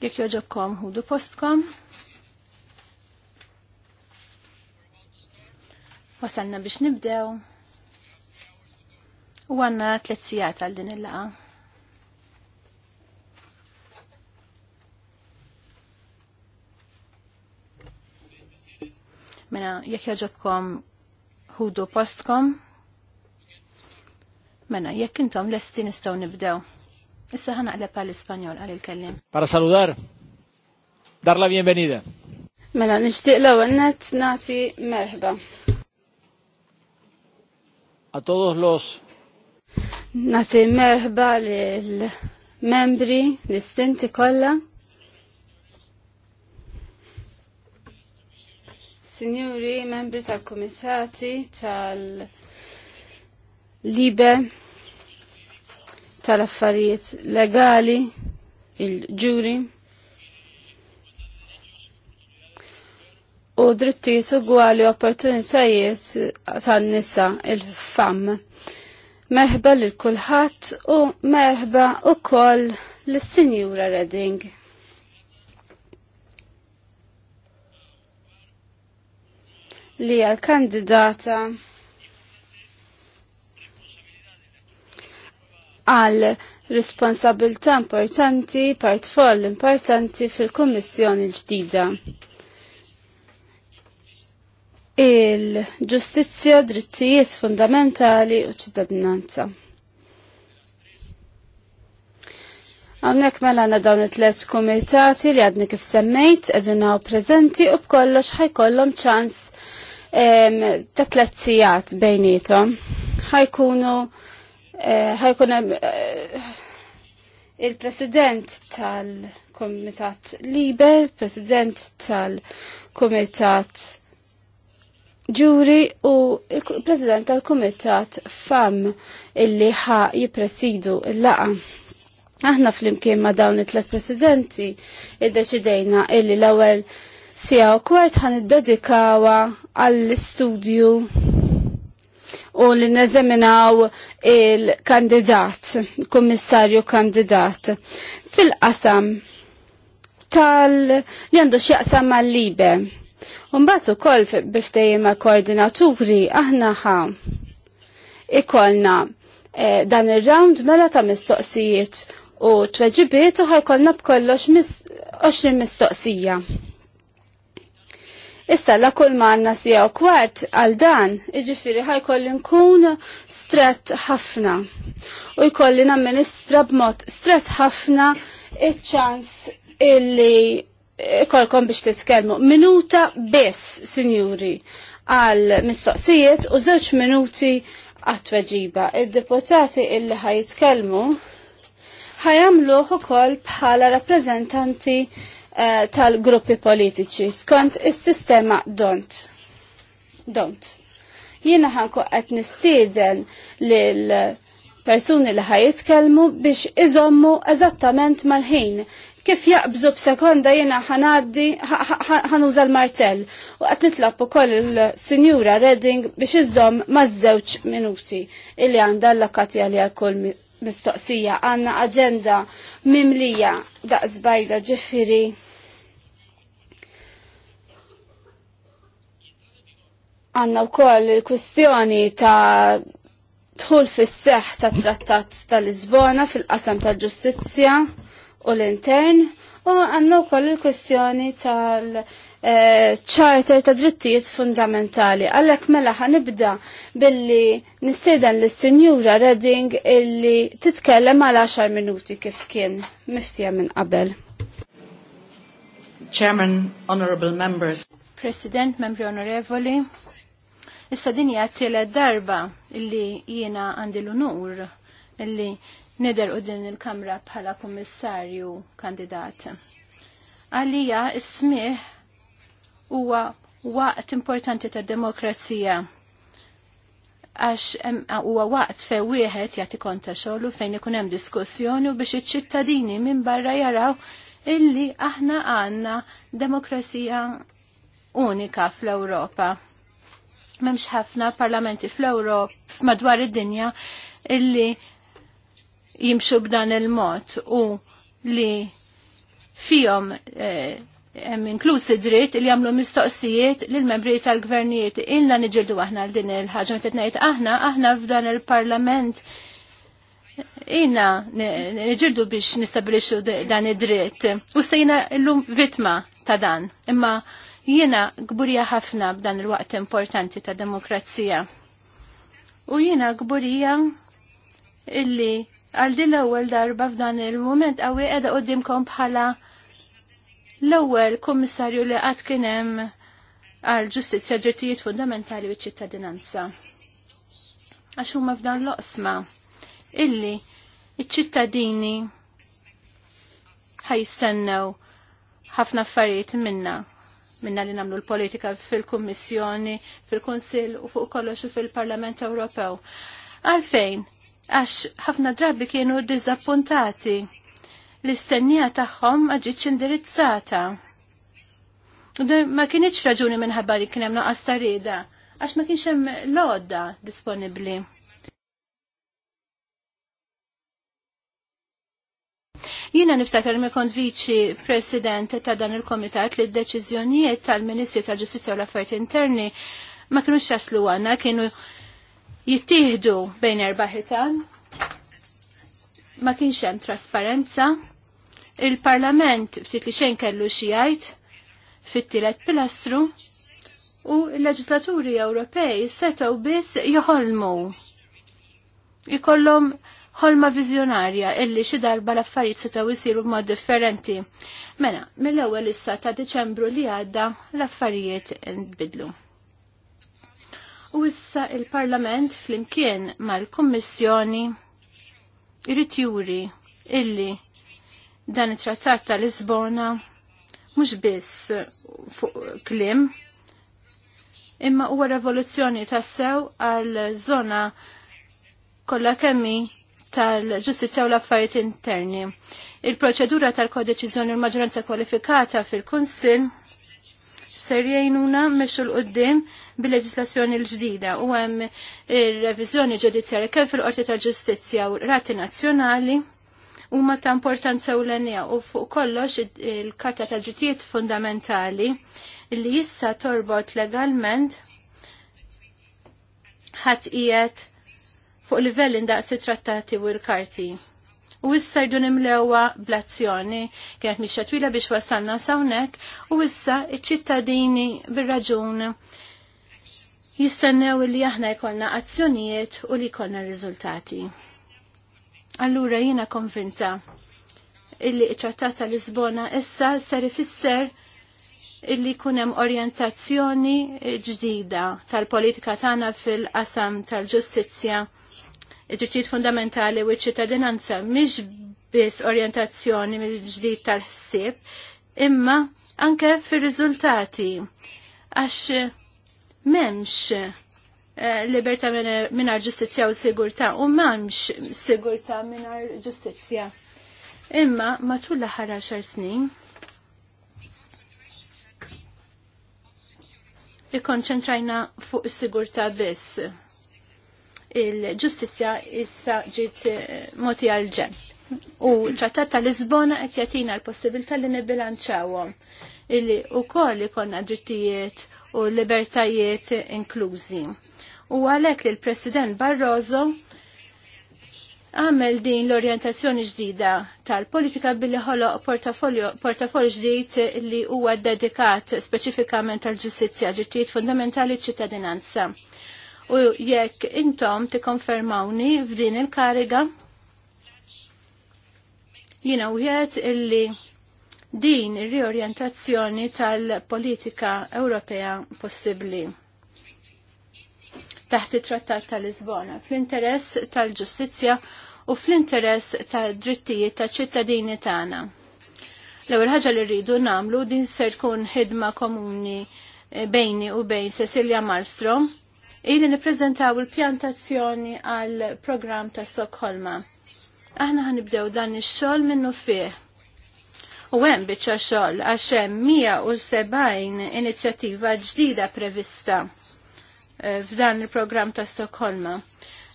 Jekk joġobkom ħudu postkom. Wasalna biex nibdew. U għanna tliet sigħat għal din il-laqa. Mena, jekk joġobkom ħudu postkom. Mena, jekk intom lesti nistgħu nibdew. Issa ħana għalep għal-Ispanjol għal-il-kellim. Para saludar, dar la bienvenida. Mela, nishtiq l-ewel nati merħba. A todos los. Nati merħba l-membri, l-istinti kolla. Signori, membri tal-komitati, tal-libe, tal-affarijiet legali, il-ġuri, u drittijiet ugwali u opportunitajiet tan-nisa il-fam. Merħba lil kulħadd u merħba koll l sinjura Redding. Li għal kandidata għal responsabilta importanti, partfoll importanti fil-Kommissjoni l-ġdida. Il-ġustizzja, drittijiet fundamentali u ċittadinanza. Għamnek mela għanna dawn it-tlet komitati li għadni kif semmejt, għedin u prezenti u b'kollox ħajkollhom ċans ta' tlet sijat bejnietom. ħajkunu Eh, ħajkun eh, il-president tal-Komitat Libe, il-president tal-Komitat Ġuri u il-president tal-Komitat FAM illi ħa jipresidu il-laqa. Aħna fl-imkien ma dawn it-tlet presidenti id-deċidejna illi l-ewel sija u kwart ħan id-dedikawa għall-studju u li neżeminaw il-kandidat, kummissarju kandidat. Fil-qasam tal li għandu xieqsam mal-libe. Unbat u koll biftejma koordinaturi aħna ħa ikolna e, eh, dan il-round mela ta' mistoqsijiet u tweġibiet u ħajkolna b'kollox 20 mistoqsija. Mis Issa la kull manna sija u kwart għal dan, iġifiri ħajkolli nkun stret ħafna u jkolli namministra b'mod stret ħafna iċ-ċans illi kolkom biex titkellmu. Minuta biss, signori, għal mistoqsijiet u żewġ minuti għat-tweġiba. Id-deputati illi ħaj ħajitkellmu ħajamluħ ukoll bħala rappreżentanti Eh, tal-gruppi politiċi skont is-sistema don't. Don't. Jiena ħanku qed nistieden lil persuni li ħajitkellmu biex iżommu eżattament mal-ħin. Kif jaqbżu b'sekonda jiena ħanaddi ħanuża l-martell u qed nitlob ukoll il-Sinjura Redding biex iżomm maż-żewġ minuti illi għandha allokati għalija kull mistoqsija għandna aġenda mimlija daqsbajda ġifiri. Għanna wkoll il-kwistjoni ta' dħul fis seħħ ta' trattat ta' Lisbona fil-qasam ta' ġustizzja u l-intern u għanna wkoll il-kwistjoni tal- ċarter eh, ta' drittijiet fundamentali. Għallek mela ħanibda billi nistedan l sinjura Redding illi titkellem għal 10 minuti kif kien miftija minn qabel. Chairman, Honorable Members. President, Membri Onorevoli, Issa din hija t darba illi jiena għandi l-unur illi neder u din il-Kamra bħala kummissarju kandidat. Għalija ismiħ huwa waqt importanti ta' demokrazija għax huwa waqt fe wieħed jagħti konta xogħol fejn ikun hemm diskussjoni u biex iċ-ċittadini minn barra jaraw illi aħna għandna demokrazija unika fl-Ewropa. Memx ħafna parlamenti fl-Europ madwar id-dinja illi jimxu b'dan il-mod u li fihom eh, hemm inklusi dritt li jagħmlu mistoqsijiet lil membri tal-gvernijiet illa niġirdu aħna l din il-ħaġa meta tnejt aħna aħna f'dan il-Parlament ina niġirdu biex nistabilixxu dan id-dritt u sejna llum vitma ta' dan. Imma Jiena gburija ħafna b'dan il-waqt importanti ta' demokrazija. U jiena gburija illi għal din l-ewwel darba f'dan il-mument qawwi qiegħda qudiemkom bħala l-ewwel kummissarju li qatt kien hemm għal ġustizzja drittijiet fundamentali u ċittadinanza. Għax huma f'dan l-oqsma illi iċ-ċittadini ħajstennew ħafna affarijiet minna minna li namlu l-politika fil-Kummissjoni, fil-Konsil u fuq kollox u fil-Parlament Ewropew. Għalfejn, għax ħafna drabi kienu dizappuntati l-istennija tagħhom ma ġietx indirizzata. Ma kienieċ raġuni minħabba li kien hemm noqas tarida, għax ma kienx hemm l-odda disponibbli. Jiena niftakar mi kont viċi president ta' dan il-komitat li d-deċiżjonijiet tal-Ministru tal-Ġustizzja u l-Affarijiet Interni ma kienu xaslu għanna, kienu jittieħdu bejn erbaħitan, Ma kienx hemm trasparenza. Il-Parlament ftit li xejn kellu xijajt fit-tielet pilastru u l-leġislaturi Ewropej setgħu biss joħolmu. Ikollhom ħolma viżjonarja illi xi darba l-affarijiet setgħu jsiru b'mod differenti. Mela, mill-ewwel issa ta' Diċembru li għadda l-affarijiet nbidlu. U issa il-Parlament flimkien mal-Kummissjoni irid juri illi dan it-Trattat ta' Lisbona mhux biss fuq klim imma huwa revoluzzjoni tassew għal żona kollha kemmi tal-ġustizja u l-affarijiet interni. Il-proċedura tal kodeċizjoni l-maġġoranza kwalifikata fil-Kunsill ser jgħinuna mexxu l-qoddim bil-leġislazzjoni l-ġdida u hemm ir-reviżjoni ġudizzjarja kemm fil-Qorti tal-Ġustizzja u rati Nazzjonali huma ta' importanza u l ewlenija u fuq kollox il-Karta tal-Ġittijiet Fundamentali li jissa torbot legalment ħadd qiegħed fuq livell indaqsi trattati u l-karti. U issa rdu nimlewa blazzjoni kienet miexa twila biex wasalna sawnek u issa iċ-ċittadini bir-raġun jistennew li aħna jkollna azzjonijiet u li jkollna riżultati. Allura jiena konvinta illi ċattat ta' Lisbona issa ser ifisser illi kunem orientazzjoni ġdida tal-politika tagħna fil-qasam tal-ġustizzja id-drittijiet fundamentali u ċittadinanza mhix biss orjentazzjoni mill-ġdid tal-ħsieb, imma anke fir-riżultati għax memx eh, libertà minna ġustizja u sigurtà u memx sigurtà minna ġustizja. Imma matul l-aħħar xar snin ikkonċentrajna fuq is-sigurtà biss il-ġustizja issa ġiet eh, moti għal ġen U ċattat ta' Lisbona qed jagħtina l-possibilità li nibbilanċawhom illi wkoll ikonna drittijiet u libertajiet inklużi. U għalhekk li l-President Barroso għamel din l-orientazzjoni ġdida tal-politika billi ħoloq portafolju ġdid li huwa dedikat speċifikament tal-ġustizzja, ġittijiet fundamentali ċittadinanza u jekk intom tikkonfermawni f'din il-kariga jina jiet illi din il-riorientazzjoni tal-politika Ewropea possibbli taħt it-Trattat tal-Lisbona fl-interess tal-ġustizzja u fl-interess tad-drittijiet tal-ċittadini tagħna. L-ewwel ħaġa li rridu nagħmlu din ser tkun ħidma komuni eh, bejni u bejn Cecilia Malmstrom ili nippreżentaw il-pjantazzjoni għal program ta' Stokholma. Aħna ħanibdew dan ix-xogħol minnu fih. U hemm biċċa xogħol għax hemm 170 inizjattiva ġdida prevista eh, f'dan il-programm ta' Stokholma.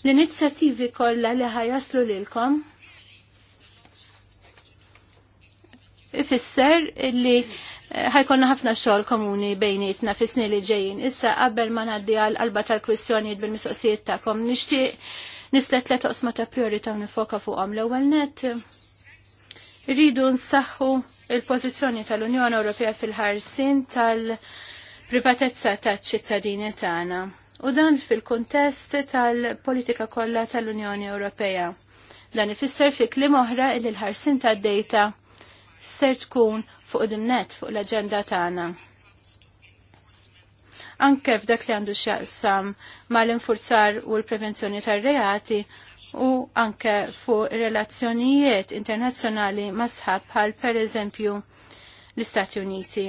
L-inizjattivi kollha li ħajaslu lilkom ifisser li ħajkonna ħafna xogħol komuni bejnietna fis snin li ġejjin. Issa qabel ma ngħaddi għall qalba tal-kwistjonijiet bil-mistoqsijiet tagħkom, nixtieq nislet tliet oqsma ta' priorità nifoka fuqhom. L-ewwel net irridu nsaħħu il-pożizzjoni tal-Unjoni Ewropea fil-ħarsin tal-privatezza taċ-ċittadini tagħna. U dan fil-kuntest tal-politika kollha tal-Unjoni Ewropea. Dan ifisser fi kliem oħra li l-ħarsin tad-dejta ser tkun fuq il-net fuq l-agenda tagħna. Anke f'dak li għandu x'jaqsam mal-infurzar u l-prevenzjoni tar-reati u anke fuq relazzjonijiet internazzjonali ma' sħab bħal pereżempju l-Istati Uniti.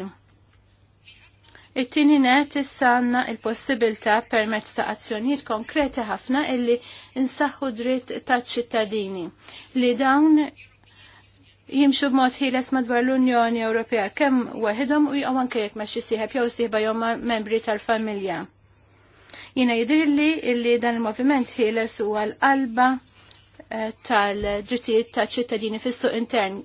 It-tieni net issa għandna l-possibilità permezz ta' azzjonijiet konkreti ħafna illi insaħħu dritt taċ ċittadini li dawn jimxu b'mod ħieles madwar l-Unjoni Ewropea kemm waħedhom u jaqgħu anke jekk ma xi sieħeb jew sieħba jew membri tal-familja. Jiena jidhirli illi dan il-moviment ħieles huwa l-qalba eh, tal-ġrittijiet tal-ċittadini fis-suq intern.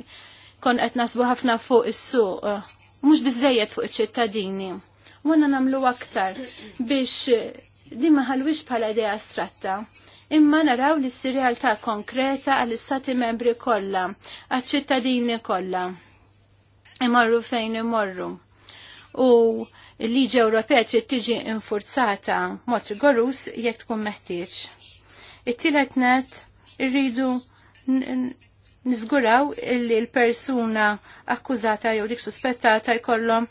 Kon qed nasbu ħafna fuq is-suq, eh, mhux biżejjed fuq iċ-ċittadini. Wanna nagħmlu aktar biex din ma ħalwix bħala idea astratta imma naraw li s realtà konkreta għall-istati membri kollha, għal ċittadini kollha. Imorru fejn imorru. U l-liġi Ewropea trid tiġi infurzata mod rigorus jekk tkun meħtieġ. It-tielet net irridu niżguraw li l-persuna akkużata jew dik suspettata jkollhom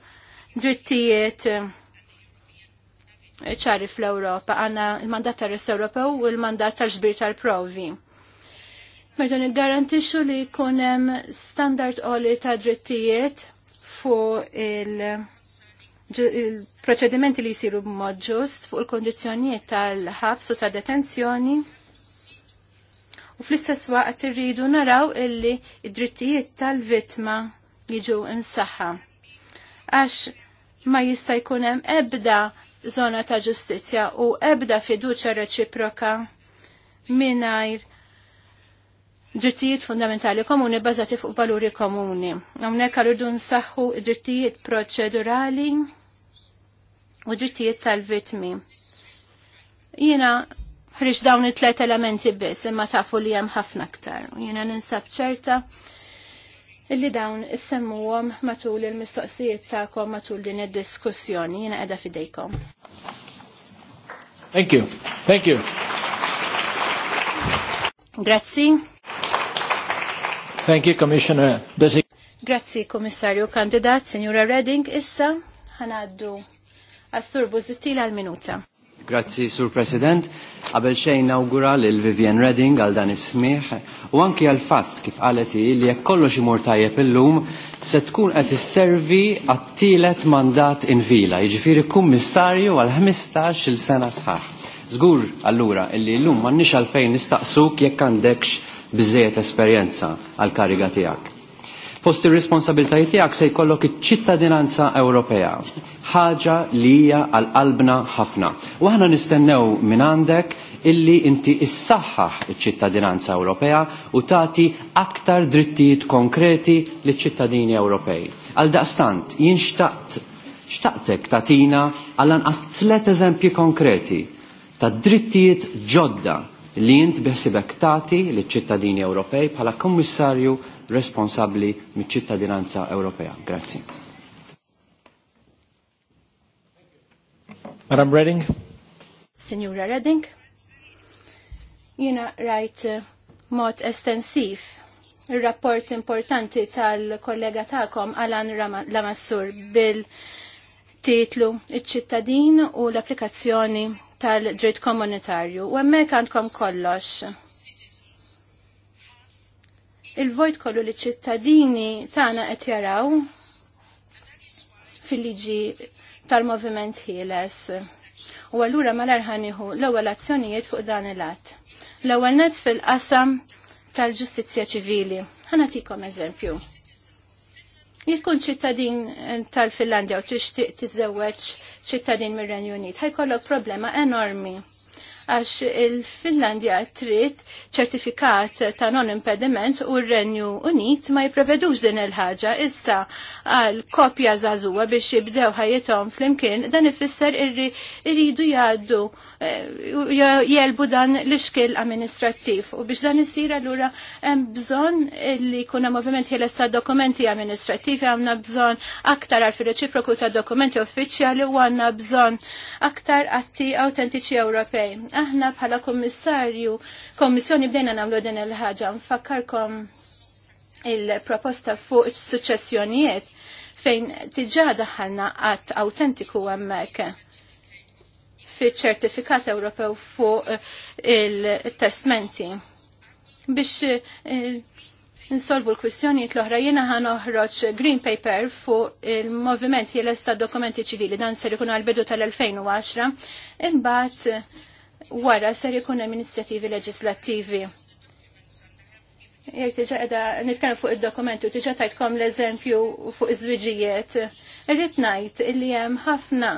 drittijiet ċari fl-Europa, għanna il-mandat tal-Res Ewropew u il-mandat tal-ġbir tal-provi. il niggarantixxu li jkun hemm standard oli ta' drittijiet fuq il-proċedimenti li jisiru b'mod ġust fuq il-kondizzjonijiet tal-ħabs u ta' detenzjoni. U fl-istess waqt irridu naraw illi id-drittijiet tal-vittma jiġu imsaħħa. Għax ma jista' jkun hemm ebda zona ta' ġustizja u ebda fiduċa reċiproka minnajr drittijiet fundamentali komuni bazati fuq valuri komuni. Għamnek għal saħħu ġittijiet drittijiet proċedurali u drittijiet tal-vitmi. Jina ħriġ dawn it-tlet elementi biss imma tafu li hemm ħafna aktar. Jina ninsab ċerta illi dawn issemmuhom matul il-mistoqsijiet tagħkom matul din id-diskussjoni jiena qiegħda fidejkom. Thank you. Thank you. Grazzi. Thank you, Commissioner. Grazzi, Kommissarju Kandidat, Signora Redding. Issa ħanaddu għas-sur Buzutti għal-minuta. Grazzi, Sur President. Qabel xejn inaugura l Vivian Redding għal dan is u anki għal fatt kif qalet li jekk kollox imur tajjeb illum se tkun qed isservi għat-tielet mandat vila, jiġifieri kummissarju għal 15 il sena sħaħ. Zgur allura illi llum m'għandniex għalfejn nistaqsuk jekk għandekx biżejjed esperjenza għal kariga tiegħek fost il responsabiltajiet tiegħek se jkollok iċ-ċittadinanza Ewropea. Ħaġa li hija għal qalbna ħafna. U aħna nistennew minn għandek illi inti issaħħaħ iċ-ċittadinanza Ewropea u tagħti aktar drittijiet konkreti liċ-ċittadini Ewropej. Għal daqstant, jien xtaqt xtaqtek tatina għal anqas tlet eżempji konkreti ta' drittijiet ġodda li jint biħsibek tagħti liċ-ċittadini Ewropej bħala Kummissarju responsabbli miċ-ċittadinanza Ewropea. Grazzi. Madam Redding. Signora Redding. Jina rajt mod estensiv il-rapport importanti tal-kollega ta'kom Alan Lamassur bil-titlu Iċ-ċittadin u l-applikazzjoni tal-dritt komunitarju. U għemmek għandkom kollox il-vojt kollu li ċittadini tagħna qed jaraw fil-liġi tal-moviment ħieles. U allura malar ħaniħu l-ewwel azzjonijiet fuq dan il-att. L-ewwel net fil-qasam tal-ġustizzja ċivili. Ħanatikom eżempju. Jekun ċittadin tal-Finlandja u tixtieq tiżewweġ ċittadin mir-Renju Unit, ħajkollok problema enormi għax il-Finlandja trid ċertifikat ta' non-impediment u r-Renju Unit ma jiprevedux din il-ħaġa. Issa għal kopja zazuwa biex jibdew ħajjithom flimkien dan ifisser irridu jgħaddu Eh, jelbu dan l-iskil amministrattiv. U biex dan isir allura hemm bżonn li kuna moviment ħieles ta' dokumenti amministrattivi għamna bżonn aktar għal reċiproku ta' dokumenti uffiċjali u għandna bżonn aktar atti autentiċi Ewropej. Aħna bħala kommissarju, kommissjoni bdejna nagħmlu din il-ħaġa, nfakkarkom il-proposta fuq suċessjonijiet fejn tiġa daħalna għat autentiku għemmek fiċ ċertifikat Ewropew fuq eh, il-testmenti. Biex eh, nsolvu l-kwistjonijiet l-oħra jiena ħan oħroġ green paper fuq il-moviment jeles ta' dokumenti ċivili dan ser ikun għal-bidu tal-2010 imbagħad wara ser ikun hemm inizjattivi leġislattivi. Jek tiġa edha nitkellem fuq id-dokumenti u tiġa tajtkom l-eżempju fuq iż-żwiġijiet. Irrid ngħid li hemm ħafna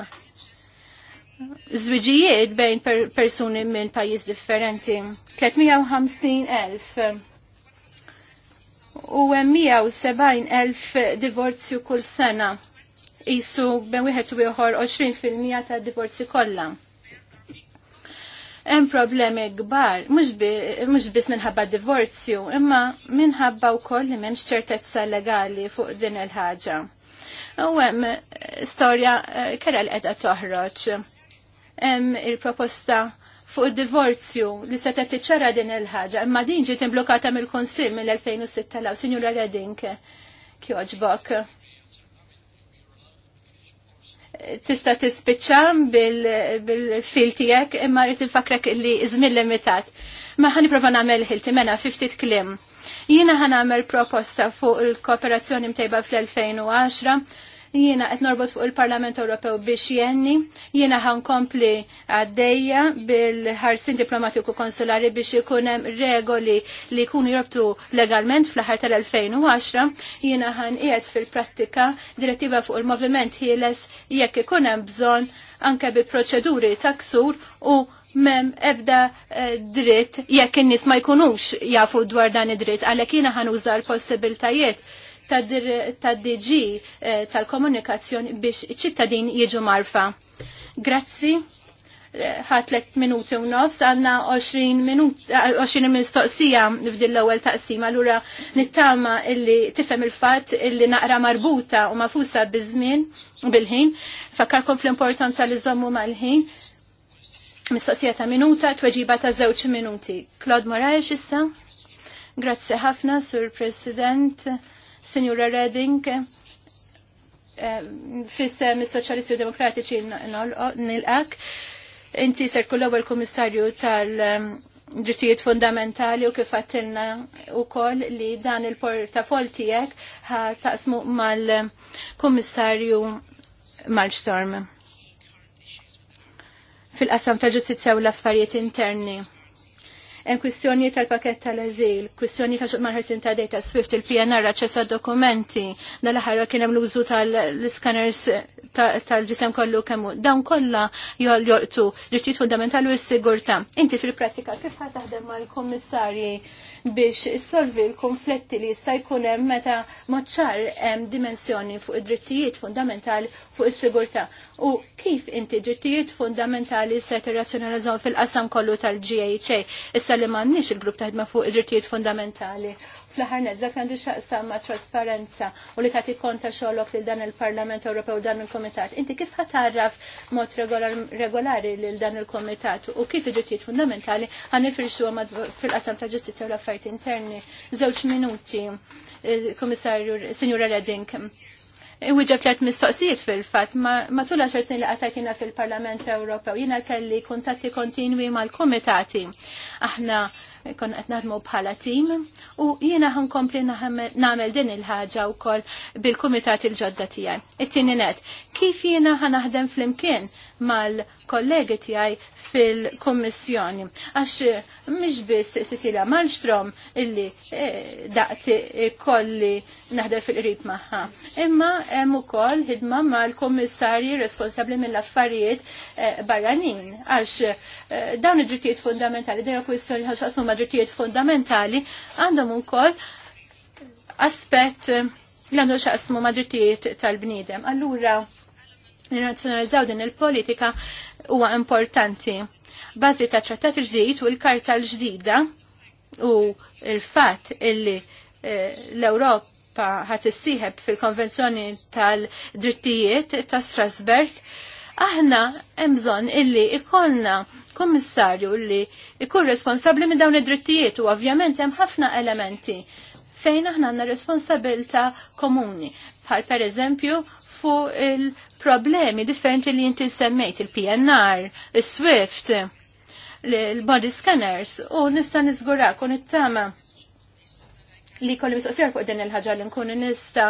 żwiġijiet bejn per persuni minn pajjiż differenti. 350,000 u hemm 170,000 divorzju kull sena. Isu bejn wieħed u ieħor 20% ta' divorzju kollha. Hemm problemi kbar, mhux biss minħabba divorzju, imma minħabba wkoll li m'hemmx ċertezza legali fuq din il-ħaġa. U hemm storja eh, kera l-qeda toħroġ hemm il-proposta fuq il-divorzju li se qed tiċċara din il-ħaġa, imma din ġiet imblokata mill-Kunsill mill-2006 law Sinjura Redink kjoġbok. Tista' tispiċċa bil-fil tiegħek imma rrid infakrek li żmien limitat. Ma ħani prova nagħmel ħilti mena 50 kliem. Jiena ħan nagħmel proposta fuq il-kooperazzjoni mtejba fl-2010 Jiena qed norbot fuq il-Parlament Ewropew biex jenni, jiena kompli għaddejja bil-ħarsin diplomatiku konsulari biex ikun hemm regoli li jkunu jorbtu legalment fl-aħħar tal-2010, jiena ħan qiegħed fil-prattika direttiva fuq il-moviment ħieles jekk ikun hemm bżonn anke bi proċeduri taksur u mem ebda eh, dritt jekk in-nies ma jkunux jafu dwar dan id-dritt għalhekk jiena ħanuża l-possibiltajiet tad-DG eh, tal-komunikazzjoni biex ċittadin jiġu marfa. Grazzi eh, ħatlet minuti u nofs, għanna 20 minuti, eh, 20 mistoqsija f'din l-ewwel taqsima, allura nittama illi tifhem il-fatt illi naqra marbuta u mafusa biż-żmien bil-ħin, fakkarkom fl-importanza li żommu mal-ħin. Mistoqsija ta' minuta, tweġiba ta' żewġ minuti. Claude Moraes issa. Grazzi ħafna, Sur President. Signora Redding, eh, fissem il-Soċjalisti Demokratiċi nil-ak, inti ser kollob il-Komissarju tal-ġittijiet ehm, fundamentali u kif għattilna u koll li dan il-portafol tijek ħa taqsmu mal-Komissarju Malmstorm fil-qasam ta' ġustizja u l-affarijiet interni. Hemm kwistjoni tal-pakett tal-eżil, kwistjoni ta' marħersin ta' data Swift, il-PNR, aċċess dokumenti, dal-ħarra kien hemm l-użu tal-scanners tal-ġisem kollu kemmu. Dawn kollha jolqtu drittijiet fundamentali u s-sigurtà. Inti fil-prattika kif ħa taħdem mal-kummissarji biex issolvi l-konfletti li jista' jkun hemm meta moċċar hemm dimensjoni fuq id-drittijiet fundamentali fuq is-sigurtà u kif inti ġittijiet fundamentali se tirrazzjonalizzhom fil-qasam kollu tal-GHA. Issa li m'għandniex il-grupp taħdma fuq ġittijiet fundamentali. Fl-aħħar nett dak għandu x'aqsam ma' trasparenza u li tagħti konta xogħolok lil dan il-Parlament Ewropew dan il-Kumitat. Inti kif ħatarraf mod regolari lil dan il-Kumitat u kif ġittijiet fundamentali għamad fil-qasam ta' ġustizja u l-affarijiet interni. Żewġ minuti, eh, Komissarju Signora Redding. Iwiġa tlet mistoqsijiet fil-fat, ma tulla snin li għatajtina fil-Parlament Ewropew, jina kelli kontatti kontinwi mal-komitati. Aħna kon qed naħdmu bħala tim u jiena ħankompli nagħmel din il-ħaġa wkoll bil-kumitat il-ġodda tiegħi. It-tieni net, kif jiena naħdem flimkien mal-kollegi tiegħi fil-Kommissjoni. Għax mhix biss Cecilia Malmstrom illi eh, daqti kolli naħdem fil-qrib magħha. Imma hemm ukoll ħidma mal-Kommissarji responsabbli mill-affarijiet eh, barranin għax eh, dawn id-drittijiet fundamentali, dejjem kwistjoni għasmu ma' drittijiet fundamentali għandhom ukoll aspett l-għandu xaqsmu drittijiet tal-bnidem. Allura, nirrazzjonalizzaw din il-politika huwa importanti. Bazi ta' trattat ġdid u l-karta l-ġdida u il-fatt illi eh, l-Ewropa ħat issieħeb fil-Konvenzjoni tal-Drittijiet ta' Strasberg, aħna hemm bżonn illi ikollna kummissarju li ikun responsabli minn dawn id-drittijiet u ovvjament hemm ħafna elementi fejn aħna għandna responsabilta komuni bħal per eżempju fu il problemi differenti li inti semmejt il-PNR, il-SWIFT, il-body scanners u nista kun u tama li kolli mistoqsir fuq din il-ħagġa li nkun nista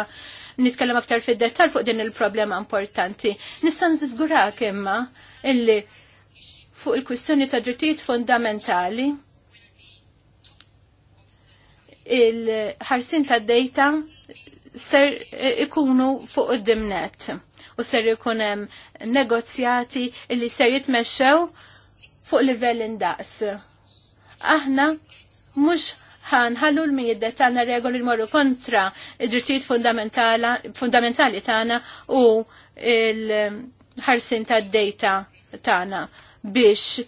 nitkellem aktar fid-dettal fuq din il-problema importanti. Nista nizgurak imma illi fuq il-kwistjoni ta' drittijiet fundamentali il-ħarsin ta' data ser ikunu fuq id-dimnet u ser jikunem hemm negozjati li ser jitmexxew fuq livell indaqs. Aħna mhux ħanħallu l-min jiddettana regoli l-morru kontra id-drittijiet fundamentali tagħna u il-ħarsin tad-dejta tagħna biex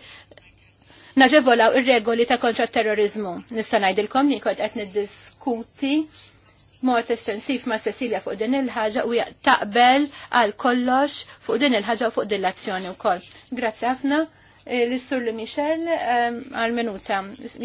naġevolaw ir-regoli ta' kontra terrorizmu. Nista' ngħidilkom li kont qed niddiskuti mod estensiv ma' Cecilia fuq din il-ħaġa u taqbel għal kollox fuq din il-ħaġa u fuq din l-azzjoni wkoll. Grazzi ħafna eh, l-Sur li Michel eh, għal minuta.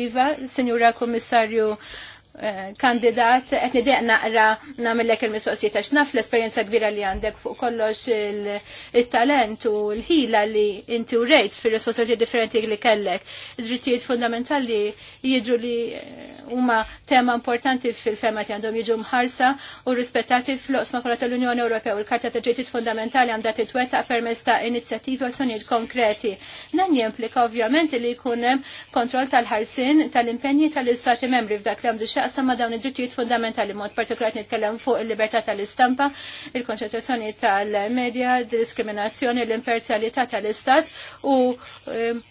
Iva, Sinjura Kommissarju eh, kandidat, qed nideq naqra nagħmellek il-mistoqsijiet għax naf l-esperjenza kbira li għandek fuq kollox il-talent u l-ħila li inti rejt fir responsabilità differenti li kellek. drittijiet fundamentali jiġu li eh, huma tema importanti fil-fema li għandhom jiġu mħarsa u rispettati fl-osma kollha tal-Unjoni Ewropea u l-Karta ta' Ġejtiet Fundamentali għandha titweta permezz ta' inizjattivi u azzjonijiet konkreti. Dan jimplika ovvjament li jkun hemm kontroll tal-ħarsin tal-impenji tal-Istati membri f'dak li għandu x'aqsam ma' dawn id-drittijiet fundamentali mod partikolat nitkellem fuq il-libertà tal-istampa, il-konċentrazzjoni tal-medja, diskriminazzjoni, l-imperzjalità tal-Istat u eh,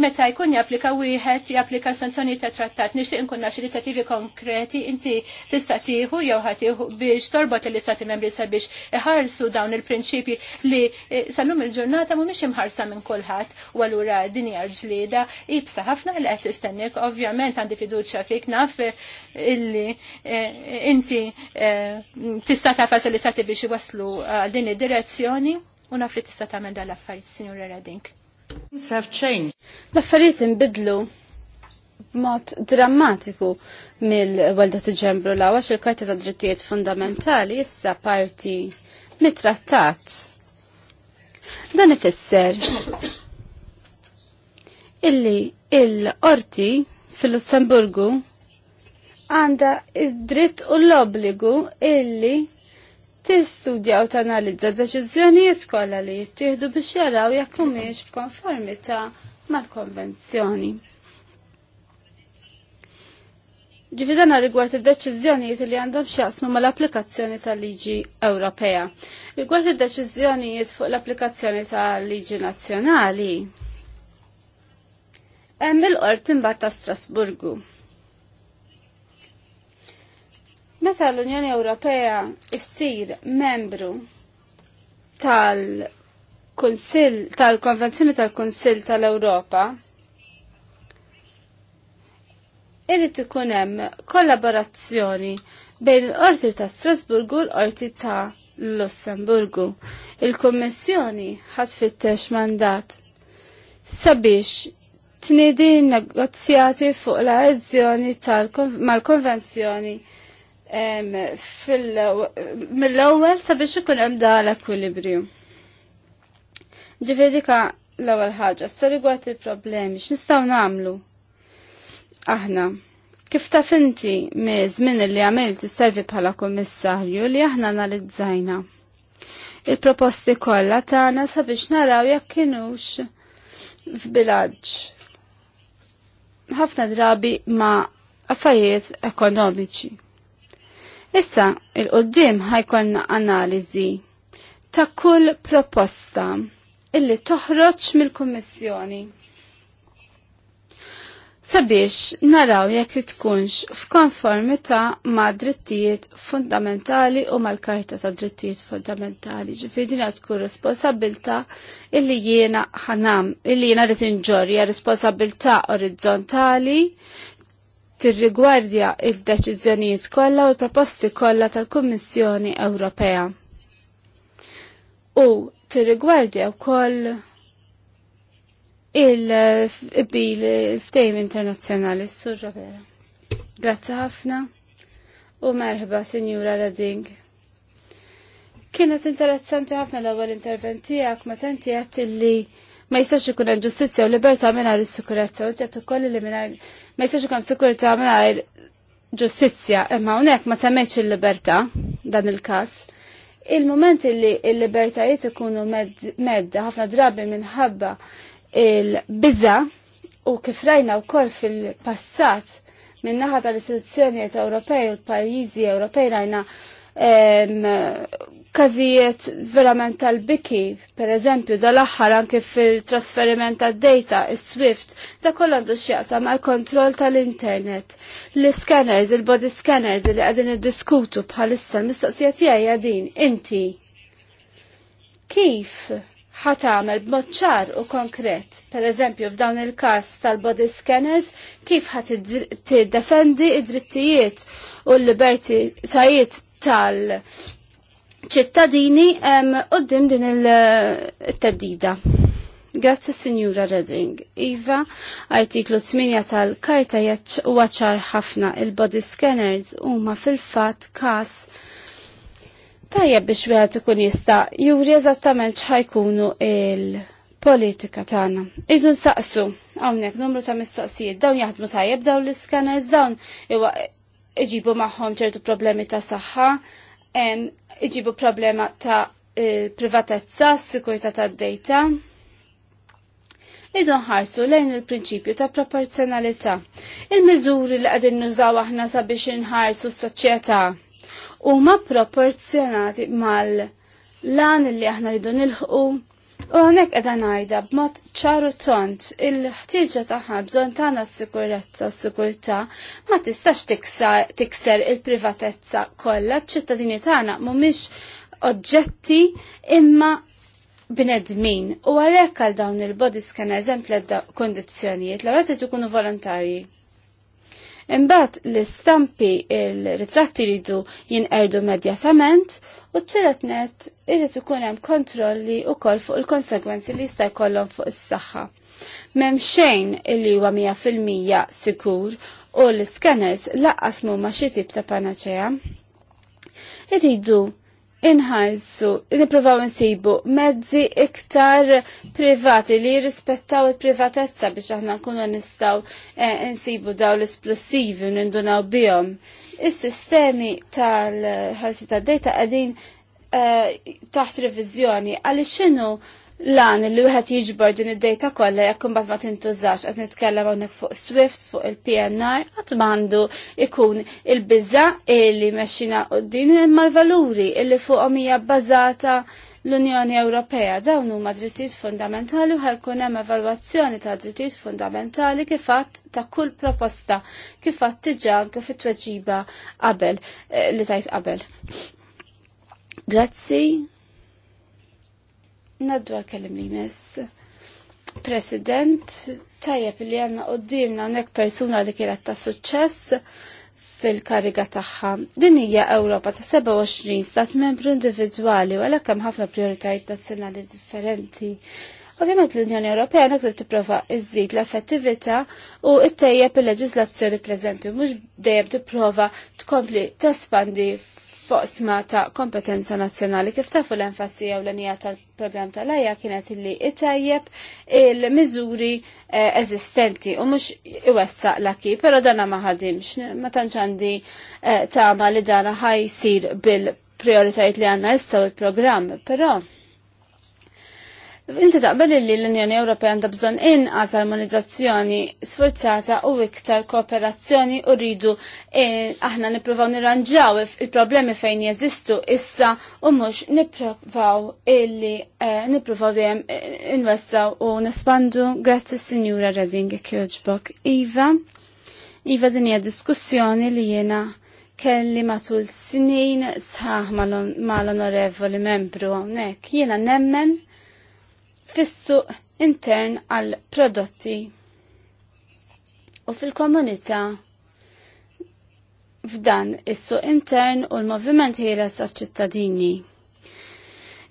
meta jkun japplika wieħed japplika sanzjoni ta' trattat nixtieq inkun naf inizjattivi konkreti inti tista' tieħu jew ħatieħu biex torbot l-istati membri sabiex iħarsu dawn il-prinċipji li eh, sallum il-ġurnata mhumiex imħarsa minn kulħadd u allura din hija ġlieda ibsa ħafna li qed tistennik ovvjament għandi fiduċja fik naf eh, illi eh, inti tista' tafas l-istati biex iwaslu din id-direzzjoni u naf li tista' tagħmel dal-affarijiet, Sinjura Redink. L-affarijiet inbidlu b'mod drammatiku mill-welda tiġembru la għax il-karta ta' drittijiet fundamentali issa parti mit-trattat. Dan ifisser illi il-orti fil-Lussemburgu għanda id-dritt u l-obligu illi tistudja u tanalizza deċiżjonijiet kollha li jittieħdu biex jaraw jekk humiex f'konformità mal-konvenzjoni. Ġifidana rigward id-deċiżjonijiet li għandhom xjaqsmu mal-applikazzjoni tal-liġi Ewropea. Rigward id-deċiżjonijiet fuq l-applikazzjoni tal-liġi nazzjonali, hemm il-qorti imbagħad ta' Strasburgu. Meta l-Unjoni Ewropea issir membru tal kunsill tal-Konvenzjoni tal-Kunsill tal-Ewropa, irrid ikun hemm kollaborazzjoni bejn l-Qorti ta' Strasburgu u l-Qorti ta' Lussemburgu. Il-Kommissjoni ħadd fittex mandat sabiex tnidi negozjati fuq l-azzjoni mal-Konvenzjoni mill-ewwel sabiex ikun hemm da l-ekwilibrju. Ġifieri dika l-ewwel ħaġa, sa rigward il-problemi x'nistgħu nagħmlu aħna. Kif taf inti żmien li għamilt is-servi bħala kummissarju li aħna analizzajna il-proposti kollha tagħna sabiex naraw jekk kienux f'bilaġġ. Ħafna drabi ma' affarijiet ekonomiċi. Issa, il-qoddim ħajkonna analizi ta' kull proposta illi toħroġ mill-Kummissjoni. Sabiex naraw jekk tkunx f'konformità ma' drittijiet fundamentali u mal-Karta ta' Drittijiet Fundamentali. Ġifieri din tkun responsabilta illi jiena ħanam, illi jiena rid inġorja responsabilta orizzontali tirrigwardja id-deċiżjonijiet kollha u l-proposti kollha tal-Kummissjoni Ewropea. U tirrigwardja wkoll il-bil ftejm internazzjonali s-surra vera. Grazzi ħafna u merħba Sinjura Reding. Kienet interessanti ħafna l-ewwel intervent tiegħek ma tenti qed illi ma jistax ikun hemm ġustizzja u libertà mingħajr is-sikurezza u qed ukoll li mingħajr ma jistax ikun sikurta mingħajr ġustizzja, imma hawnhekk ma semmeċ il-libertà dan il-każ. Il-moment li l-libertajiet ikunu medda ħafna drabi minħabba il biza u kif rajna wkoll fil-passat minn naħa tal-istituzzjonijiet Ewropej u t pajjiżi Ewropej rajna kazijiet verament tal-biki, per eżempju, dal-axħar anke fil-trasferiment tad data il swift da koll għandu ma' mal kontroll tal-internet. L-scanners, il-body scanners li qegħdin iddiskutu bħalissa mistoqsijiet mistoqsija din, inti. Kif ħatamel b'mod ċar u konkret, per eżempju f'dawn il-każ tal-body scanners, kif ħat tiddefendi id-drittijiet u l-libertajiet tal- ċittadini għoddim din il-teddida. Eh, Grazzi Signora Redding. Iva, artiklu 8 tal-karta waċar ħafna il-body scanners huma fil-fat kas tajjeb biex wieħed ikun jista' juri eżattament x'ħajkunu il-politika tagħna. Idu nsaqsu hawnhekk numru ta' mistoqsijiet dawn jaħdmu tajjeb dawn l-scanners dawn iġibu magħhom ċertu problemi ta' saħħa iġibu problema ta' eh, privatezza, sikurta ta' data. Idu nħarsu lejn il-prinċipju ta' proporzjonalità. Il-miżuri li qegħdin nużaw aħna sabiex inħarsu s-soċjetà huma proporzjonati mal-lan li aħna ridu nilħqu U għonek edha najda b'mod ċaru tont il-ħtieġa taħħa bżon tagħna s-sikurezza s-sikurtà ma tistax tikser il-privatezza kollha ċ-ċittadini tagħna mhumiex oġġetti imma bnedmin u għalhekk għal dawn il-body scan eżempju kondizzjonijiet l-għarat ikunu volontarji. Imbagħad l-istampi il-ritratti jridu jinqerdu medjasament U t-tiret net irrid ikun hemm kontrolli wkoll fuq il-konsegwenzi li jista' jkollhom fuq is-saħħa. M'hemm xejn illi huwa mija fil-mija sikur u l-scanners laqqas mhuma xi tip ta' panaċea. Irridu inħarsu, niprofaw nsibu mezzi iktar privati li jirrispettaw il-privatezza biex aħna nkunu nistaw eh, nsibu daw l-esplosivi nindunaw bihom. Is-sistemi tal-ħarsi tad-data għadin eh, taħt revizjoni għalli xinu lan li wieħed jiġbor din id-dejta kollha jekk imbagħad ma tintużax qed nitkellem hawnhekk fuq Swift fuq il-PNR qatt m'għandu ikun il-biża li mexxina qudiem imma l-valuri illi fuqhom hija bbażata l-Unjoni Ewropea dawn huma drittijiet fundamentali u ħajkun hemm evalwazzjoni ta' drittijiet fundamentali kif ta' kull proposta kif kifatt diġà anke fit-tweġiba qabel eh, li tajt qabel. Grazzi. Naddu għal-kellim li mess. President, tajjeb li għanna dimna unnek persuna li kienet ta' suċċess fil-kariga tagħha. Din hija Ewropa ta' 27 stat membru individwali u għalhekk hemm ħafna prijoritajiet nazzjonali differenti. Ovvjament l-Unjoni Ewropea naqdru tipprova iżid l-effettività u ttejjeb il-leġislazzjoni preżenti mhux dejjem tipprova tkompli tespandi fosma ta' kompetenza nazzjonali kif tafu l-enfasi jew l-enija tal-programm tal-ajja kienet illi itajjeb il-miżuri eh, eżistenti u mhux iwessaq laki, però dana ma ħadimx, ma tantx għandi eh, tama li dana sir bil prioritajt li għandna issa il program programm però Inti taqbel li l-Unjoni Ewropea għandha bżonn inqas armonizzazzjoni sforzata u iktar kooperazzjoni u rridu eh, aħna nippruvaw nirranġaw il-problemi fejn jeżistu issa u mhux nippruvaw illi eh, nippruvaw dejjem eh, inwessaw u nespandu grazzi Sinjura Redding Kirchbok. Iva, Iva din hija diskussjoni li jiena kelli matul snin sħaħ mal-onorevoli membru hawnhekk. Jiena nemmen fis-suq intern għal prodotti u fil-komunità f'dan is-suq intern u l-moviment ħieles sa' ċittadini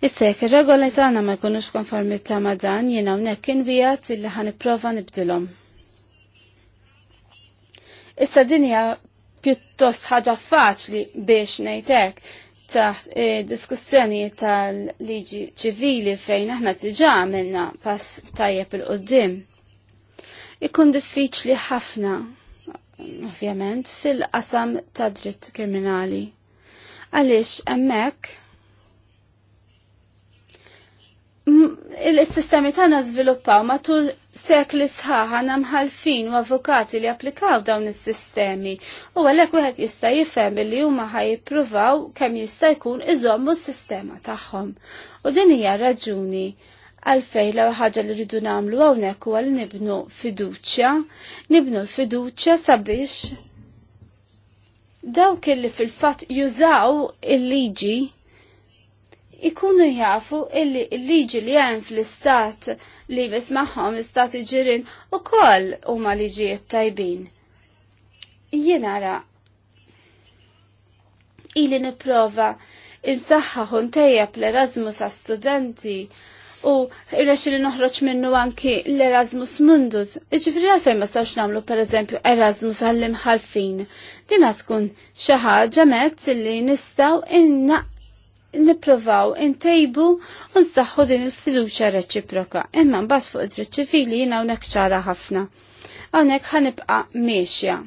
Issa jekk ir-regoli tagħna ma jkunux konformità ma' dan jiena hawnhekk inbijat illi ħanipprova nibdilhom. Issa din hija pjuttost ħaġa faċli biex ngħidlek taħt e, diskussjoni tal-liġi ċivili fejn aħna tiġa għamilna pass tajjeb il-qoddim. Ikun diffiċli ħafna, ovvjament, fil-qasam ta' dritt kriminali. Għalix, emmek, il-sistemi tagħna żviluppaw matul sekli sħaħ għana mħalfin u avukati li applikaw dawn is-sistemi u għalek wieħed jista' jifhem li huma jippruvaw kemm jista' jkun iżommu s-sistema tagħhom. U din hija raġuni għalfej l ħaġa li rridu nagħmlu hawnhekk huwa li nibnu fiduċja, nibnu l-fiduċja sabiex dawk illi fil-fatt jużaw il-liġi ikunu jafu illi l-liġi li hemm fl-istat li bismaħħom l-istat iġirin u koll huma liġijiet tajbin. Jien ara ili niprova insaħħaħ u ntejjeb l-Erasmus għas studenti u irrex li noħroġ minnu anki l-Erasmus Mundus. Iġifri għalfejn ma stawx namlu per eżempju Erasmus għallim imħalfin Dina tkun xaħġa mezz li nistaw inna niprovaw intejbu u nsaħħu din il-fiduċa reċiproka. Imma mbagħad fuq id-dritt ċivili jiena hawnhekk ċara ħafna. Hawnhekk ħanibqa' mexja.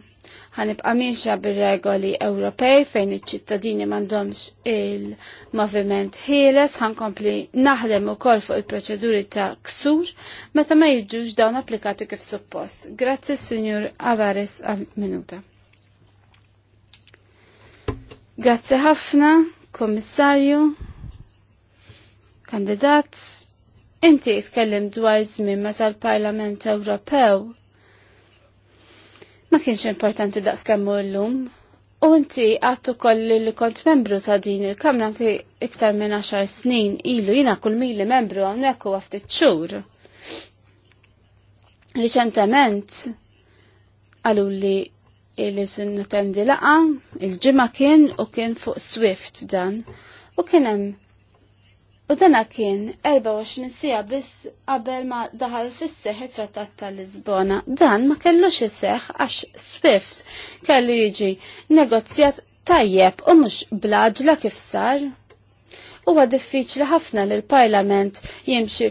Ħanibqa' mexja bir-regoli Ewropej fejn iċ-ċittadini m'għandhomx il-moviment ħieles, ħankompli naħdem ukoll fuq il-proċeduri ta' ksur meta ma jiġux dawn applikati kif suppost. Grazzi Sinjur Avares għal-minuta. Grazzi ħafna. Kommissarju, kandidat, inti jitkellem dwar żmien meta tal parlament Ewropew ma kienx importanti daqs llum. U inti għattu koll li kont membru ta' din il-kamra anki iktar minn 10 snin ilu jina kull mili membru għamnek u għaftit ċur. Riċentement għallu li illi sinnatendi laqa, il-ġimma kien u kien fuq Swift dan, u kien hemm. U dana kien 24 sija biss qabel ma daħal fis-seħ it-Trattat tal Lisbona. Dan ma kellux iseħħ għax Swift kellu jiġi negozjat tajjeb u mhux bl blaġla kif sar huwa diffiċli ħafna li l-Parlament jimxi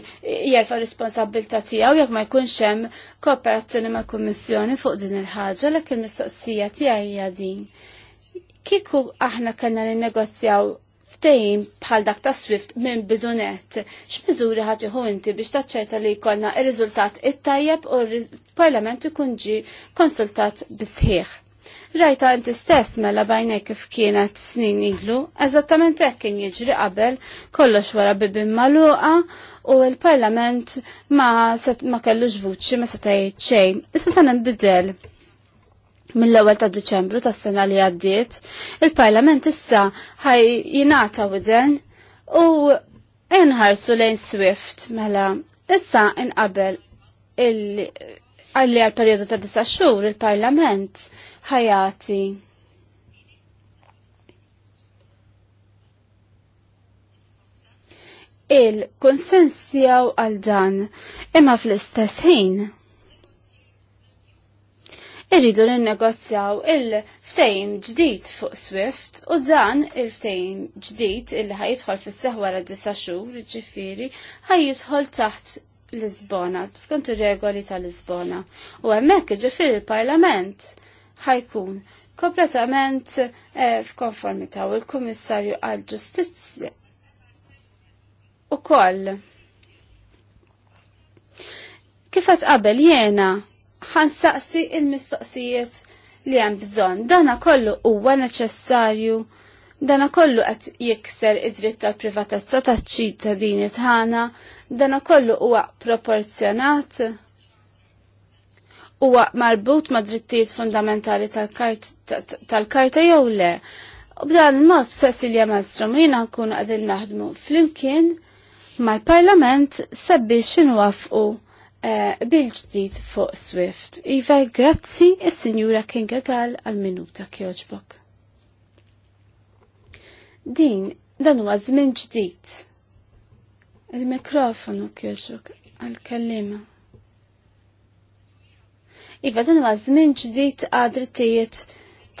jerfa' responsabilità tiegħu jekk ma jkunx hemm kooperazzjoni ma' kummissjoni fuq din il-ħaġa l il-mistoqsija tiegħi hija din. Kieku aħna kellna ninnegozjaw ftehim bħal dak ta' Swift minn bidunet, x'miżuri ħaġiħu inti biex taċċerta li jkollna ir-riżultat it-tajjeb u l-Parlament ikun ġi konsultat bisħieħ. Rajta inti stess mela bajnej kif kienet snin iglu, eżattament hekk kien jiġri qabel kollox wara bibin maluqa u l-Parlament ma set ma kellux vuċi ma setaj jgħid xejn. Issa ta' nbidel mill-ewwel ta' Diċembru tas-sena li għaddiet, il-Parlament issa ħaj jingħata widen u inħarsu lejn Swift mela issa inqabel il għalli għal periodu ta' disa xhur il-Parlament ħajati. il-konsens tiegħu għal dan imma fl-istess ħin. Irridu ninnegozjaw il-ftejm ġdid fuq Swift u dan il-ftejm ġdid illi ħajidħol fis seħwa wara disa xhur, ġifieri, ħajjidħol taħt Lisbona, skont ir-regoli tal Lisbona. U hemmhekk ġifier il-Parlament ħajkun kompletament eh, f'konformità u l-Kummissarju għal ġustizzja u koll. Kifat qabel jena ħansaqsi il-mistoqsijiet li hemm bżonn. Dana kollu huwa neċessarju dana kollu qed jikser id-dritt tal-privatezza taċ-ċittadini tagħna, dana kollu huwa proporzjonat huwa marbut ma' drittijiet fundamentali tal-karta jew le. U b'dan il mas Cecilia Mastrom jiena nkunu qegħdin naħdmu flimkien mal-Parlament sabiex inwafqu eh, bil-ġdid fuq Swift. Iva, grazzi is-Sinjura Kinga Gall għal-minuta kjoġbok. Din, dan huwa żmien ġdid. Il-mikrofonu kjoġbok għal-kellima. Iva dan huwa żmien ġdid għad drittijiet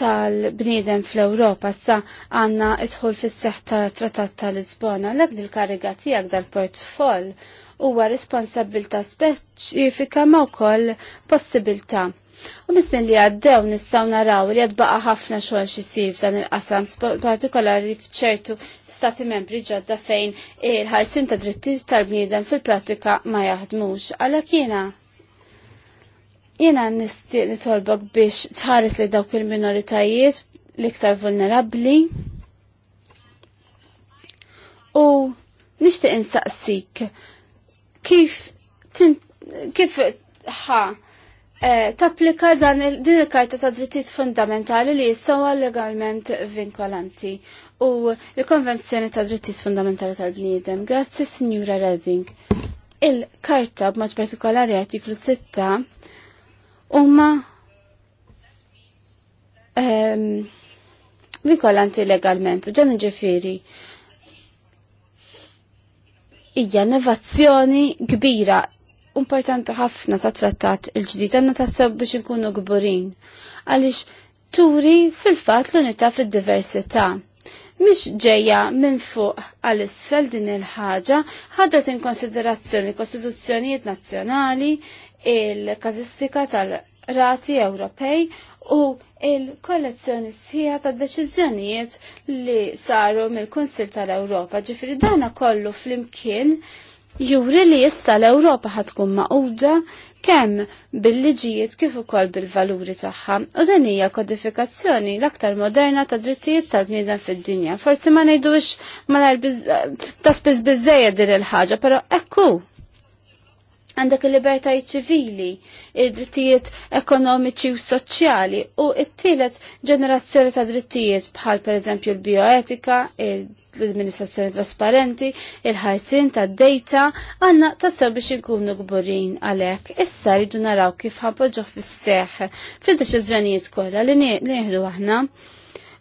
tal-bniedem fl-Ewropa sa għanna isħol fis-seħ tal-Trattat tal-Lisbona l dil-kariga tiegħek dal-portfoll huwa responsabilta speċifika ma wkoll possibilità. U missin li għaddew nistaw naraw li għadbaqa ħafna xogħol xisir f'dan il-qasam partikolari f'ċertu stati membri ġodda fejn il-ħarsin ta' drittijiet tal-bniedem fil-pratika ma jaħdmux. Għalhekk jiena Jena nistiq nitolbok biex tħares li dawk il-minoritajiet l-iktar vulnerabli. U nishtiq insaqsik kif tin, kif ħa eh, tapplika dan din il-karta ta' drittijiet fundamentali li jissawa legalment vinkolanti u l-Konvenzjoni ta' drittijiet fundamentali tal-bniedem. Grazzi, Signora Redding. Il-karta b'mod partikolari artiklu 6 huma vinkolanti legalment u ġen ġifiri hija nevazzjoni kbira importanti ħafna ta' trattat il-ġdid għandna tassew biex inkunu gburin għaliex turi fil-fatt l unita fid-diversità. Mhix ġejja minn fuq għal isfel din il-ħaġa ħadet in konsiderazzjoni kostituzzjonijiet nazzjonali, il-kazistika tal-rati Ewropej u il-kollezzjoni sħiħa ta' deċiżjonijiet li saru mill-Kunsil tal-Ewropa. Ġifri dana kollu fl-imkien juri li issa l-Ewropa ħatkun maquda kemm bil-liġijiet kif ukoll bil-valuri tagħha. U din hija kodifikazzjoni l-aktar moderna ta' drittijiet tal-bniedem fid-dinja. Forsi ma ngħidux malajr ta' spiss biżejjed din il-ħaġa, però ekku għandek il-libertajiet ċivili, id-drittijiet ekonomiċi u soċjali u it-tielet ġenerazzjoni ta' drittijiet bħal per eżempju l-bioetika, l-administrazzjoni trasparenti, il-ħarsin ta' data għanna sew biex ikunu gburin għalek. Issa rridu naraw kif ħapoġġo fis-seħ fid-deċiżjonijiet kollha li nieħdu aħna.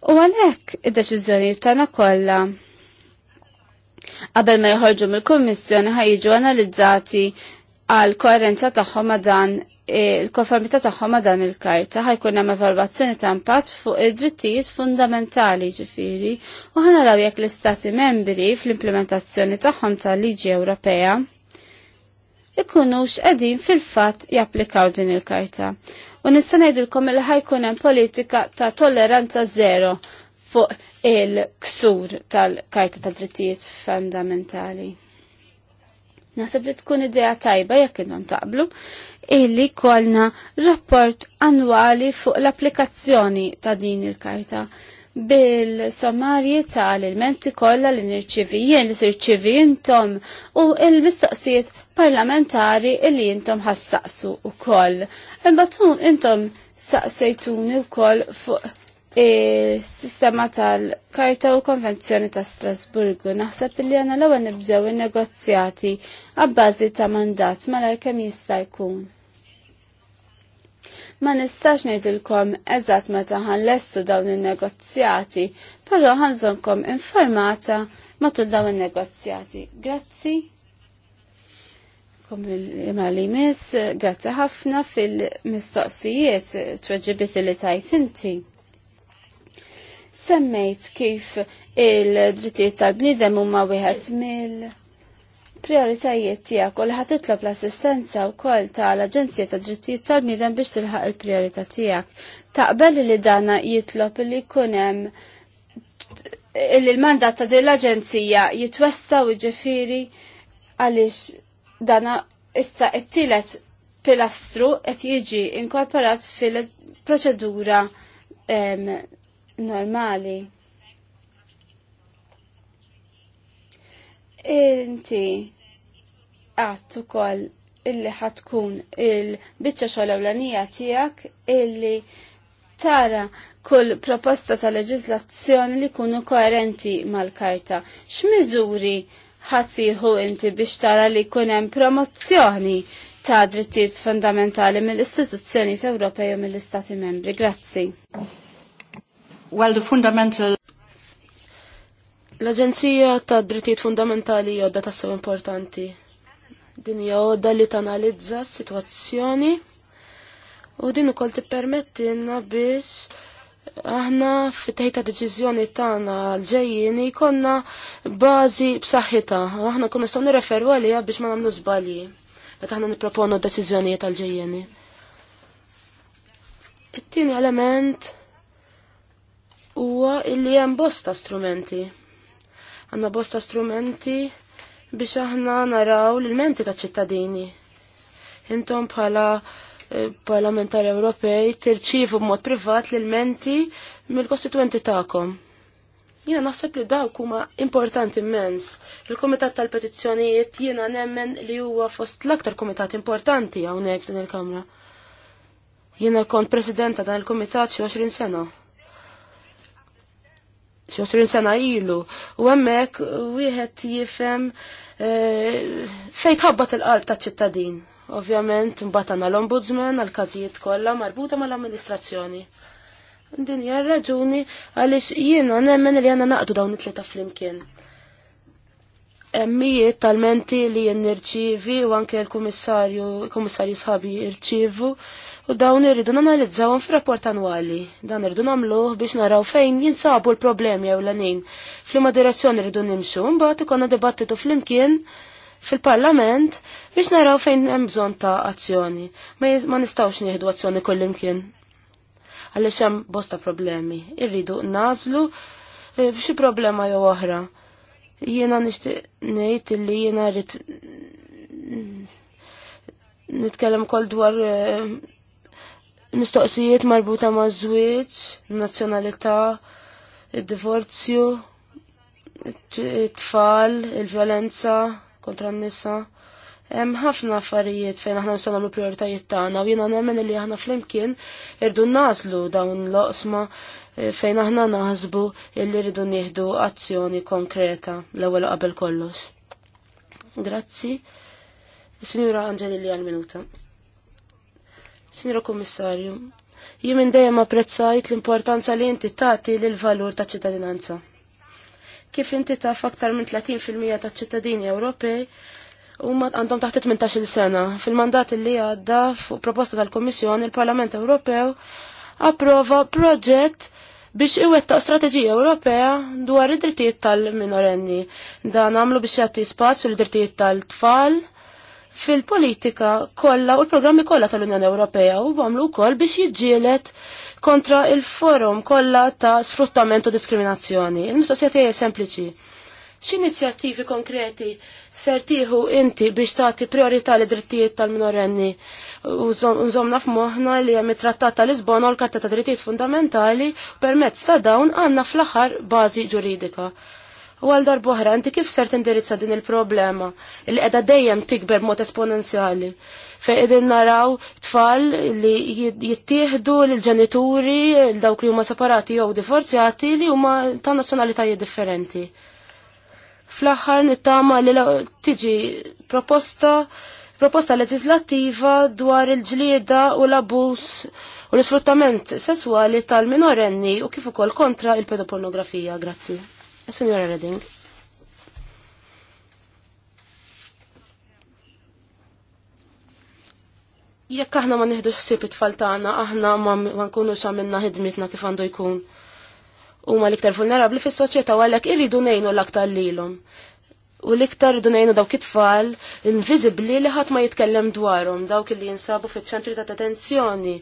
U għalek id-deċiżjonijiet tagħna kollha qabel ma jħorġu mill-Kummissjoni ħajġu analizzati għal koerenza tagħhom ma' dan il-konformità tagħhom ma' dan il-karta ħajkun hemm evalwazzjoni ta' impatt fuq id-drittijiet fundamentali ġifiri u ħana raw jekk l-istati membri fl-implementazzjoni tagħhom tal-liġi Ewropea ikunux qegħdin fil-fatt japplikaw din il-karta. U nista' ngħidilkom li ħajkun hemm politika ta' tolleranza zero fuq il-ksur tal-karta ta' drittijiet fundamentali. Nasib li tkun idea tajba jekk intom taqblu illi kolna rapport annwali fuq l-applikazzjoni ta' din il-karta bil-sommarji tal-elementi kollha li nirċivijin li tirċivi intom u il-mistoqsijiet parlamentari illi intom ħassaqsu u koll. Imbatun intom saqsejtuni u koll fuq il-sistema tal-Karta u Konvenzjoni ta' Strasburgu. Naħseb li għana l-għu nibżaw il-negozjati għabbażi ta' mandat mala kemm jista' jkun. Ma nistax ngħidilkom eżatt meta ħanlestu dawn in-negozjati, però ħanżonkom informata matul dawn in-negozjati. Grazzi. Kom il-imali mis, grazzi ħafna fil-mistoqsijiet, tweġibiet li tajt inti. Semmejt kif il-drittijiet tal-bniedem huma wieħed mill prioritajiet tiegħek u li ħad titlob l-assistenza wkoll tal-Aġenzija ta' Drittijiet tal-Bniedem biex tilħaq il-prijorità tiegħek. Taqbel li dana jitlob li jkun hemm il-mandat ta' din l-Aġenzija jitwessa u ġifiri għaliex dana issa t tielet pilastru qed jiġi inkorporat fil-proċedura normali. Inti għattu kol illi ħatkun il-bicċa xolawlanija tijak illi tara kull proposta ta' leġizlazzjoni li kunu koerenti mal-karta. X'miżuri ħatsiħu inti biex tara li kunem promozzjoni ta' drittijiet fundamentali mill-istituzzjoni Ewropej u mill-Istati membri. Grazzi well, the fundamental L-Aġenzija ta' Drittijiet Fundamentali hija tassew importanti. Din hija għodda li tanalizza s-sitwazzjoni u din ukoll tippermettilna biex aħna fit-teħita deċiżjoni tagħna l-ġejjin jkollna bażi b'saħħitha u aħna kun nistgħu nirreferu għaliha biex ma nagħmlu żbalji meta aħna nipproponu d-deċiżjonijiet tal-ġejjeni. It-tieni element huwa illi hemm bosta strumenti. Għanna bosta strumenti biex aħna naraw l-menti ta' ċittadini. Intom bħala eh, parlamentari Ewropej tirċivu b'mod privat l-menti mill-kostituenti tagħkom. Jiena naħseb li dawk huma importanti immens. Il-Kumitat tal-Petizzjonijiet jiena nemmen li huwa fost l-aktar komitat importanti hawnhekk din il-Kamra. Jiena kont presidenta dan il-Kumitat xi 20 sena. 20 sena ilu u hemmhekk wieħed jifhem e, fejn tħabbat il-qalb taċ-ċittadin. Ovvjament mbagħad għandna l-ombudsman għal każijiet kollha marbuta mal-amministrazzjoni. Din hija raġuni għaliex jiena nemmen li għandna naqdu dawn it tleta flimkien. Emmijiet tal-menti li jien nirċivi u anke l-kummissarju, kummissarji sħabi irċivu u dawn irridu nanalizzawhom f'rapport annwali. Dan irridu nagħmluh biex naraw fejn jinsabu l-problemi jew l-għanin. F'liema direzzjoni rridu nimxu, mbagħad ikonna dibattitu flimkien fil-Parlament biex naraw fejn hemm bżonn ta' azzjoni. Ma, ma nistgħux nieħdu azzjoni kullimkien. Għaliex hemm bosta problemi. Irridu nażlu b'xi eh, problema jew oħra. Jiena nixtieq ngħid illi jiena rrid nitkellem kol dwar eh, mistoqsijiet marbuta ma' żwieġ, nazzjonalità, id-divorzju, it-tfal, il-violenza kontra n-nisa. Hemm ħafna affarijiet fejn aħna nistgħu nagħmlu prijoritajiet tagħna u jiena nemmen li aħna flimkien irdu naslu dawn l-oqsma eh, fejn aħna naħsbu illi rridu nieħdu azzjoni konkreta l-ewwel qabel kollox. Grazzi. Signora Angelilli għal minuta. Sinjora Kommissarju, jien minn dejjem apprezzajt l-importanza li inti tagħti lill valur ta' ċittadinanza. Kif inti taf aktar minn 30% ta' ċittadini Ewropej huma għandhom taħt 18-il sena. Fil-mandat li għadda fuq proposta tal-Kommissjoni il-Parlament Ewropew approva proġett biex iwettaq strateġija Ewropea dwar id-drittijiet tal-minorenni. Dan għamlu biex jagħti spazju l-drittijiet tal-tfal, fil-politika kollha u l-programmi kollha tal-Unjoni Ewropea u għamlu wkoll biex jiġġielet kontra il-forum kollha ta' sfruttament u diskriminazzjoni. Il-mistoqsija tiegħi sempliċi. X'inizjattivi konkreti ser tieħu inti biex tagħti priorità li drittijiet tal-minorenni u nżomna f'moħħna li hemm it-Trattat ta' Lisbona u l-Karta ta' Drittijiet Fundamentali permezz ta' dawn għandna fl-aħħar bażi ġuridika. U għal darba oħra, inti kif ser tindirizza din il-problema li qiegħda dejjem tikber mod esponenzjali fejn qegħdin naraw tfal li jittieħdu lill ġenituri l dawk li huma separati jew divorzjati li huma ta' nazzjonalitajiet differenti. Fl-aħħar nittama li tiġi proposta proposta leġislattiva dwar il-ġlieda u l-abus u l-isfruttament sesswali tal-minorenni u kif ukoll kontra il-pedopornografija. Grazzi. Signora Redding. Jekk aħna ma nieħdux ħsieb it-tfal tagħna, aħna ma nkunux għamilna ħidmitna kif għandu jkun. Huma l-iktar vulnerabbli fis-soċjetà u għalhekk iridu ngħinu l-aktar lilhom u l-iktar iridu ngħinu dawk it-tfal inviżibbli li ħadd ma jitkellem dwarhom dawk li jinsabu fiċ-ċentri ta' detenzjoni,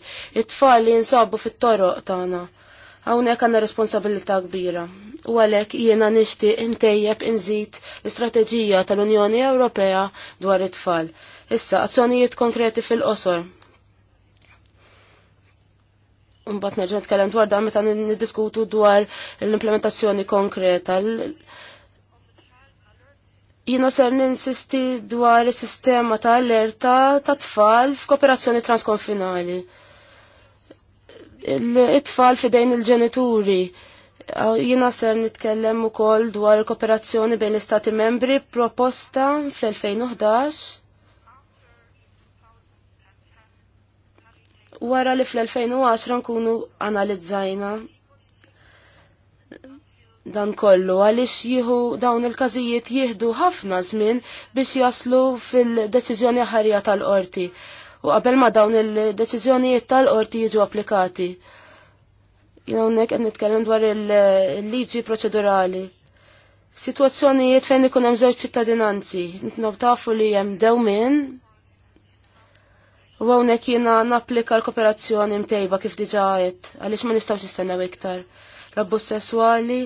it-tfal li jinsabu fit-toroq tagħna. Hawnhekk għandna responsabilità kbira. U għalhekk jiena nixtieq intejjeb inżid l-istrateġija tal-Unjoni Ewropea dwar it-tfal. Issa azzjonijiet konkreti fil-qosor. Mbagħad nerġa' nitkellem dwar dan meta niddiskutu dwar l-implementazzjoni konkreta. Jiena ser ninsisti dwar is-sistema ta' allerta ta' tfal f'kooperazzjoni transkonfinali l-itfall fidejn il-ġenituri. Jina ser nitkellem ukoll dwar kooperazzjoni bejn l-Istati membri proposta fl-2011. Wara li fl-2010 nkunu analizzajna dan kollu għaliex jieħu dawn il-każijiet jieħdu ħafna żmien biex jaslu fil-deċiżjoni ħarja tal-qorti u qabel ma dawn il-deċiżjonijiet tal-qorti jiġu applikati. Jnawnek għed nitkellem dwar il-liġi proċedurali. Situazzjonijiet fejn ikun hemm żewġ ċittadinanzi, nob tafu li hemm minn u hawnhekk jiena napplika l-kooperazzjoni mtejba kif diġa għedt għaliex ma nistgħux nistennew iktar. L-abbuż sesswali,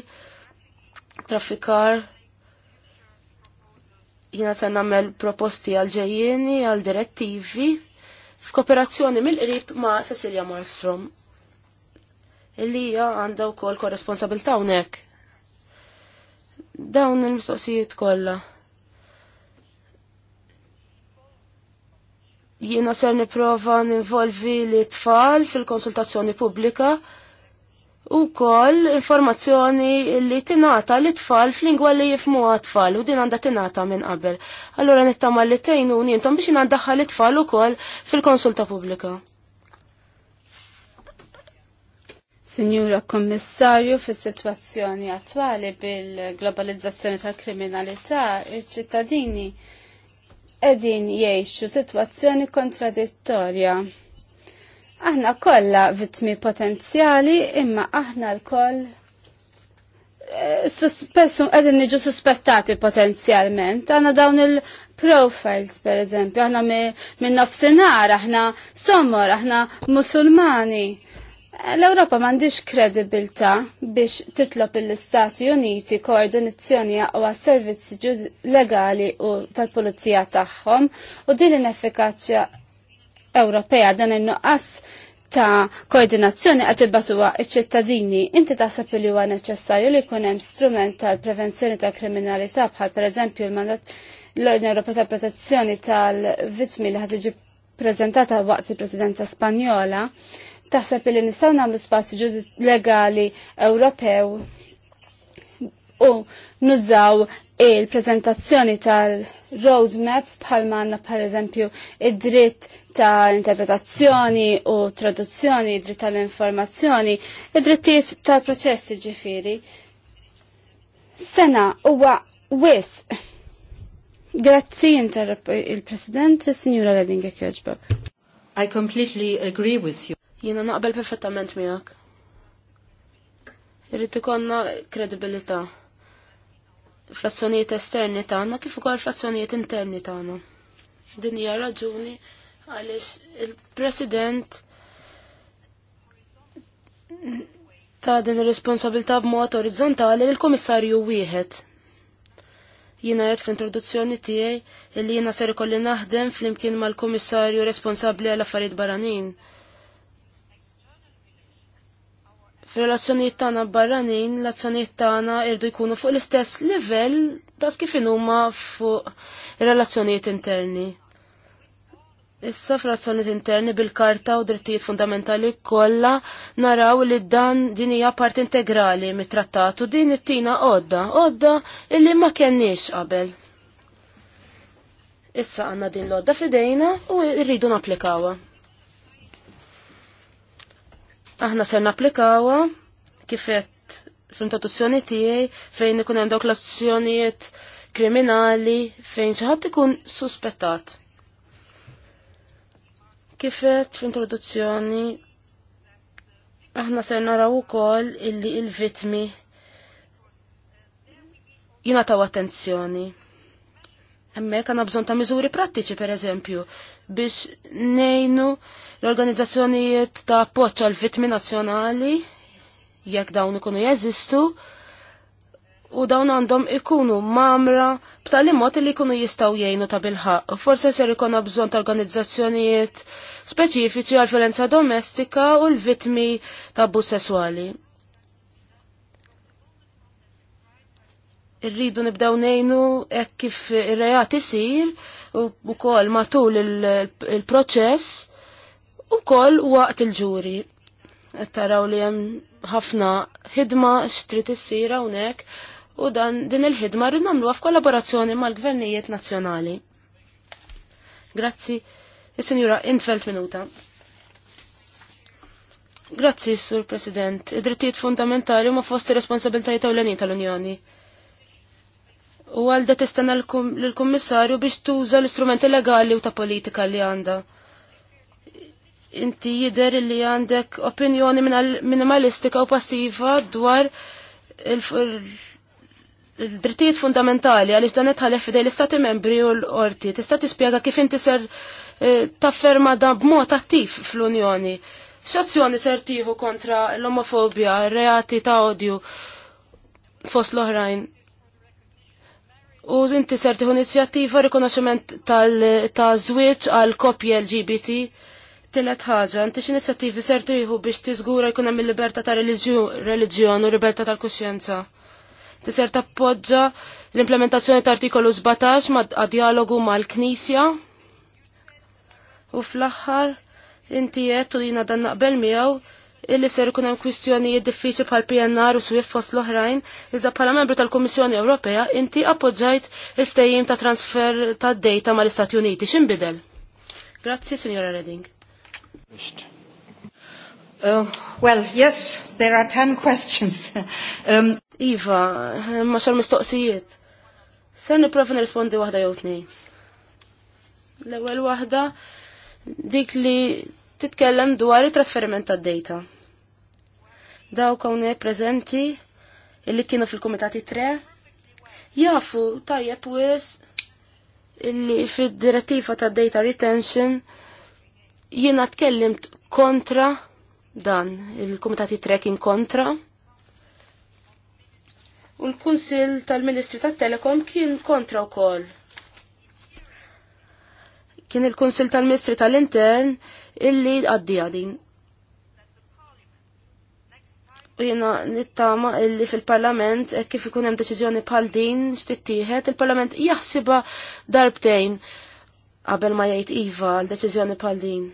traffikar, jiena se nagħmel proposti għal ġejjieni, għal direttivi f'kooperazzjoni mill-qrib ma' Cecilia Marstrom. Illi hija għandha wkoll korresponsabilta hawnhekk. Dawn il-mistoqsijiet kollha. Jiena ser nipprova ninvolvi l tfal fil-konsultazzjoni pubblika u koll informazzjoni li tinata li tfal f'lingwa li jifmu għatfall u din għanda tinata minn qabel. Allora nittama li tajnu nintom biex nandaxħa li tfal u koll fil-konsulta publika. Signora Kommissarju, fis situazzjoni attwali bil-globalizzazzjoni tal kriminalità, il-ċittadini edin jiexu situazzjoni kontradittorja. Aħna kollha vittmi potenzjali imma aħna l-koll eh, suspessu qegħdin niġu suspettati potenzjalment. Aħna dawn il-profiles pereżempju, aħna minn nofsinhar, aħna somor, aħna musulmani. L-Europa mandiġ kredibilta biex titlob l-Istati Uniti koordinazzjoni għawa servizzi legali u tal-polizija tagħhom u din l-effikaċja Ewropea dan il-nuqqas ta' koordinazzjoni għat ibbatuha iċ-ċittadini. Inti taħseb li huwa neċessarju li jkun hemm strument tal-prevenzjoni tal kriminalità bħal pereżempju l-mandat l-Ordni Ewropea tal Protezzjoni tal-Vittmi li ħad iġi preżentata waqt il-Presidenza Spanjola. Taħseb li nistgħu nagħmlu spazju legali Ewropew u nuzzaw il-prezentazzjoni tal-roadmap bħalma għanna per eżempju id-dritt ta' interpretazzjoni u traduzzjoni, id-dritt tal-informazzjoni, id-drittis tal-proċessi ġifiri. Sena huwa wis. Grazzi interrup il-President, signora Redinga Kjoġbak. I completely agree with you. Jena naqbel perfettament miegħek. Irrid ikonna kredibilità frazzjonijiet esterni tagħna kif ukoll frazzjonijiet interni tagħna. Din hija raġuni għaliex il-President ta' din ir-responsabilità b'mod orizzontali l komissarju wieħed. Jiena qed fl-introduzzjoni tiegħi li jiena ser ikolli naħdem flimkien mal-Kummissarju responsabbli għal affarijiet barranin. Fil-relazzjonijiet tagħna barranin, l-azzjonijiet tagħna irdu jkunu fuq l-istess livell ta' kif huma fuq relazzjonijiet interni. Issa f'relazzjonijiet interni bil-karta u drittijiet fundamentali kollha naraw li dan din hija part integrali mit-trattat u din it-tina għodda, għodda illi ma kenniex qabel. Issa għanna din l-għodda fidejna u rridu napplikawha. Aħna ser naplikawa kifet fl-introduzzjoni tiegħi fejn ikun hemm dawk l-azzjonijiet kriminali fejn xi ħadd ikun suspettat. Kifet fl-introduzzjoni aħna ser naraw ukoll illi il-vitmi jingħataw attenzjoni. Hemmhekk għandna bżonn ta' miżuri prattiċi pereżempju biex nejnu l-organizzazzjonijiet ta' appoġġ għal vittmi nazzjonali jekk dawn ikunu jeżistu u dawn għandhom ikunu mamra b'tali mod li jkunu jistgħu jgħinu ta' bilħaq. Forse ser ikonna bżonn ta' organizzazzjonijiet speċifiċi għal violenza domestika u l-vittmi ta' abbuż sesswali. Irridu nibdaw nejnu hekk kif ir-reat isir kol matul il-proċess ukoll waqt il-ġuri. Qed taraw li hemm ħafna ħidma xtrid issir hawnhekk u dan din il-ħidma rrid nagħmluha f'kollaborazzjoni mal-gvernijiet nazzjonali. Grazzi. Is-Sinjura Infelt minuta. Grazzi, Sur President. Id-drittijiet fundamentali huma fost ir-responsabiltajiet ewlenin tal-Unjoni u għalda testana l-Kummissarju biex tuża l-istrumenti legali u ta' politika li għanda. Inti jider li għandek opinjoni minimalistika u passiva dwar il-drittijiet fundamentali għaliex dan itħallef fidej l-istati membri u l-orti. Tista' tispjega kif inti ser eh, tafferma da b'mod attiv fl-Unjoni. X'azzjoni ser tieħu kontra l-omofobja, reati ta' odju fost l-oħrajn? U inti ser tieħu inizjattiva rikonoxximent tal-żwieġ għal kopje LGBT. Tillet ħaġa, inti x'inizjattivi ser tieħu biex tiżgura jkun hemm il-libertà ta' reliġjon u libertà tal-kuxjenza. Tiser tappoġġa l-implementazzjoni ta' artikolu 17 ma' dialogu mal-Knisja. U fl-aħħar inti qed u jiena dan naqbel miegħu illi ser ikun hemm kwistjonijiet diffiċli bħal PNR u swif fost l-oħrajn, iżda bħala membru tal-Kummissjoni Ewropea inti appoġġajt il-ftehim ta' transfer ta' data mal-Istati Uniti. X'inbidel? Grazzi, Signora Reding. Uh, well, yes, there are ten questions. um, iva, ma xar mistoqsijiet. Ser niprofa nirrispondi waħda jew tnejn. L-ewwel waħda dik li titkellem dwar it-trasferiment tad-data dawk hawnhekk preżenti illi kienu fil-kumitati tre jafu tajjeb wis illi fid-direttiva ta' data retention jiena tkellimt kontra dan il-kumitati tre kien kontra u l-Kunsil tal-Ministri ta' telekom kien kontra u kol Kien il-Kunsil tal-Ministri tal-Intern illi għaddija din. U jena nittama illi fil-parlament eh, kif ikun hemm deċiżjoni bħal din x'tittieħed, il-parlament jaħsiba darbtejn qabel ma jgħid iva għal deċiżjoni bħal din.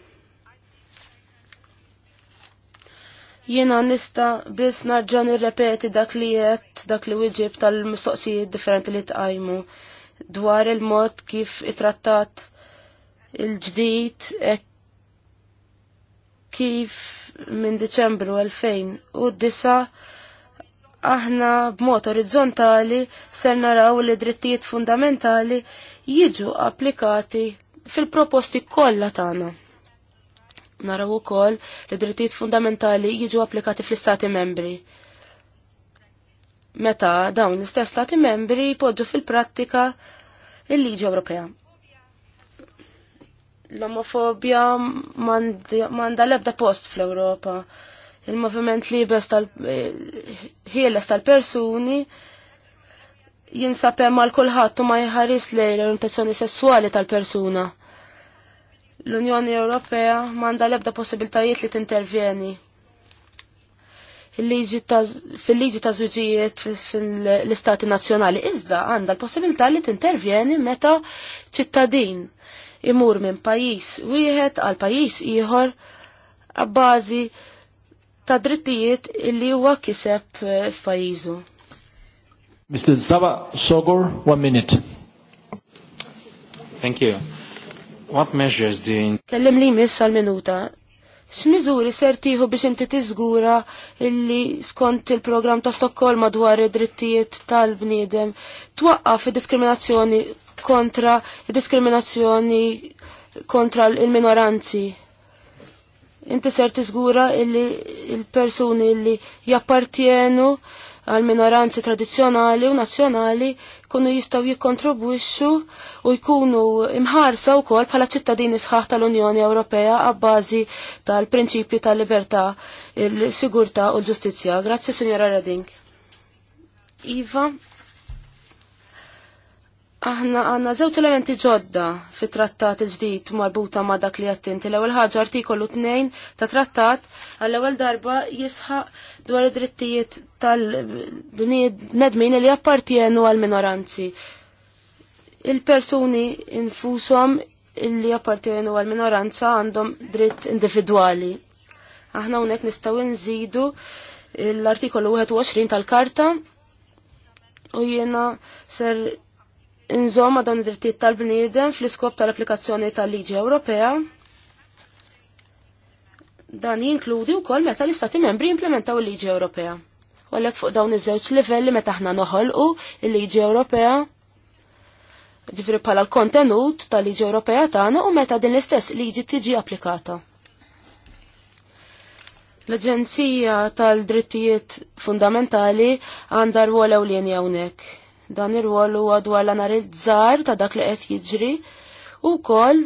Jena nista biss narġa' nirrepeti dak li jett, dak li wieġib tal-mistoqsijiet differenti li tqajmu dwar il-mod kif itrattat il-ġdid eh, kif minn Diċembru 2009 aħna b'mod orizzontali ser naraw li drittijiet fundamentali jiġu applikati fil-proposti kollha tagħna. Naraw ukoll li drittijiet fundamentali jiġu applikati fl-Istati membri. Meta dawn l-istess Stati membri jpoġġu fil-prattika il-liġi Ewropea l omofobia manda lebda post fl-Europa. Il-moviment libes tal-ħieles tal-persuni jinsapem hemm għal kulħadd u ma jħaris lejn l-orientazzjoni sessuali tal-persuna. L-Unjoni Ewropea manda lebda possibiltajiet li t-intervjeni. fil-liġi ta' żwiġijiet fil-istati nazzjonali. Iżda għandha l-possibilità li t-intervjeni meta ċittadin imur minn pajjiż wieħed għal pajjiż ieħor għabbażi ta' drittijiet illi huwa kiseb eh, f'pajjiżu. Mr. Zaba Sogor, one minute. Thank you. What measures do the... Kellem li miss għal-minuta. X'miżuri ser tieħu biex inti tiżgura illi skont il-programm ta' Stokkolma dwar id-drittijiet tal-bniedem twaqqaf id-diskriminazzjoni kontra diskriminazzjoni kontra il-minoranzi. Inti ser tiżgura illi il-persuni illi jappartienu għal minoranzi tradizjonali u nazzjonali kunu jistaw jikontribwixxu u jkunu imħarsa wkoll bħala ċittadini sħaħ tal-Unjoni Ewropea għabbażi tal-prinċipju tal-libertà, il-sigurtà u l-ġustizzja. Grazzi, signora Reding. Iva, Aħna għanna zewċ elementi ġodda fi trattat ġdid marbuta ma' dak li għattinti. L-ewwel ħaġa artikolu 2 ta' trattat għall-ewwel darba jisħaq dwar id-drittijiet tal-nedmin li appartienu għal minoranzi. Il-persuni infushom li appartienu għal minoranza għandhom dritt individwali. Aħna hawnhekk nistgħu nżidu l-artikolu 21 tal-karta u jiena ser inżomma dan id-drittijiet tal-bniedem fl-iskop tal-applikazzjoni tal-liġi Ewropea. Dan jinkludi wkoll meta l-Istati membri jimplementaw il-liġi Ewropea. U għalhekk fuq dawn iż-żewġ livelli meta aħna noħolqu il-liġi Ewropea ġifri bħala l-kontenut tal-liġi Ewropea tagħna u meta din l-istess liġi tiġi applikata. L-Aġenzija tal-Drittijiet Fundamentali għandha rwol ewlieni hawnhekk Dan ir-rwol huwa dwar l-analizzar ta' dak li qed jiġri u koll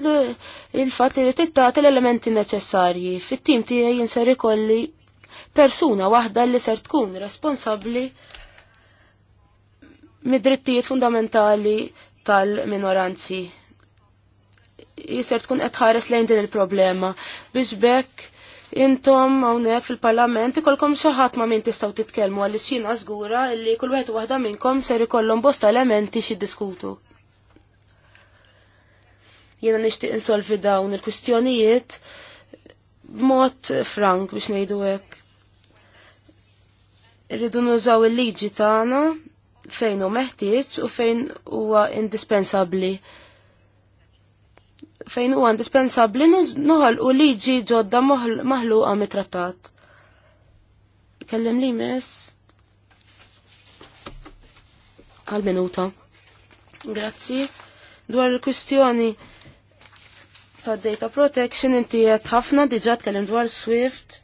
il-fat li tittata l-elementi neċessarji. Fit-tim tiegħi jinser ikolli persuna waħda li ser tkun responsabbli mid-drittijiet fundamentali tal-minoranzi. Jisser tkun qed ħares lejn din il-problema biex bekk intom hawnhekk fil-Parlament ikolkom xi ħadd ma' min tistgħu titkellmu għaliex xina żgura li kull wieħed waħda minnkom ser ikollhom bosta elementi xi diskutu. Jiena nixtieq insolvi dawn il-kwistjonijiet b'mod frank biex ngħidu hekk. Irridu nużaw il-liġi tagħna fejn hu meħtieġ u fejn huwa indispensabbli fejn huwa indispensabbli u liġi ġodda maħluqa mitrattat. Kellem li mess għal minuta. Grazzi. Dwar il-kwistjoni ta' data protection inti qed ħafna diġà tkellem dwar Swift.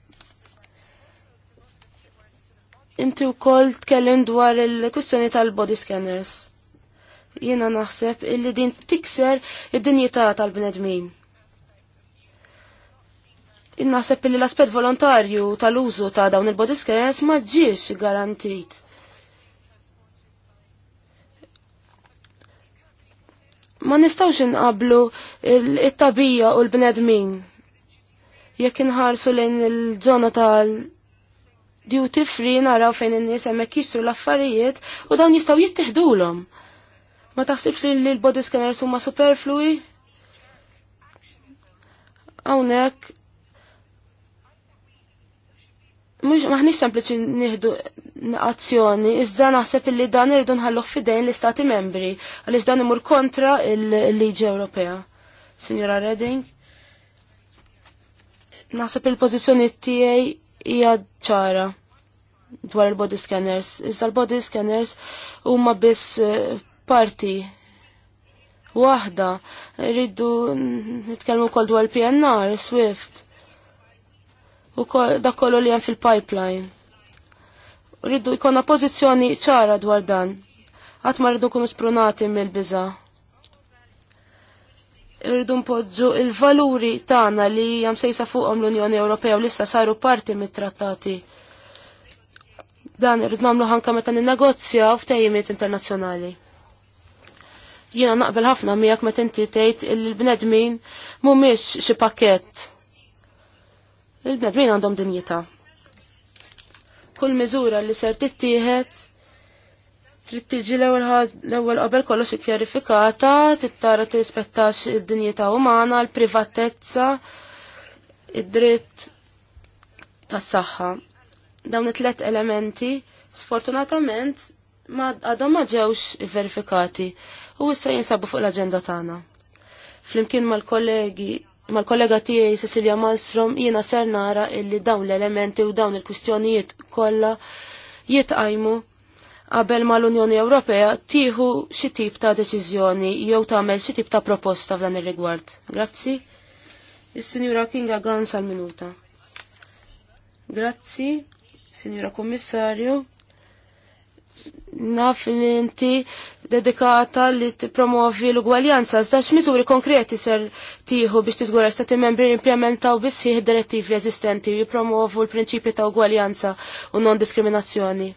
Inti wkoll tkellem dwar il-kwistjoni tal-body scanners. Jiena naħseb illi din tikser id-dinjità tal-bnedmin. Innaħseb illi l-aspet volontarju tal-użu ta' dawn il-body scans ma ġiex garantit. Ma nistawx inqablu it-tabija u l-bnedmin. Jekk inħarsu lejn il-żona tal duty free naraw fejn in-nies hemmhekk jixtru l-affarijiet u dawn jistgħu jittihdulhom Ma taħsibx li l-body scanners huma superflui? Hawnhekk mux maħnix sempliċi nieħdu azzjoni, iżda naħseb li dan irridu nħalluh fidejn l-Istati membri, għaliex dan imur kontra l-Liġi Ewropea. Signora Redding, naħseb il-pożizzjoni tiegħi hija ċara dwar il-body scanners. Iżda l-body scanners huma biss eh, parti wahda rridu nitkellmu wkoll dwar PNR, Swift. U dak kollu li hemm fil-pipeline. Rridu jkollna pożizzjoni ċara dwar dan. Qatt ma rridu nkunu sprunati mill-biża. Rridu npoġġu il-valuri tagħna li hemm sejsa fuqhom l-Unjoni Ewropea u lissa saru parti mit-trattati. Dan irridu nagħmlu ħanka meta ninnegozja f'tejjimiet internazzjonali. Jiena naqbel ħafna miegħek meta tinti tgħid il-bnedmin mhumiex xi pakkett. Il-bnedmin għandhom dinjità. Kull miżura li ser tittieħed trid tiġi l-ewwel qabel kollox ikkjarifikata, tittara tirrispettax id-dinjità umana, l-privatezza, id-dritt tas-saħħa. Dawn it-tlet elementi sfortunatament ma għadhom ma ġewx verifikati u issa jinsabu fuq l-agenda tagħna. Flimkien mal-kollegi mal-kollega tiegħi Cecilia Malmstrom jiena ser nara illi dawn l-elementi u dawn il-kwistjonijiet kollha jitqajmu qabel mal unjoni Ewropea tieħu xi tip ta' deċiżjoni jew tagħmel xi tip ta' proposta f'dan ir-rigward. Grazzi. Is-Sinjura Kinga Gans għal minuta. Grazzi, Sinjura Kommissarju naf li inti dedikata li t-promovi l-ugwaljanza. Zdax mizuri konkreti ser tiħu biex tiżgura stati membri implementaw ħih direttivi eżistenti u jipromovu l-prinċipju ta' ugwaljanza u non-diskriminazzjoni.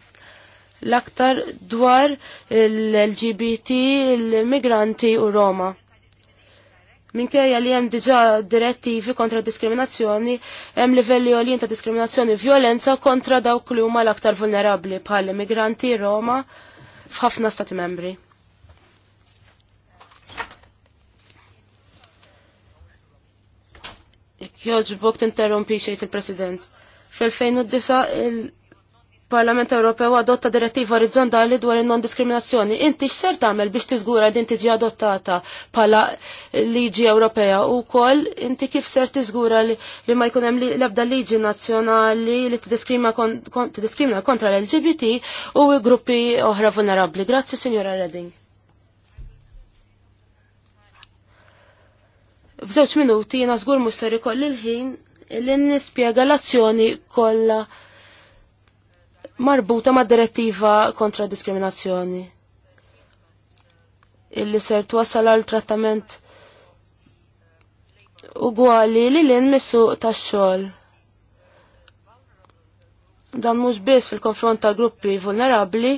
L-aktar dwar l-LGBT, l-migranti u Roma minkejja li hemm diġà direttivi kontra diskriminazzjoni, hemm livelli għolin ta' diskriminazzjoni violenza kontra dawk li huma l-aktar vulnerabbli bħal immigranti Roma f'ħafna stati membri. Jek t tinterrompi xejt il-President. Fil-2009 Parlament Ewropew adotta direttiva orizzontali dwar il-non-diskriminazzjoni. Inti x'ser tagħmel biex tiżgura din tiġi adottata bħala liġi Ewropea u wkoll inti kif ser tiżgura li, li ma jkun hemm l-ebda liġi nazzjonali li tiddiskrimina kon, kon, kontra l-LGBT u gruppi oħra vulnerabbli. Grazzi, Signora Redding. F'żewġ minuti jiena żgur mhux ser ikolli l-ħin li nispjega l-azzjoni kollha marbuta ma' direttiva kontra diskriminazzjoni illi ser twassal għal trattament ugwali li l-inmissu tax-xogħol dan mhux biss fil-konfront ta' gruppi vulnerabbli,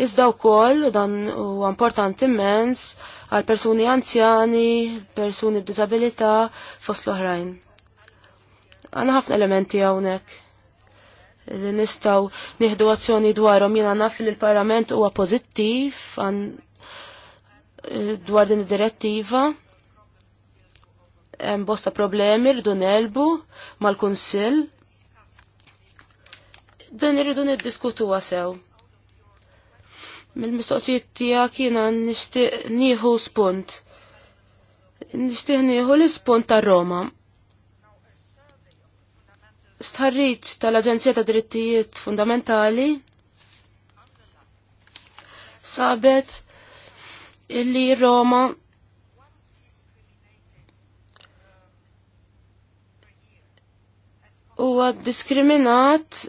iżda wkoll dan huwa importanti immens għal persuni anzjani, persuni b'diżabilità fost l-oħrajn. Għandna ħafna elementi hawnhekk li nistaw nieħdu azzjoni dwarhom jiena naf li l-Parlament huwa pożittiv eh, dwar din id-direttiva. Hemm bosta problemi rridu nelbu mal-Kunsill. Dan irridu niddiskutuha sew. Mill-mistoqsijiet tiegħek jiena nixtieq nieħu spunt. Nixtieq nieħu l-ispunt tar-Roma Stħarriċ tal-Aġenzija ta' Drittijiet Fundamentali sabet illi Roma huwa diskriminat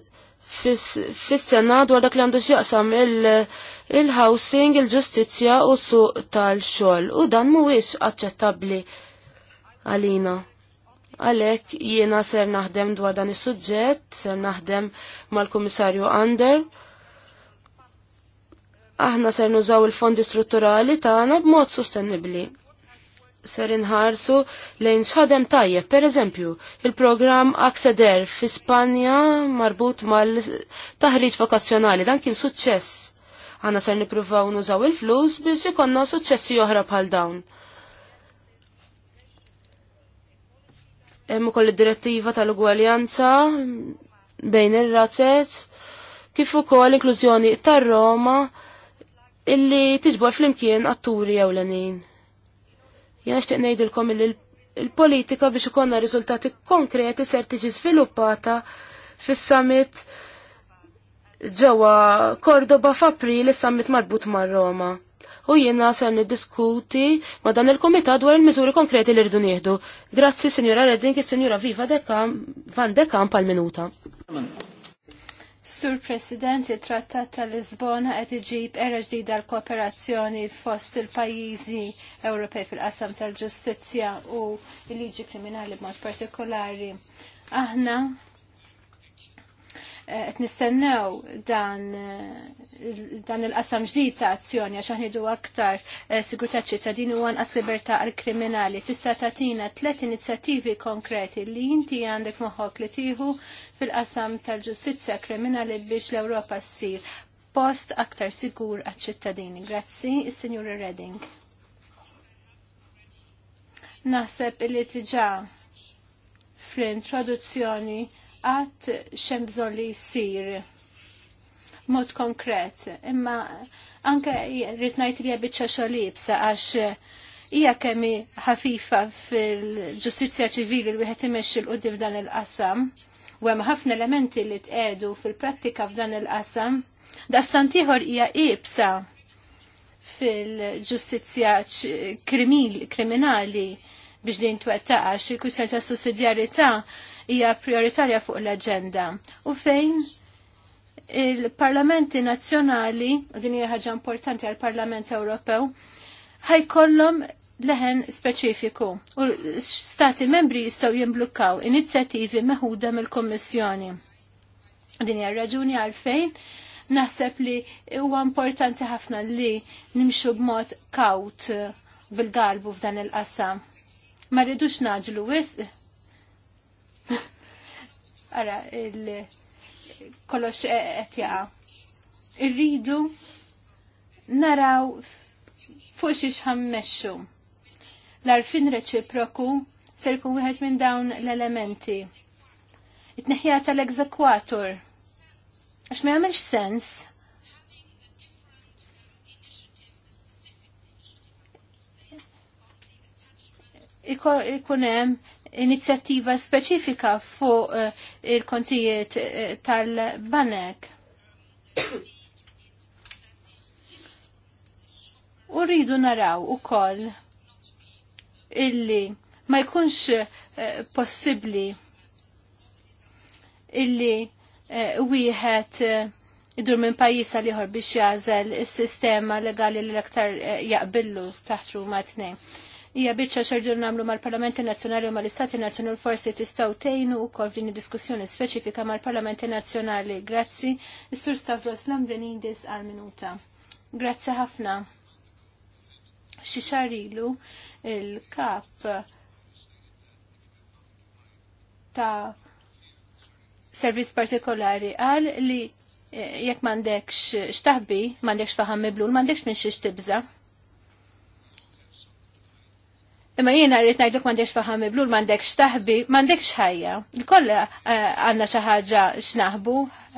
fis-sena dwar dak li għandu x'jaqsam il-housing, il-ġustizzja u s-suq tal-xogħol u dan mhuwiex aċċettabbli għalina. Għalek jiena ser naħdem dwar dan is-suġġett, ser naħdem mal-Kummissarju Ander. Aħna ser nużaw il-fondi strutturali tagħna b'mod sostenibbli. Ser inħarsu lejn x'ħadem tajjeb, per eżempju, il-programm Acceder fi Spanja marbut mal-taħriġ vokazzjonali, dan kien suċċess. Aħna ser nippruvaw nużaw il-flus biex ikonna suċċessi oħra bħal dawn hemm ukoll id-direttiva tal-ugwaljanza bejn ir-razzet kif ukoll inklużjoni tar-Roma illi tiġbor flimkien atturi ewlenin. Jien nixtieq ngħidilkom illi il-politika biex ikonna riżultati konkreti ser tiġi sviluppata fis-summit ġewwa Kordoba f'April is-summit marbut mar-Roma u jiena se niddiskuti ma dan il-komitat dwar il-miżuri konkreti li rridu nieħdu. Grazzi Sinjura Redding e Sinjura Viva Van van Camp għal minuta Sur President, il-Trattat tal-Lisbona qed iġib era ġdida l-kooperazzjoni fost il-pajjiżi Ewropej fil-qasam tal-ġustizzja u l-liġi kriminali b'mod partikolari. Aħna qed nistennew dan dan il-qasam ġdid ta' azzjoni għax aħnidu aktar eh, sigurtà ċittadini u anqas libertà għal kriminali. Tista' tagħtina tliet inizjattivi konkreti li inti għandek moħħok li tieħu fil-qasam tal-ġustizzja kriminali biex l-Ewropa ssir post aktar sigur għal ċittadini. Grazzi, is-Sinjura Redding. Naħseb li tiġa fl-introduzzjoni għat xem bżon li jisir mod konkret. Imma anke rritnajt li għabitxa xolibsa għax hija kemi ħafifa fil-ġustizja ċivili li wieħed imexxi l qudiem dan il-qasam. U hemm ħafna elementi li tqedu fil-prattika f'dan il-qasam. Dassan tieħor hija ibsa fil-ġustizja kriminali biex din twettaqax il-kwistjoni ta' sussidjarita hija prioritarja fuq l-aġenda u fejn il-parlamenti nazzjonali, u din hija ħaġa importanti għal-Parlament Ewropew, ħajkollhom leħen speċifiku u stati membri jistgħu jimblukkaw inizjattivi meħuda mill-Kummissjoni. Din hija raġuni għalfejn naħseb li huwa importanti ħafna li nimxu b'mod kawt bil-galbu f'dan il-qasam. Ma rridux naġlu wisq Ara, il kolox eh, eh, qed jaqa. Irridu naraw fuq xi xammexxu. L-arfin reċiproku ser jkun wieħed minn dawn l-elementi. It-neħja tal-egzekwatur. Għax ma jagħmelx sens ikun hemm inizjattiva speċifika fuq eh, il-kontijiet eh, tal-banek. U rridu naraw u koll illi ma jkunx eh, possibli illi wieħed idur minn pajjiż għal ieħor biex jażel is-sistema legali l-aktar jaqbillu taħt ruma tnejn hija biċċa xerdu nagħmlu mal-Parlamenti Nazzjonali u mal-Istati Nazjonali forsi tistgħu tgħinu wkoll din id-diskussjoni speċifika mal-Parlamenti Nazzjonali. Grazzi, is-Sur Stavros Lambrinidis għal minuta. Grazzi ħafna. Xi il-kap ta' servizz partikolari għal li eh, jekk m'għandekx xtaħbi, m'għandekx faħam miblul, m'għandekx minn xiex Imma jiena rrid ngħidlek m'għandekx faħam blur, m'għandekx taħbi, m'għandekx ħajja. Kollha eh, għandna xi ħaġa x'naħbu,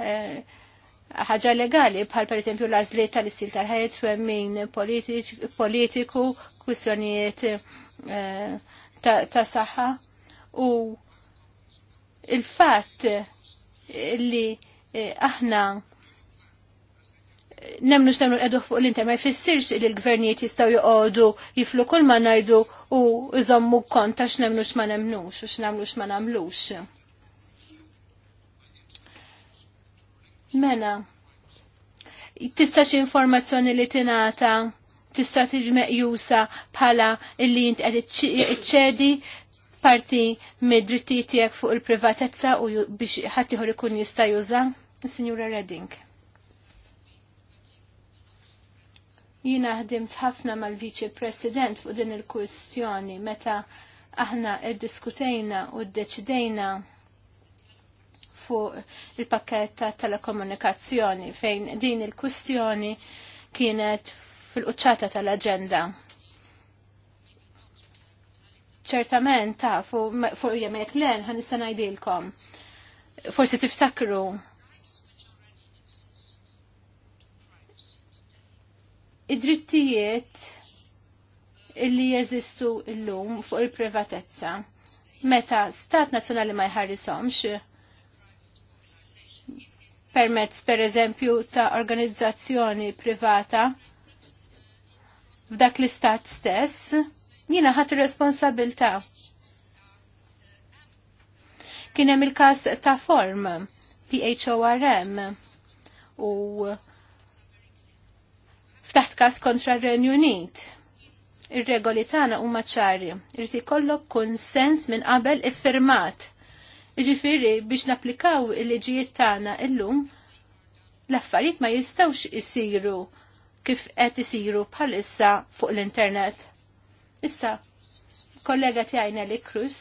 eh, ħaġa legali bħal pereżempju l-għażliet tal-istil tal-ħajja min politiku, kwistjonijiet eh, ta' saħħa u il-fatt li aħna nemnu xtemnu edu fuq l-inter, ma jfissirx li l-gvernijiet jistaw joqodu jiflu kull ma najdu u jżommu konta x'nemnu x'ma nemnux u x'namlu x'ma namlux. Mena, tista' xi informazzjoni li tingħata tista' tiġi meqjusa bħala illi jint qed iċċedi parti mid-drittijiet tiegħek fuq il-privatezza u biex ħaddieħor ikun jista' juża. Signora Redding. Jina ħdimt ħafna mal-Viċi President fuq din il-kwistjoni meta aħna id-diskutejna u d-deċidejna fuq il pakketta telekomunikazzjoni fejn din il-kwistjoni kienet fil-qċata tal-agenda ċertament ta' fuq fu jemek len ħan nista' ngħidilkom. Forsi tiftakru id-drittijiet illi jeżistu illum fuq il-privatezza. Meta stat nazzjonali ma jħarrisomx, permezz per eżempju ta' organizzazzjoni privata f'dak l-istat stess, jina ħat responsabilta. Kienem il-kas ta' form, PHORM, u f'taħt każ kontra r-Renju Unit. Ir-regoli tagħna huma ċari, irid ikollok kunsens minn qabel iffirmat. Jiġifieri biex napplikaw il-liġijiet tagħna illum l-affarijiet ma jistgħux isiru kif qed isiru bħalissa fuq l-internet. Issa, kollega tiegħi Nelly Cruz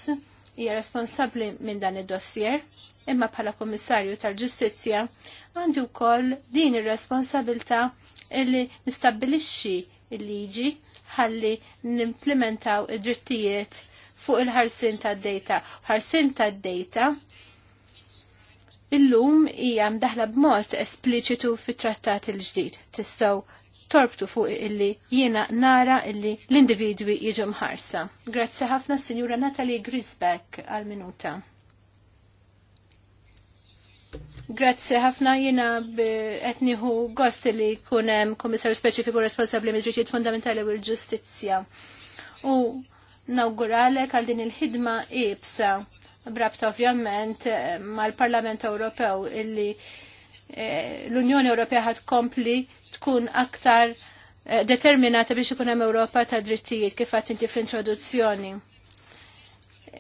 hija responsabbli minn dan id-dossier, imma bħala Kummissarju tal-Ġustizzja għandi wkoll din ir-responsabilità illi nistabbilixxi il-liġi ħalli nimplementaw id-drittijiet fuq il-ħarsin tad-data. Ħarsin tad-data illum hija mdaħla b'mod espliċitu fit-trattat il-ġdid. Tistgħu torbtu fuq illi jiena nara illi l-individwi jiġu mħarsa. Grazzi ħafna Sinjura Natalie Grisbeck għal-minuta. Grazzi ħafna jina b'etniħu gost li kunem komissar speċifiku responsabli mid drittijiet fundamentali u l-ġustizja. U nawguralek għal din il-ħidma ibsa brabta ovvjament eh, mal-Parlament Ewropew illi eh, l-Unjoni Ewropea ħad kompli tkun aktar eh, determinata biex ikun hemm Ewropa ta' drittijiet kif għad inti fl-introduzzjoni.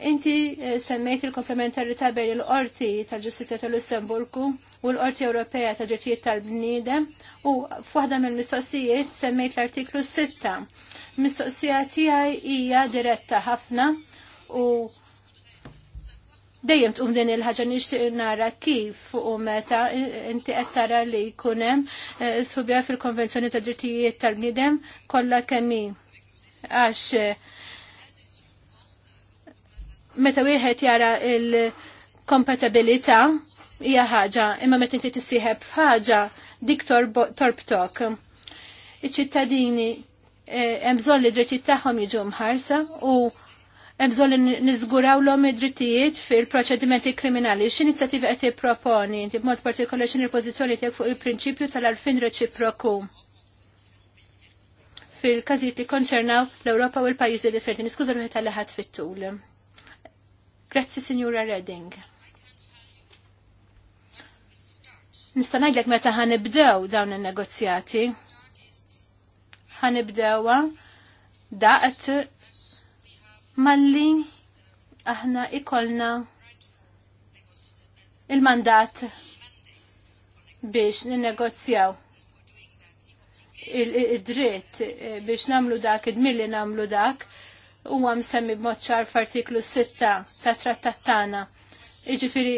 Inti eh, semmejt il-komplementarità bejn il-qorti tal-ġustizja tal-Lussemburgu u l-qorti Ewropea ta' ġetijiet tal-bniedem u f'waħda mill-mistoqsijiet semmejt l-artiklu 6. Mistoqsija tiegħi hija diretta ħafna u dejjem tqum din il-ħaġa nixtieq nara kif u meta inti qed tara li jkun hemm eh, subja fil-Konvenzjoni ta' Drittijiet tal-Bniedem kollha kemm għax eh, meta wieħed jara il-kompatibilità hija ħaġa, imma meta inti tissieħeb ħaġa dik torbtok. Iċ-ċittadini eh, hemm bżonn li d-drittijiet tagħhom jiġu mħarsa u hemm bżonn li niżgurawlhom id-drittijiet fil-proċedimenti kriminali. X'inizjattivi qed tipproponi inti b'mod partikolari x'inhi l-pożizzjoni tiegħek fuq il-prinċipju tal għarfien reċiproku fil-każijiet li konċernaw l-Ewropa u l-pajjiżi differenti. Niskuża ruħi tal fit-tul. Grazzi, Signora Redding. Nista' ngħidlek meta ħanibdew dawn in-negozjati. Ħanibdewha daqt malli aħna ikolna il-mandat biex ninnegozjaw il-dritt biex namlu dak, id-milli namlu dak, huwa msemmi b'mod ċar f'artiklu 6 ta' trattat tagħna. Jiġifieri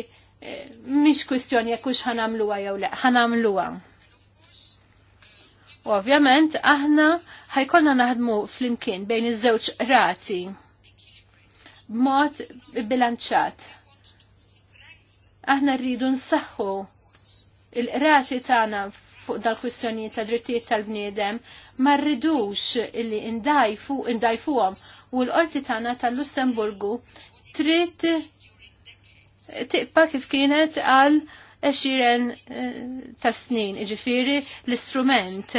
mhix kwistjoni jekk hux ħanamluha jew le, ħanamluha. U ovvjament aħna ħajkonna naħdmu flimkien bejn iż-żewġ rati b'mod bilanċat. Aħna rridu nsaħħu il-rati tagħna fuq dal kwistjonijiet ta' drittijiet tal-bniedem ma rridux illi indajfu indajfuhom u l-qorti tagħna tal-Lussemburgu trid tiqpa kif kienet għal eċiren eh, ta' snin, iġifiri l-istrument,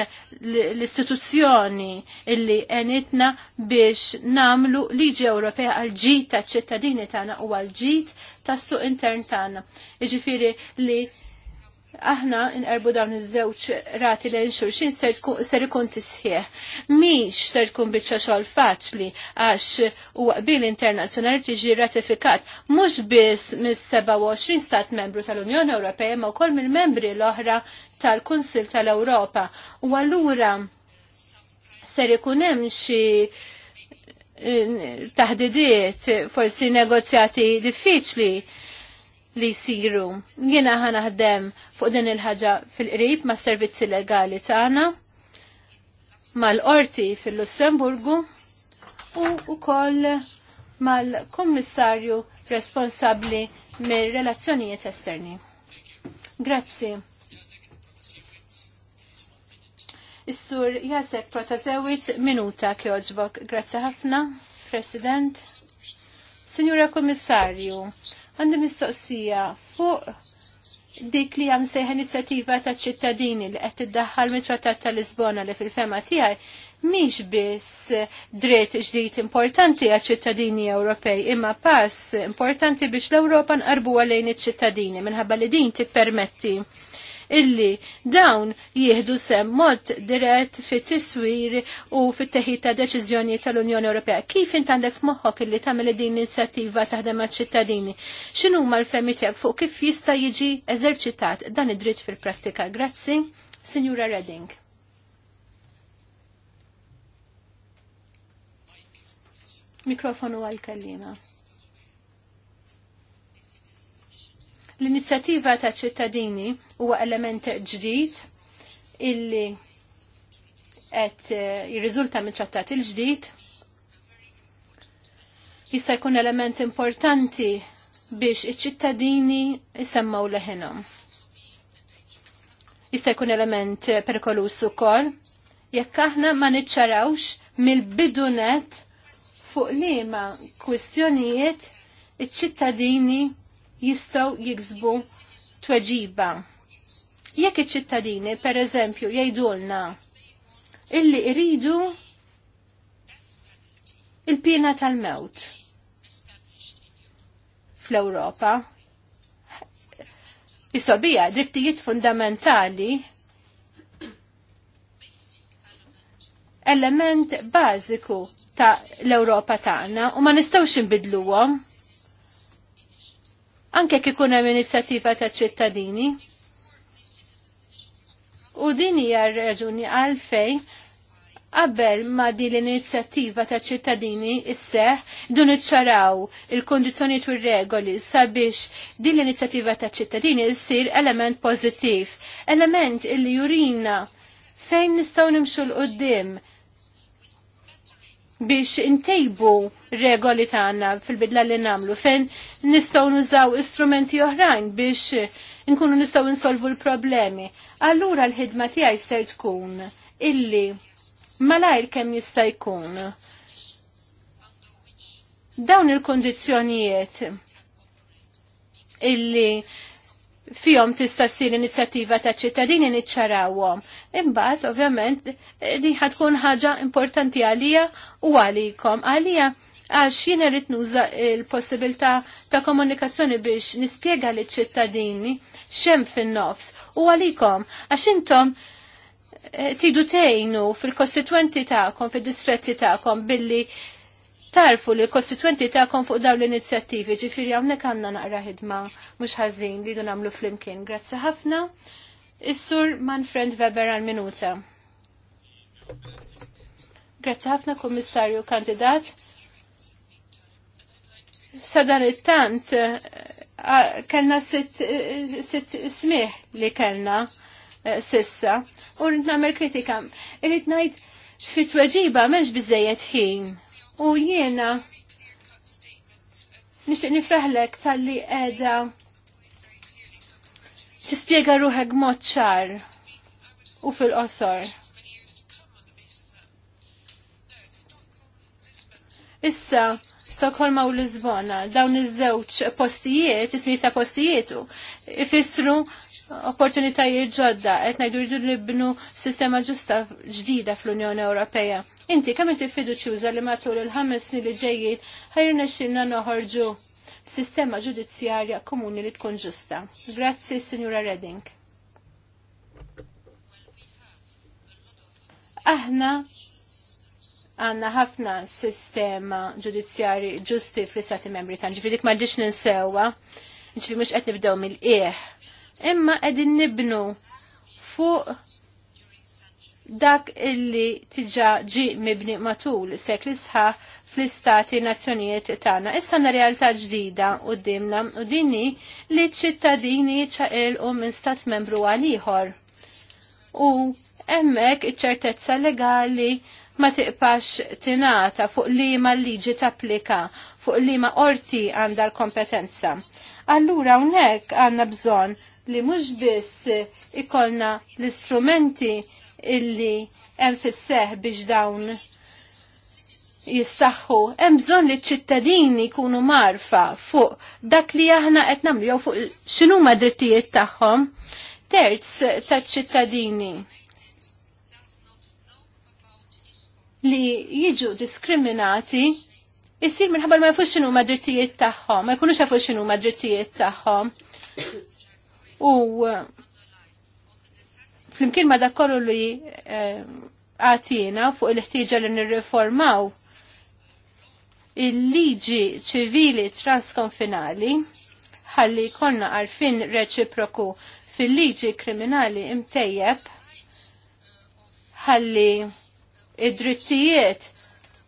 l-istituzzjoni illi enitna biex namlu liġi Ewropea għal ġit ta' ċittadini tagħna u għal ġit tas suq intern tagħna. Iġifiri li aħna nqerbu dawn iż-żewġ rati l xulxin ser ikun tisħieħ. Miex ser ikun biċċa xogħol faċli għax huwa qbil internazzjonali tiġi ratifikat mhux biss mis-27 stat membru tal-Unjoni Ewropea ma wkoll mill-membri l-oħra tal-Kunsil tal-Ewropa. U allura ser ikun hemm xi eh, taħdidiet, forsi negozjati diffiċli li jsiru. Jiena ħanaħdem ħdem fuq din il-ħaġa fil-qrib ma' servizzi legali tagħna mal-qorti fil-Lussemburgu u wkoll mal-Kummissarju responsabbli mir-relazzjonijiet esterni. Grazzi. Is-sur Jasek Protasewicz minuta kjoġbok. Grazzi ħafna, President. Signora Kommissarju, għandi mistoqsija fuq dik li għam seħ inizjattiva ta' ċittadini li qed iddaħħal mit-Trattat ta' Lisbona li fil-fema tiegħi miex biss dritt ġdid importanti għal ċittadini Ewropej imma pass importanti biex l-Ewropa nqarbu lejn iċ-ċittadini minħabba li din tippermetti illi dawn jieħdu sem mod dirett fit tiswir u fit teħid ta' deċizjoni tal-Unjoni Ewropea. Kif int għandek f'moħħok illi tagħmel din inizjattiva taħdem għax ċittadini X'inhu mal l-femmi tiegħek fuq kif jista' jiġi eżerċitat dan id-dritt fil-prattika? Grazzi, Signora Redding. Mikrofonu għal-kallima. L-inizjattiva ta' ċittadini huwa element ġdid illi qed eh, jirriżulta mit trattat il-ġdid. Jista' jkun element importanti biex iċ-ċittadini jsemmaw leħinhom. Jista' jkun element perikolus ukoll jekk aħna ma niċċarawx mill-bidunet fuq liema kwistjonijiet iċ-ċittadini jistaw jiksbu tweġiba. Jekk iċ-ċittadini, per eżempju, jgħidulna illi iridu il-pina tal-mewt fl-Ewropa. Isobija, drittijiet fundamentali element bażiku ta' l-Ewropa tagħna u ma nistgħux inbidluhom anke ikun hemm inizjattiva ta' ċittadini. U din hija r-raġuni għalfejn qabel ma din l-inizjattiva ta' ċittadini isseħ dun iċċaraw il-kondizjoni u regoli sabiex din l-inizjattiva ta' ċittadini issir element pozittiv, element illi jurina fejn nistgħu nimxu l-qoddim biex intejbu regoli tagħna fil-bidla li namlu fejn nistgħu nużaw istrumenti oħrajn biex nkunu nistgħu insolvu l-problemi. Allura l-ħidma tiegħi ser tkun illi malajr kemm jista' jkun dawn il-kondizzjonijiet illi fihom tista' ssir inizjattiva ta' ċittadini niċċarawhom. Imbagħad ovvjament din ħatkun ħaġa importanti għalija u għalikom. Għalija għax jiena rrit nuża il-possibilità ta' komunikazzjoni biex nispjega li ċittadini xem fin-nofs u għalikom għax intom eh, tidu tejnu fil-kostituenti ta'kom, fil-distretti ta'kom billi tarfu li l-kostituenti ta'kom fuq dawn l-inizjattivi, ġifiri għamnek għanna naqra ħidma mux ħazin li namlu fl-imkien. Grazzi ħafna. Is-sur Manfred Weber għal-minuta. Grazzi ħafna, Kommissarju kandidat sadan il-tant eh, kellna eh, sitt smih li kellna eh, sissa u rrit namel kritika. Irrit najt fit weġiba menx bizzejet ħin u jiena nixtieq nifraħlek tal-li edha tispjega ruħek mod ċar u fil-qosor. Issa, Stokholma u Lisbona. Dawn iż-żewġ postijiet, ismijiet ta' postijiet, ifissru opportunitajiet ġodda, qed ngħidu jridu nibnu sistema ġusta ġdida fl-Unjoni Ewropea. Inti kemm inti fiduċjuża li matul il-ħames snin li ġejjin ħajrna xilna noħorġu b'sistema ġudizzjarja komuni li tkun ġusta. Grazzi, Signora Redding. Aħna għanna ħafna sistema ġudizzjari ġusti fl-istati membri tan ġifiri ma marriġ ninsewa, ġifiri mux għet nibdew mill-qieħ. Imma għedin nibnu fuq dak illi tiġa ġi mibni matul sekli sħaħ fl-istati nazzjonijiet tagħna. Issa na realtà ġdida dimna u dini li ċittadini u minn stat membru għal ieħor. U hemmhekk iċ-ċertezza legali ma tiqpax tinata fuq li ma liġi tapplika, fuq li ma orti għanda l-kompetenza. Allura unnek għanna bżon li mux biss ikolna l-istrumenti illi hemm fis biex dawn jistaxħu, hemm bżonn li ċ-ċittadini jkunu marfa fuq dak li aħna qed nagħmlu jew fuq x'inhuma drittijiet tagħhom terz taċ-ċittadini li jiġu diskriminati jisir minħabba ma jafux xinu drittijiet tagħhom, ma jkunux jafux xinu drittijiet tagħhom. U flimkien ma dakollu li eh, għatina fuq il-ħtieġa li nirriformaw il-liġi ċivili transkonfinali ħalli konna għarfin reċiproku fil-liġi kriminali imtejjeb ħalli id-drittijiet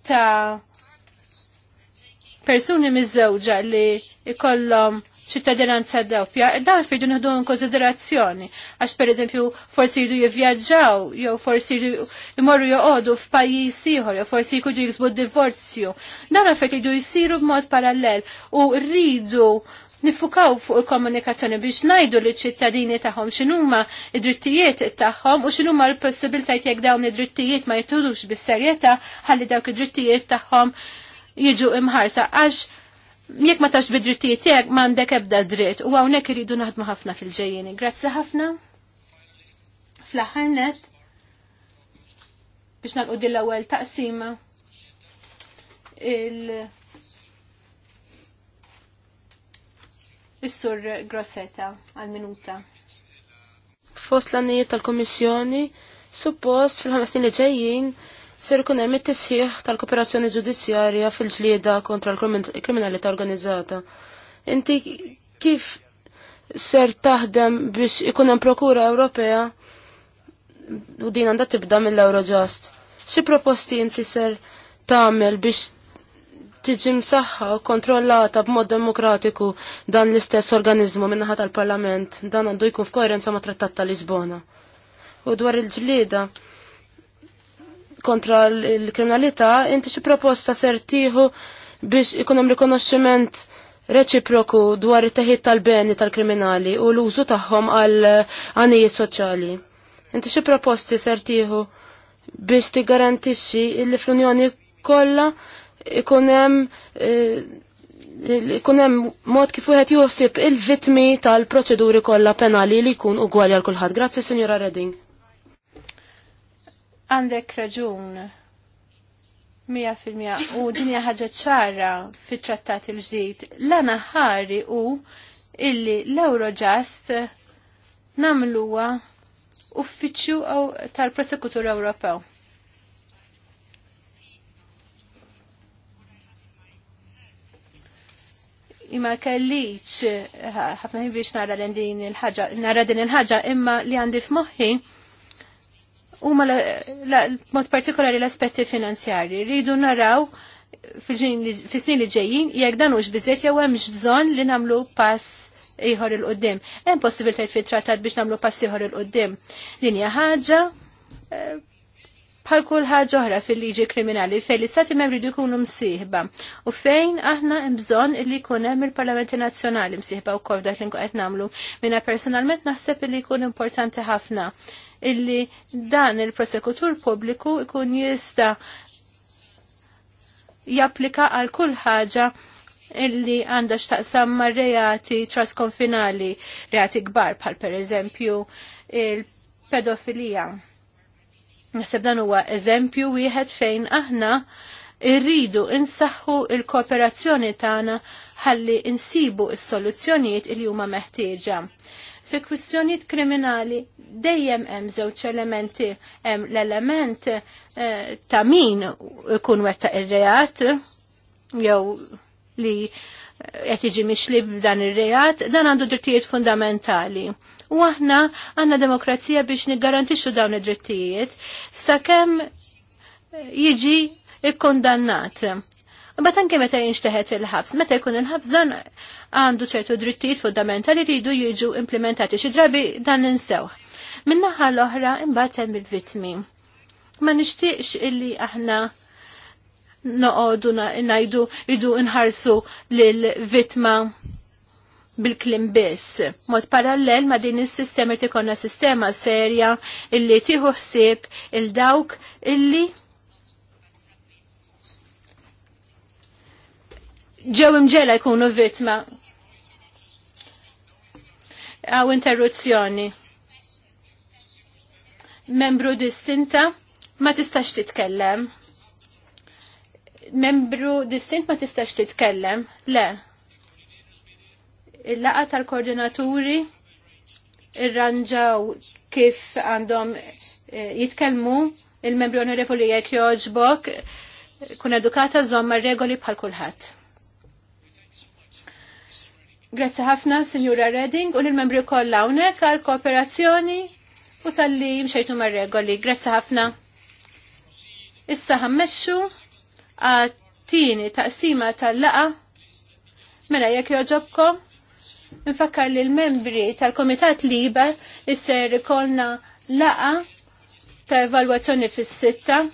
ta' persuni miż-żewġa li ikollhom ċittadinanza doppja, dan fidu in konsiderazzjoni. Għax per eżempju, forsi jridu jivvjaġġaw, jew forsi jridu jmorru joqogħdu f'pajjiż ieħor, jew forsi jkunu jiksbu divorzju. Dan affett jridu jsiru b'mod parallel u rridu nifukaw fuq il-komunikazzjoni biex najdu li ċittadini tagħhom x'inhuma id-drittijiet tagħhom u x'inhuma l-possibilitajiet jekk dawn id-drittijiet ma jitulux bis-serjetà ħalli dawk id-drittijiet tagħhom jiġu imħarsa għax jekk ma tax bidrittijiet tiegħek m'għandek ebda dritt u hawnhekk iridu naħdmu ħafna fil-ġejjeni. Grazzi ħafna. Fl-aħħar net biex nagħqu din l-ewwel taqsima il- Is-sur Grosseta għal-minuta. Fost l annijiet tal-Komissjoni, suppost fil-ħames snin li ġejjin ser ikun hemm it-tisħiħ tal-kooperazzjoni ġudizzjarja fil-ġlieda kontra l-kriminalità organizzata. Inti kif ser taħdem biex ikun hemm Prokura Ewropea u din għandha tibda mill-Eurojust. Xi proposti inti ser tagħmel biex tiġi msaħħa u kontrollata b'mod demokratiku dan l-istess organizmu minnaħa tal-Parlament dan għandu jkun f'koerenza ma' trattat ta' Lisbona. U dwar il-ġlida kontra l-kriminalità inti xi proposta ser tieħu biex ikun hemm rikonoxximent reċiproku dwar it-teħid tal-beni tal-kriminali u l-użu tagħhom għal għanijiet soċjali. Inti xi proposti ser tieħu biex tigarantixxi li fl-Unjoni kollha Eh, ikun hemm mod kif wieħed joħsib il-vitmi tal-proċeduri kollha penali li kun ugwali għal kulħadd. Grazie Signora Redding. Għandek raġun. Mija fil-mija u dinja ħaġa ċara fit-trattat il-ġdid. l ħari u illi l-Eurojust namluwa uffiċċju tal-Prosekutur Ewropew. imma kelliċ ħafna ħin biex nara din il-ħaġa, nara din il-ħaġa imma li għandi f'moħħi huma mod partikolari l-aspetti finanzjarji. Rridu naraw fis-snin li ġejjin jekk dan hux biżejt jew hemmx bżonn li nagħmlu pass ieħor il qudiem Hemm possibilitajiet fit-trattat biex nagħmlu pass ieħor il qudiem Din hija ħaġa eh, bħal kull ħaġa oħra fil-liġi kriminali fejn l-istati membri li jkunu msieħba u fejn aħna bżonn li jkun hemm il-Parlamenti Nazzjonali msieħba wkoll dak li qed nagħmlu. Mina personalment naħseb li jkun importanti ħafna illi dan il-prosekutur pubbliku jkun jista' japplika għal kull ħaġa illi għandha x'taqsam mar reati trasconfinali, reati kbar bħal pereżempju il-pedofilija. Naħseb dan huwa eżempju wieħed fejn aħna irridu insaħħu il-kooperazzjoni tagħna ħalli insibu s-soluzzjonijiet il huma meħtieġa. Fi kwistjonijiet kriminali dejjem hemm żewġ elementi hemm l-element eh, ta' min ikun wettaq ir-reat jew li qed jiġi mixlib dan ir-reat, dan għandu drittijiet fundamentali. U aħna għandna demokrazija biex niggarantixxu dawn id-drittijiet sakemm jiġi ikkondannat. Mbagħad anke meta jinxteħet il-ħabs, meta jkun il-ħabs dan għandu ċertu drittijiet fundamentali li jridu jiġu implementati xi drabi dan ninsew. Min-naħa l-oħra imbagħad hemm il-vittmi. Ma nixtieqx illi aħna noqogħdu ngħidu idu nħarsu l vitma bil-klim biss. Mod parallel ma din is-sistema li tikonna sistema serja illi tieħu ħsieb il-dawk illi ġew imġela jkunu vittma għaw interruzzjoni. Membru distinta ma tistax titkellem membru distint ma tistax titkellem, le. Il-laqa tal-koordinaturi irranġaw kif għandhom eh, jitkellmu il-membru onorevoli jek joġbok kun edukata zomma regoli bħal kulħadd. Grazzi ħafna, Signora Redding, u l-membri kollha hawnhekk għal kooperazzjoni u tal-li mxejtu mar-regoli. Grazzi ħafna. Issa ħammexxu għattini taqsima tal-laqa mela jekk joġobkom nfakkar li l-membri tal-Komitat Liba isser kolna laqa ta' evalwazzjoni fis-sitta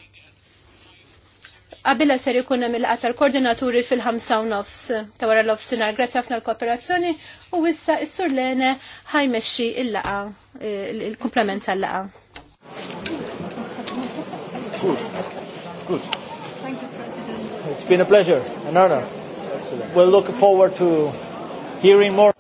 Qabila ser ikun mill il tal-koordinaturi fil-5 u nofs ta' wara l-ofsinar. Grazzi ħafna l-kooperazzjoni u issa s-sur Lene ħajmexxi il-laqa, eh, il-komplement tal-laqa. Good. Good. It's been a pleasure, an honor. Excellent. We'll look forward to hearing more.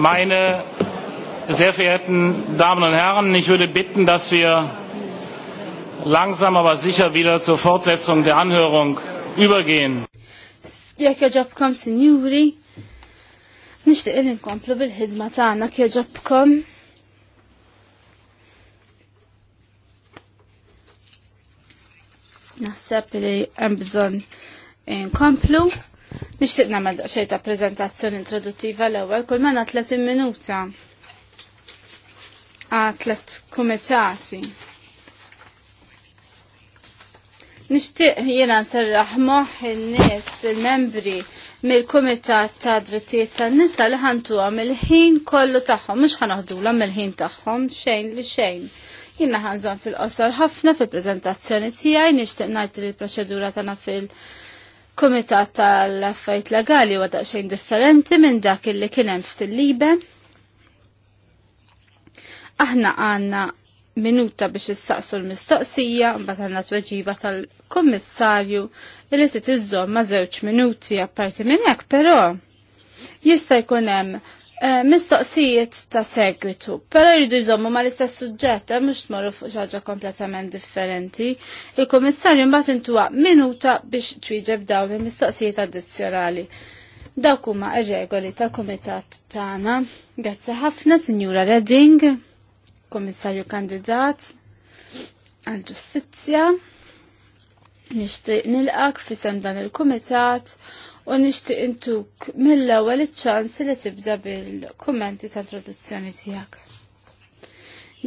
Meine sehr verehrten Damen und Herren, ich würde bitten, dass wir langsam aber sicher wieder zur Fortsetzung der Anhörung übergehen. Jekk jaġabkom sinjuri, nixtieq li nkomplu bil-ħidma tagħna kif jaġabkom. Naħseb li hemm bżonn nkomplu. Nixtieq nagħmel daqsxejn ta' preżentazzjoni introduttiva l-ewwel kull mena 30 minuta għal tliet kumitati. Nixtieq jiena nserraħ moħ in-nies il-membri mill-Kumitat ta' Drittijiet tan-Nisa li għam il ħin kollu tagħhom, mhux għam mill-ħin tagħhom xejn li xejn. Jiena ħanżon fil-qosor ħafna fil-preżentazzjoni tiegħi nixtieq ngħid li proċedura ta' fil- Komitat tal-affajt legali u daqxejn differenti minn dak illi kienem fil-libe. Aħna għanna minuta biex issaqsu l-mistoqsija mbagħad għandna tweġiba tal-kummissarju li titiżżomm ma' żewġ minuti apparti minn hekk però jista' jkun hemm Eh, mistoqsijiet ta' segwitu, pero jridu jżommu ma' l-istess suġġett, eh, mux tmorru fuq xaġa kompletament differenti. Il-komissarju mbagħad intuwa minuta biex twieġeb dawn il-mistoqsijiet addizzjonali. Dawk huma ir-regoli tal-kumitat tagħna. Grazzi ħafna, Sinjura Redding, komissarju kandidat għal-ġustizzja. Nixtieq nilqak fisem dan il-kumitat u nixtieq intuk mill-ewwel iċ-ċans li tibda bil-kummenti ta' traduzzjoni tiegħek.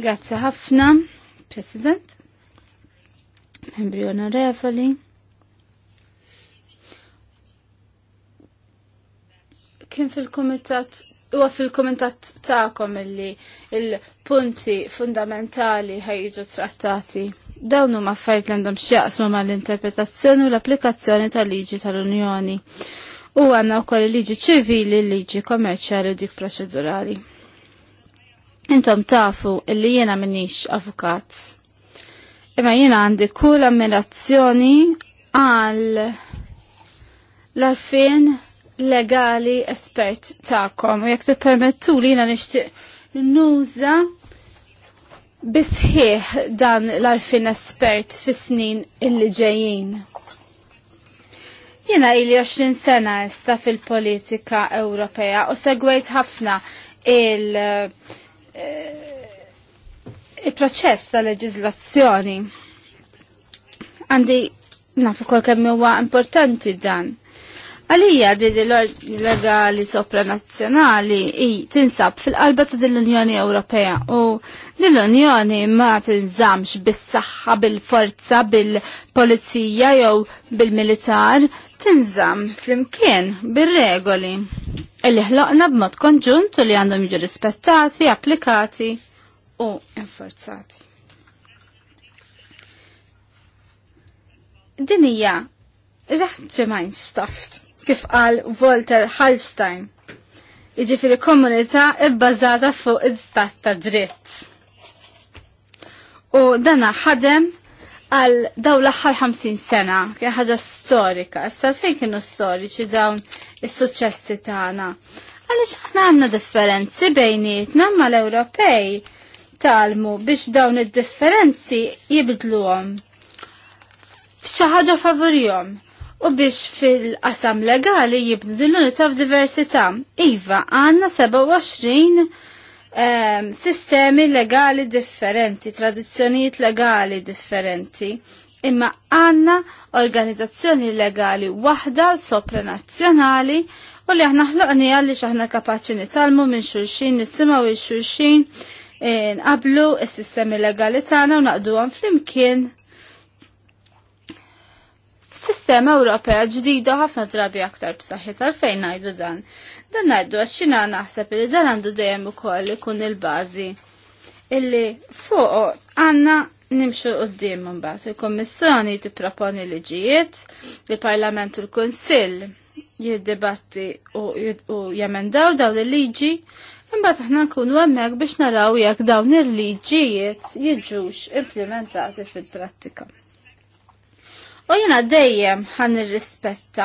Grazzi ħafna, President, membri onorevoli. Kien fil-Kumitat huwa fil-komentat ta'kom illi il-punti fundamentali ħajġu trattati Dawn huma affarijiet li għandhom x'jaqsmu mal-interpretazzjoni u l-applikazzjoni tal-liġi tal-Unjoni. U għandna wkoll il-liġi ċivili, liġi kommerċjali u dik proċedurali. Intom tafu illi jiena minix avukat. Imma jiena għandi kull ammirazzjoni għal l-arfin legali espert ta'kom u jek permettu li jena nishtiq nuża bisħieħ dan l-arfin espert fis snin illi ġejjin. Jena ili 20 sena issa fil-politika Ewropea u segwejt ħafna il- eh, il-proċess ta' leġizlazzjoni. Għandi nafu kol kemm huwa importanti dan. Għalija di l-ordni legali sopranazzjonali tinsab fil-qalba ta' dell-Unjoni Ewropea u dell-Unjoni ma tinżamx bis-saħħa, bil-forza, bil-polizija jew bil-militar, tinżam fl-imkien bil-regoli illi ħloqna b'mod konġunt li għandhom jiġu rispettati, applikati u enforzati. Dinija, raħġemajn staft kif qal Walter Hallstein. fil komunità ibbażata fuq id-stat ta' dritt. U dana ħadem għal daw l-axħar 50 sena, kien ħaġa storika, issa fejn kienu storiċi dawn is-suċċessi tagħna. Għaliex aħna għandna differenzi bejnietna ma l-Ewropej talmu biex dawn id-differenzi jibdluhom f'xi ħaġa favorihom u biex fil-qasam legali jibnu din l-unità f'diversità. Iva, għanna 27 um, ehm, sistemi legali differenti, tradizzjonijiet legali differenti. Imma għanna organizzazzjoni legali waħda sopranazzjonali u li aħna ħloqni għalli xaħna kapaċi nitalmu minn xulxin, nisimaw il-xulxin, eh, nqablu il-sistemi legali tagħna u naqdu għan flimkien F'sistema Ewropea ġdida ħafna drabi aktar b'saħħi tal-fejn ngħidu dan. Dan ngħidu għax xina naħseb li dan għandu dejjem ukoll ikun il-bażi illi fuq għandna nimxu qoddim mbagħad. Il-Kommissjoni tipproponi liġijiet, il-Parlament u l-Kunsill jiddibatti u jemendaw dawn il-liġi, imbagħad aħna nkunu hemmhekk biex naraw jekk dawn il-liġijiet jiġux implementati fil-prattika. U jina dejjem ħan rispetta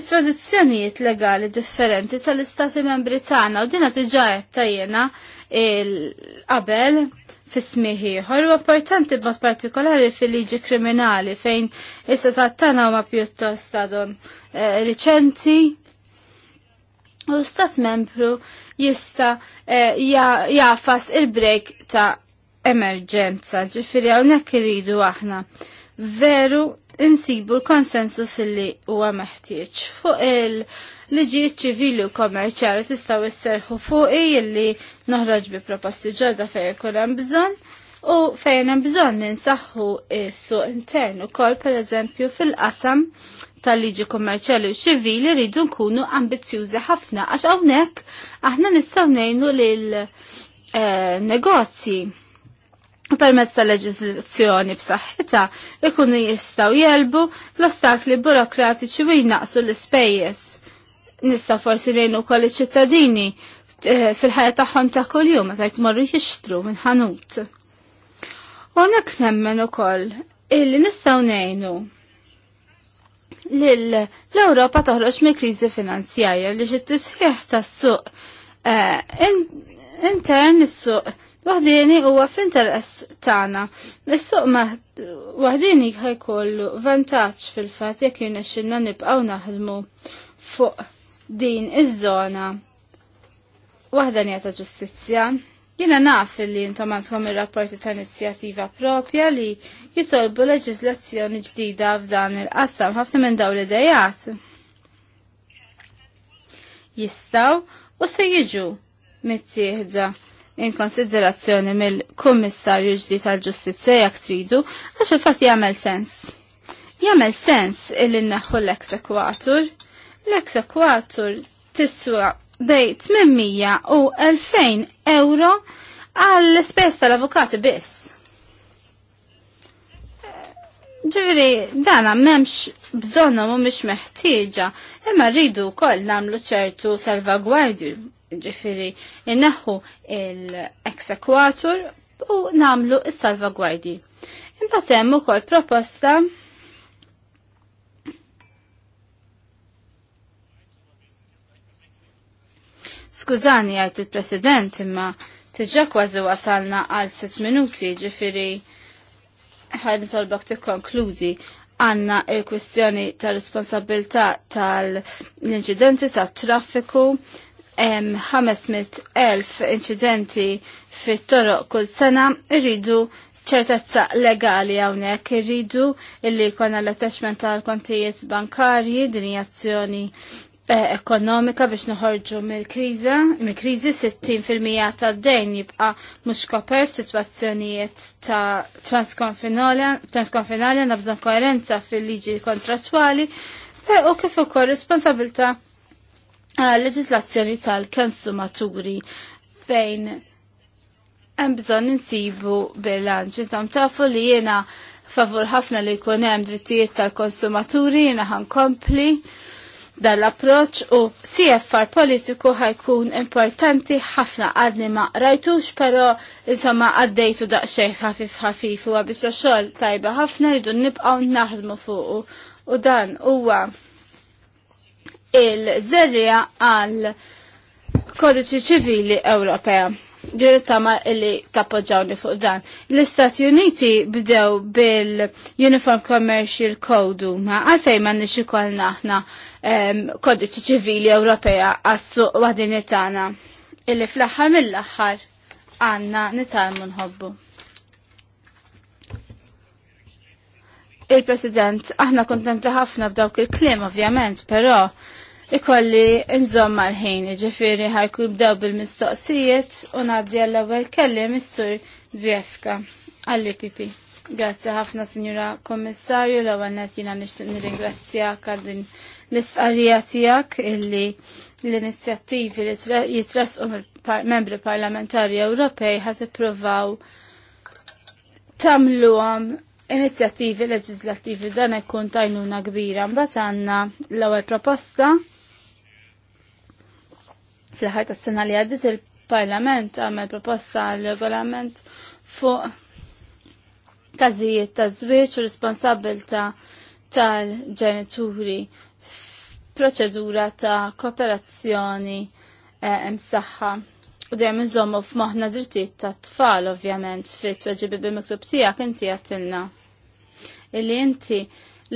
it-tradizzjonijiet legali differenti tal-istati membri tagħna u dina diġà tajjena il-qabel fis-smieħ ieħor u importanti b'mod partikolari fil-liġi kriminali fejn is-setat tagħna huma pjuttost għadhom eh, riċenti u l-istat membru jista eh, jafas il-break ta' emerġenza, ġifiri hawnhekk iridu aħna. Veru insibu l-konsensus li huwa meħtieġ. Fuq il-liġijiet ċivili u kommerċjali tistgħu isserħu fuqi li noħroġ bi proposti ġodda fejn ikun hemm bżonn u fejn hemm bżonn ninsaħħu is-suq intern ukoll pereżempju fil-qasam tal-liġi kummerċjali u ċivili rridu nkunu ambizzjużi ħafna għax hawnhekk aħna nistgħu ngħinu lil eh, negozji permezz tal-leġislazzjoni b'saħħitha ikunu jistgħu jelbu l-ostakli burokratiċi u jnaqsu l-ispejjeż. Nista' forsi lejn ukoll iċ-ċittadini eh, fil-ħajja tagħhom ta' kuljum meta jkmorru jixtru minn ħanut. U hekk nemmen ukoll illi nistgħu ngħinu l-Ewropa toħroġ mill kriżi finanzjarja li ġiet tisħiħ tas-suq eh, intern is-suq waħdini huwa f'interess tagħna. Is-suq ma waħdini ħajkollu vantaġġ fil-fatt jekk jirnexxilna nibqgħu naħdmu fuq din iż-żona. Waħda ta' ġustizzja. Jiena naf li intom għandkom ir-rapporti ta' inizjattiva propja li jitolbu leġiżlazzjoni ġdida f'dan il-qasam ħafna minn dawn l-idejat. Jistaw u se jiġu mit-tieħda in konsiderazzjoni mill-Kummissarju ġdid tal-Ġustizzja jak tridu għax il-fatt jagħmel sens. Jagħmel sens illi naħħu l-eksekwatur. L-eksekwatur tiswa bej 800 u 2000 euro għall-spess tal-avukati biss. Ġifieri dan m'hemmx bżonna mhumiex meħtieġa, imma rridu wkoll nagħmlu ċertu salvagwardju ġifiri inneħu il-exekwatur u namlu il-salvagwardi. Imbatem u kol proposta Skużani għajt il-President imma tiġa kważi wasalna għal 6 minuti ġifiri ħajdu tolbok tikkonkludi għanna il-kwistjoni tal-responsabilta tal-inċidenti tal-traffiku, tal responsabilta tal inċidenti tal traffiku 500.000 incidenti fit-toroq kull sena irridu ċertezza legali għawnek irridu illi konna l-attachment għal kontijiet bankarji, din eh, ekonomika biex nħorġu mill kriża mill-krizi 60% ta' d-dejn jibqa mux koper situazzjonijiet ta' transkonfinalja nabżon koerenza fil-liġi kontrattwali eh, u kif ukoll responsabilta' Ah, leġislazzjoni tal-konsumaturi fejn hemm bżonn insibu bilanċ. Intom tafu li jiena favur ħafna li jkun hemm drittijiet tal-konsumaturi jiena ħankompli dal-approċ u CFR politiku ħajkun importanti ħafna għadni ma rajtux, pero insomma għaddejtu daqxej ħafif ħafif u għabiex xogħol tajba ħafna rridu nibqgħu naħdmu fuq u dan huwa il-żerrija għal kodiċi ċivili Ewropea. Ġiri tama illi tappoġġawni fuq dan. L-Istati Uniti bdew bil-Uniform Commercial Code ma għalfej ma nix ikollna aħna kodiċi ċivili Ewropea għassu waħdin tagħna illi fl-aħħar mill-aħħar għanna nitalmu nħobbu. Il-President, aħna kontenta ħafna b'dawk il-klim, ovvjament, però ikolli nżomm l ħin ġifiri ħajku b'daw bil-mistoqsijiet u naddi għall-ewwel kellim is-sur Zwiefka Għalli pipi Grazzi ħafna, Signora Kommissarju, l-ewwel qed jiena nixtieq nirringrazzjak għal din l-istqarrija tiegħek illi l-inizjattivi li jitresqu mill-membri parlamentari Ewropej ħad ippruvaw tamluhom inizjattivi leġislattivi dan ikkun tajnuna kbira. Mbagħad għandna l-ewwel proposta fl-ħar tas-sena li għaddit il-Parlament għamel proposta għal regolament fuq każijiet ta' żwieġ u responsabilta tal-ġenituri f'proċedura ta' kooperazzjoni eh, msaħħa. U dejjem iżommu f'moħħna drittijiet tat-tfal ovvjament fit tweġibi bi miktub tiegħek inti għattilna. Illi inti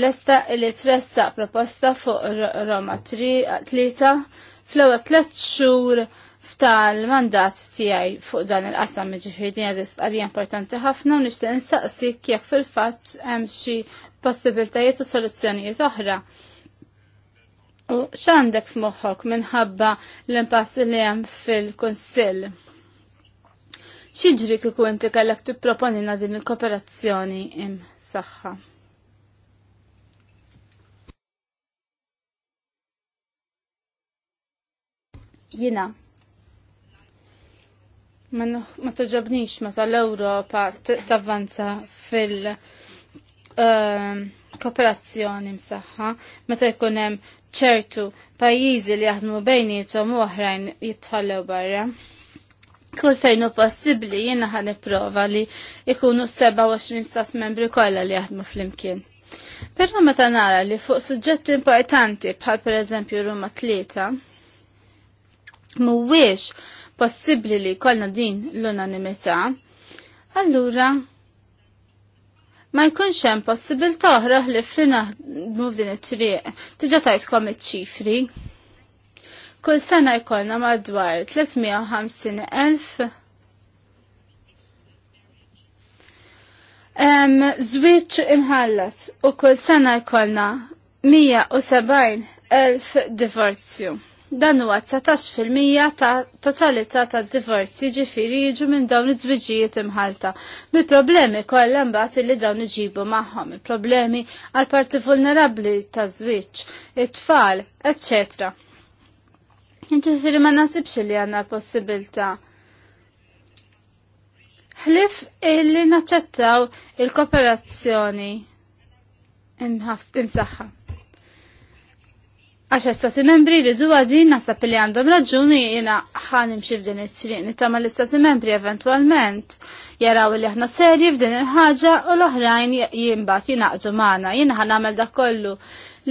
lesta li tressaq proposta fuq Roma tlieta fl-ewwel tliet xhur f'tal-mandat tiegħi fuq dan il-qasam ġifieri din għalija importanti ħafna u nixtieq insaqsik jekk fil-fatt hemm xi possibiltajiet u soluzzjonijiet oħra U x'għandek f'moħħok minħabba l-impass li hemm fil-Kunsill? Xiġri kieku inti kellek tipproponina din il-kooperazzjoni im saħħa? Jina. Ma toġobnix ma tal-Ewropa tavvanza fil- uh, kooperazzjoni msaħħa meta jkun hemm ċertu pajjiżi li jaħdmu bejniethom u oħrajn jitħallew barra. Kull fejn hu possibbli jiena ħa nipprova li jkunu 27 stas membri kollha li jaħdmu flimkien. Però meta nara li fuq suġġetti importanti bħal pereżempju Ruma tlieta mhuwiex possibbli li kollna din l-unanimità, allura ma jkunx hemm possibilità oħra li frina din it-triq. Diġà tajtkom iċ-ċifri. Kull sena jkollna madwar 350,000 um, Zwiċ imħallat u kull sena jkollna 170,000 divorzju. Dan huwa 19% ta' totalità tad divorzi ġifieri jiġu minn dawn iż-żwiġijiet imħalta. Mill-problemi kollha mbagħad li dawn iġibu magħhom, il-problemi għal parti vulnerabbli ta' żwieġ, it-tfal, eċċetera. Ġifieri ma nasibx li għandna possibilità. Ħlif illi naċċettaw il-kooperazzjoni imsaħħa. Im Għaxa stati membri li zuwa din nasab li għandhom raġuni jina ħanimxie f'din it-triq nittama l-istati membri eventualment jaraw li aħna serji f'din il-ħaġa u l-oħrajn jimbat jinaqġu maħna. Jina ħanamel da kollu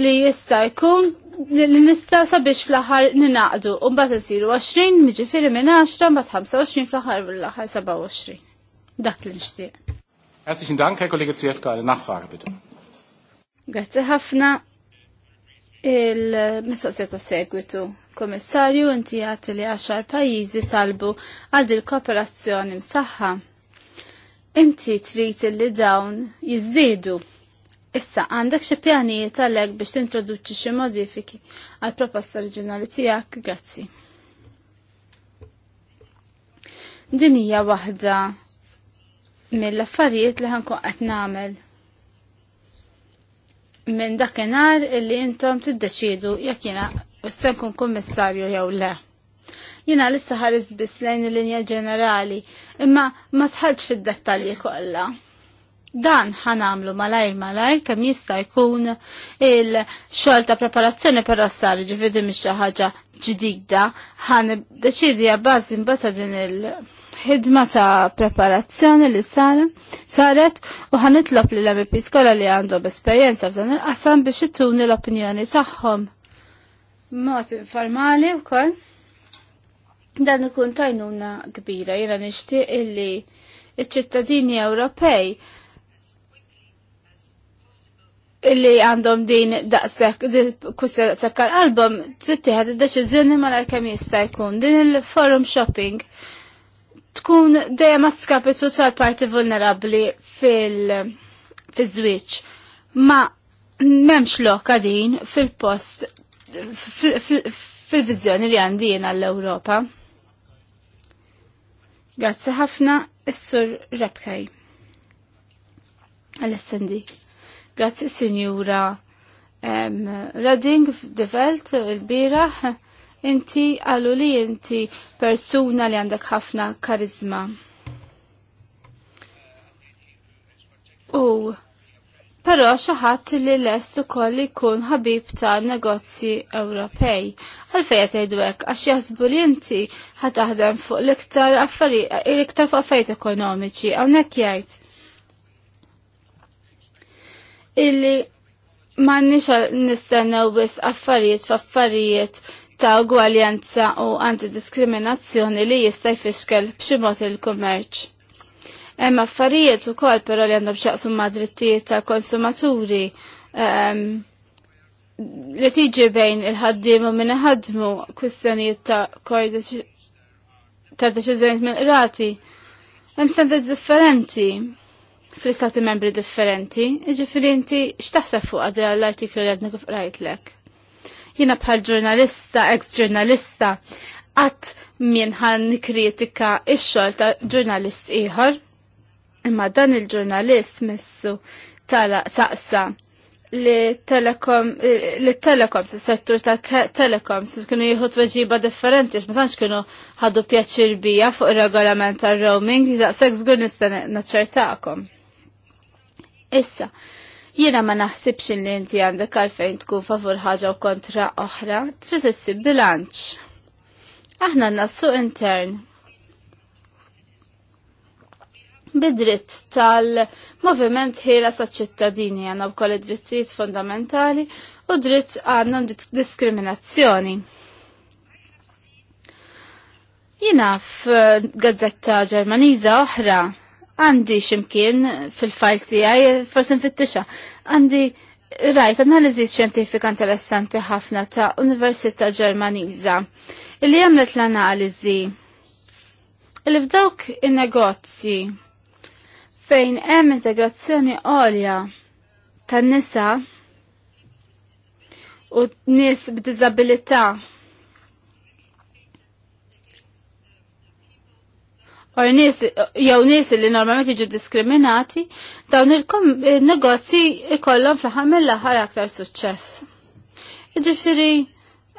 li jista jkun li nista sabiex fl-ħar ninaqdu u mbat nsiru 20 firri minn 10 umbat 25 fl-ħar l ħar 27. Dak li nishtiq. Herzlichen Dank, Herr Kollege Zjefka, eine Nachfrage bitte. Grazie ħafna, Il-mistoqsija ta' segwitu. Komissarju, inti għat li għaxar pajizi talbu għad il-kooperazzjoni msaħħa. Inti trid li dawn jizdidu. Issa, għandek xie pjanijiet għalek biex tintroduċi xie modifiki għal proposta oriġinali tijak, grazzi. Din hija waħda mill-affarijiet li ħankun qed nagħmel minn dakinhar illi intom tiddeċidu jekk jiena se nkun kummissarju jew le. Jiena issa ħares biss lejn il-linja ġenerali, imma ma tħalġ fid-dettalji kollha. Dan ħanamlu malajr malajr kemm jista' jkun il-xogħol ta' preparazzjoni per rassar ġifieri mhix xi ħaġa ġdida ħan deċidi għabbażi mbagħad din il- ħidma ta' preparazzjoni li sara, saret u ħanitlob li l-MP skola li għandhom esperjenza f'dan il-qasam biex ittuni l-opinjoni tagħhom. Mod informali wkoll. Dan ikun tajnuna kbira, jiena nixtieq illi iċ-ċittadini Ewropej illi għandhom din daqsek, kusta daqsek għal-album, id-deċizjoni mal-arkem jista' jkun din il-forum shopping tkun dejjem skapitu tal-parti vulnerabbli fil- fil-żwieġ. Ma memx loka din fil-post fil-vizjoni li għandina l-Europa. Grazzi ħafna s sur Rebkej. L-Sendi. Grazzi Sinjura Redding f'Develt il-biraħ inti għallu li inti persuna li għandek ħafna karizma. U Pero xaħat li lest u koll kun ħabib ta' negozji Ewropej. Għalfej għatajdu għek, għax jaħsbu li inti ħataħdem fuq l-iktar affarijiet, l-iktar fuq affarijiet ekonomiċi, għawnek jgħid. Illi ma nix nistennew bis affarijiet f'affarijiet ta' ugwaljanza u antidiskriminazzjoni li jista' jfixkel b'xi mod il-kummerċ. Hemm affarijiet ukoll però li għandhom x'jaqsmu mad drittijiet tal-konsumaturi um, ehm, li tiġi bejn il-ħaddim u minn ħadmu kwistjonijiet ta' kojda ta' deċiżjonijiet mill qrati Hemm standards differenti fl-istati membri differenti, iġifirinti x'taħseb fuq għadha l-artiklu li għadna kif rajtlek? Jina bħal ġurnalista, ex-ġurnalista, għat minħan kritika ix-xol ta' ġurnalist iħor. Imma dan il-ġurnalist missu tala saqsa li telekom, li telekom, settur ta' telekom, kienu jieħu tweġiba differenti, ma tantx kienu ħadu pjaċir bija fuq ir-regolament tar roaming, daqshekk żgur nista' naċċertakom. Issa, Jiena ma naħsibx li inti għandek għalfejn tkun favur ħaġa u kontra oħra, trid issib bilanċ. Aħna għandna suq intern. Bidritt tal-moviment ħiela sa' ċittadini għandna wkoll id-drittijiet fondamentali u dritt għandna diskriminazzjoni. Jiena f'gazzetta ġermaniza oħra għandi ximkien fil li għaj, forsi nfittisha, Għandi rajt analiżi xjentifika interessanti ħafna ta' Università Ġermaniża illi għamlet l-analiżi illi f'dawk in-negozji fejn hemm integrazzjoni għolja tan-nisa u nies b'diżabilità Or nis, jew nis li normalment jiġu diskriminati, dawn il-negozji ikollhom fl-aħħar mill-aħħar aktar suċċess. Jiġifieri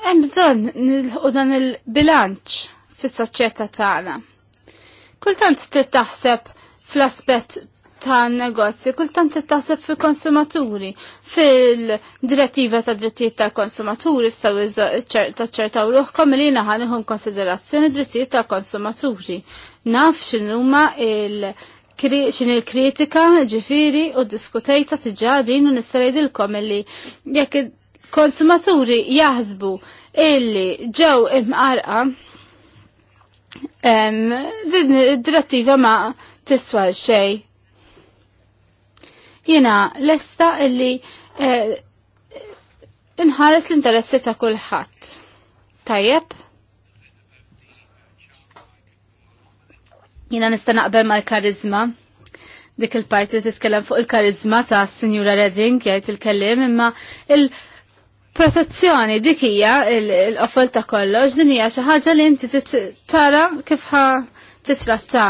hemm bżonn nilħu dan il-bilanċ fis-soċjetà tagħna. Kultant tittaħseb fl-aspett ta' negozji, kultant tittaħseb fil-konsumaturi, fil-direttiva ta' drittijiet ta' konsumaturi, staw ta' ċertaw ruħkom li naħan konsiderazzjoni drittijiet ta' konsumaturi naf x'inhuma il- xin il-kritika ġifiri u diskutejta tiġadin u nistarajdilkom illi jekk konsumaturi jaħsbu illi ġew imqarqa din id-direttiva ma tiswa xej. Jena lesta illi eh, inħares l-interessi ta' kulħadd. Tajjeb? Jina nista naqbel mal-karizma. Dik il-parti titkellem fuq il-karizma ta' Signora Redding jgħid il-kellim imma il-protezzjoni dik hija l-qofol ta' kollox din hija xi ħaġa li inti tara kif ħa titratta.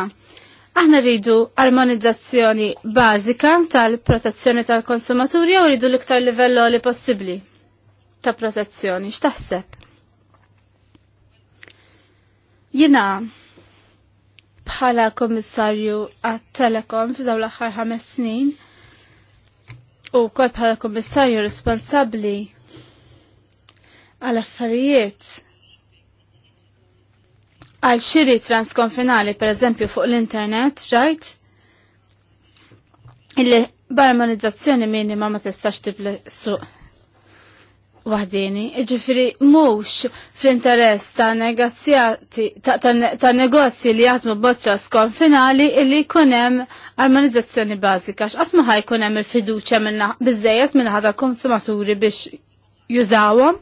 Aħna rridu armonizzazzjoni bażika tal-protezzjoni tal-konsumaturi u rridu l-iktar livell li possibbli ta' protezzjoni. X'taħseb? Jina, bħala komissarju għat-telekom f'daw l-aħħar ħames snin u kol bħala komissarju responsabli għal affarijiet għal xiri transkonfinali per eżempju fuq l-internet, right? Illi barmonizzazzjoni minima ma tistax tibli suq waħdini, ġifiri mux fl-interess ta' negozjati, ta', ta, ta negozji li jatmu botra skon finali illi kunem armonizzazzjoni bazika, X'atmu ħaj kunem il-fiduċa minna bizzejet minna ħada konsumaturi biex jużawom.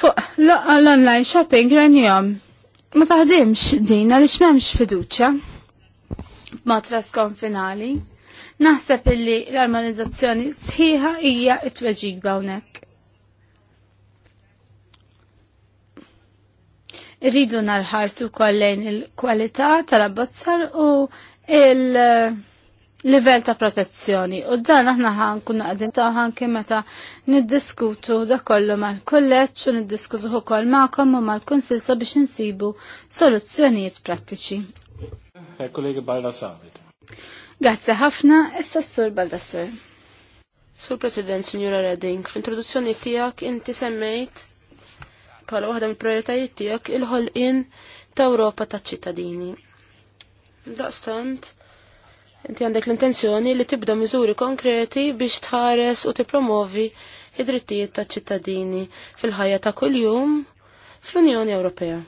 Fuq l-online shopping ranjom, ma taħdimx din li x'memx fiduċa botra skon finali. Naħseb illi l-armonizzazzjoni sħiħa hija t tweġiba hawnhekk. Irridu nalħarsu kollejn il-kwalità tal-abbozzar u il-livell eh, ta' protezzjoni. U dan aħna ħan kunna għadim ta' ħan meta niddiskutu da kollu mal-kolleċ u niddiskutu u koll ma'kom u mal-konsilsa biex nsibu soluzzjonijiet prattiċi. Eh, kollegi Balda Savit. Grazie ħafna, issa s-sur Baldassar. Sur President, Signora Redding, f'introduzzjoni tijak inti semmejt bħala waħda mill-prioritajiet tiegħek il-ħolqien ta' Ewropa taċ-ċittadini. Daqstant, inti għandek l-intenzjoni li tibda miżuri konkreti biex tħares u tippromovi id-drittijiet taċ-ċittadini fil-ħajja ta' kuljum fl-Unjoni Ewropea.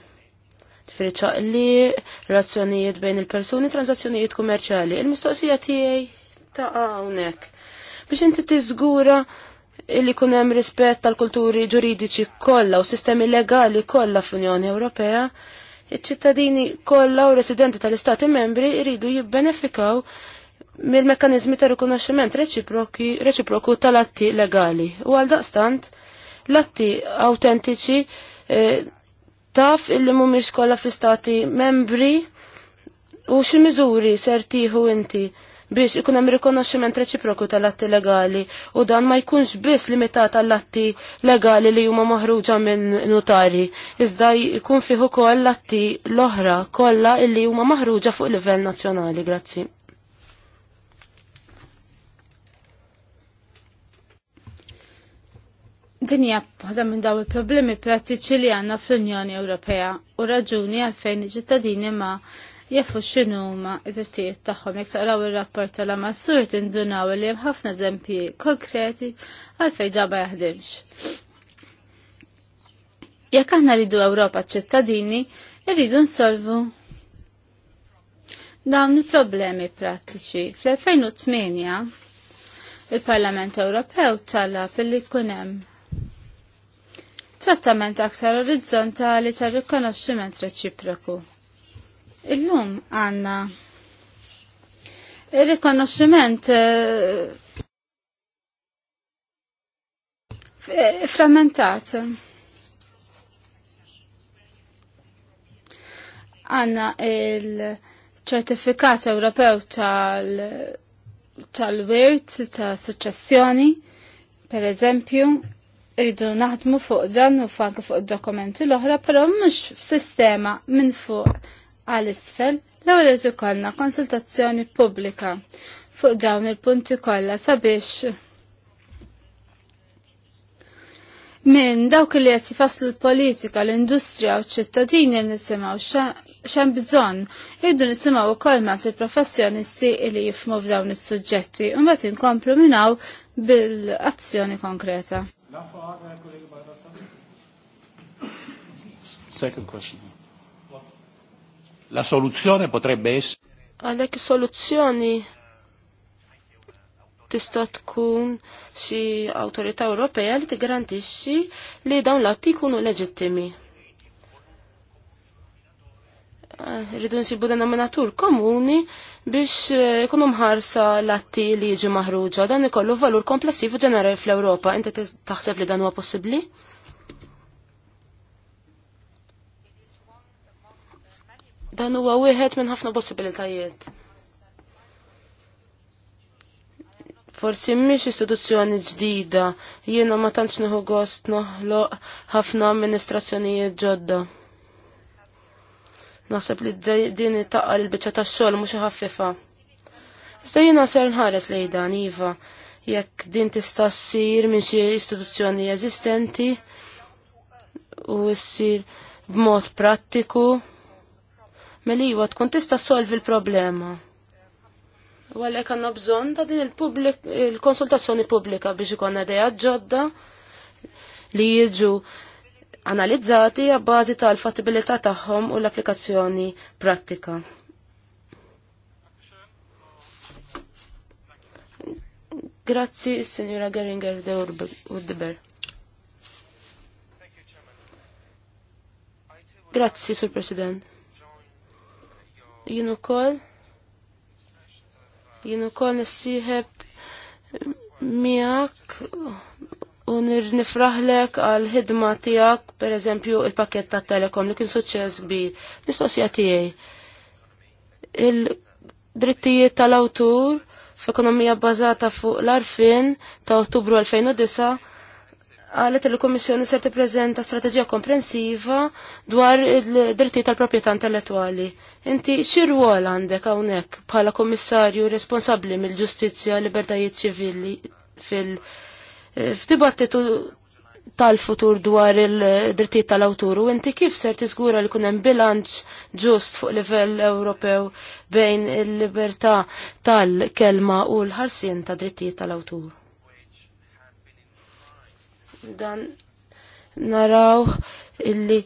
Tifri li relazzjonijiet bejn il-persuni, transazzjonijiet kummerċali. Il-mistoqsija tiegħi ta' hawnhekk biex inti tiżgura illi kun hemm rispett tal-kulturi ġuridiċi kollha u sistemi legali kollha fl-Unjoni Ewropea, iċ-ċittadini kollha u residenti tal-Istati membri jridu jibbenefikaw mill-mekkanizmi ta' rikonoxximent reċiproku tal-atti legali. U għal daqstant, l-atti autentiċi eh, taf illi mhumiex kollha fl-Istati membri u xi miżuri ser inti biex ikun hemm rikonoxximent reċiproku tal-atti legali u dan ma jkunx biss limitat għall-atti legali li huma maħruġa minn notari, iżda jkun fih ukoll l-atti l-oħra kollha illi huma maħruġa fuq livell nazzjonali. Grazzi. Din hija waħda minn daw il-problemi prattiċi li għandna fl-Unjoni Ewropea u raġuni għalfejn iċ-ċittadini ma' jafu xinu ma id-drittijiet tagħhom jekk saqraw ir-rapport tal-Amassur tindunaw li hemm ħafna eżempji konkreti għalfejn daba jaħdimx. Jekk aħna rridu Ewropa ċittadini, irridu nsolvu dawn il-problemi prattiċi. Fl-2008 il-Parlament Ewropew talab li jkun hemm trattament aktar orizzontali tar rikonoxximent reċiproku. Illum għanna il-rikonoxximent eh, frammentat. Għanna il-ċertifikat Ewropew tal-wirt, tal-successjoni, per eżempju, irridu naħdmu fuq dan u fuq id dokumenti l-oħra, pero f f'sistema minn fuq għal isfel l-ewwel irid ikollna konsultazzjoni pubblika fuq dawn il-punti kollha sabiex Minn dawk li qed faslu l-politika, l-industrija u ċ-ċittadini nisimgħu x'hemm bżonn, nisimaw nisimgħu wkoll ma' professjonisti li jifmu f'dawn is-suġġetti u mbagħad inkomplu minnaw bil-azzjoni konkreta. Second question. La soluzione potrebbe essere... Għalek soluzzjoni tista' tkun xi awtorità Ewropea li tigarantixxi li dawn l-atti jkunu leġittimi. Ah, rridu nsibu denominatur komuni biex eh, ikunu mħarsa l-atti li jiġu maħruġa dan ikollu valur komplessiv ġenerali fl-Ewropa. Inti taħseb li dan huwa possibbli? Dan huwa wieħed minn ħafna possibilitajiet. Forsi mhix istituzzjoni ġdida, jiena ma tantx nieħu gost noħloq ħafna amministrazzjonijiet ġodda. Naħseb li din taqal il-biċċa tax-xogħol mhux ħaffifa. Iżda jiena ser nħares lejn dan iva, jekk din tista' ssir minn xi istituzzjoni eżistenti u ssir b'mod prattiku meliwa tkun tista' solvi l-problema. U għalhekk għandna bżonn ta' din il-konsultazzjoni pubblika biex ikon idea ġodda li jiġu analizzati għabbażi tal-fattibilità tagħhom u l-applikazzjoni prattika. Grazzi, signora Geringer de Urdeber. Grazzi, Sur President jien ukoll jien ukoll nissiħeb miegħek u nifraħlek għal ħidma tiegħek pereżempju il-pakket ta' Telekom li kien suċċess kbir. Mistoqsija tiegħi. Il-drittijiet tal-awtur f'ekonomija bbażata fuq l-arfin ta' Ottubru 2009 għalet il-Komissjoni ser tippreżenta strateġija komprensiva dwar id-dritti tal-proprjetà intellettuali. Inti xi rwol għandek hawnhekk bħala Komissarju responsabbli mill-ġustizzja libertajiet ċivili fil f'dibattitu tal-futur dwar il-drittijiet tal-awtur u inti kif ser tiżgura li kun hemm bilanċ ġust fuq livell Ewropew bejn il-libertà tal-kelma u l-ħarsien ta' drittijiet tal-awtur? Dan naraw illi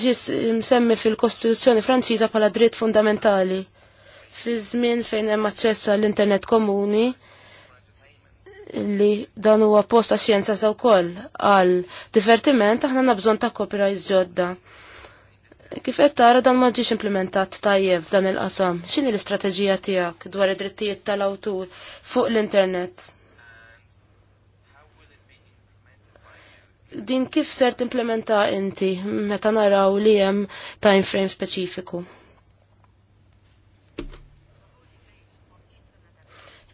ġis msemmi fil-Kostituzzjoni Franċiża bħala dritt fundamentali. Fi żmien fejn hemm aċċess għall-internet komuni, li dan huwa post ta' xjenza ta' wkoll għal divertiment aħna nabżon ta' copyright ġodda. Kif qed tara dan ma ġiex implementat tajjeb f'dan il-qasam, x'inhi l-istrateġija tiegħek dwar id-drittijiet tal-awtur fuq l-internet? din kif ser timplementa inti meta naraw li hemm time frame speċifiku?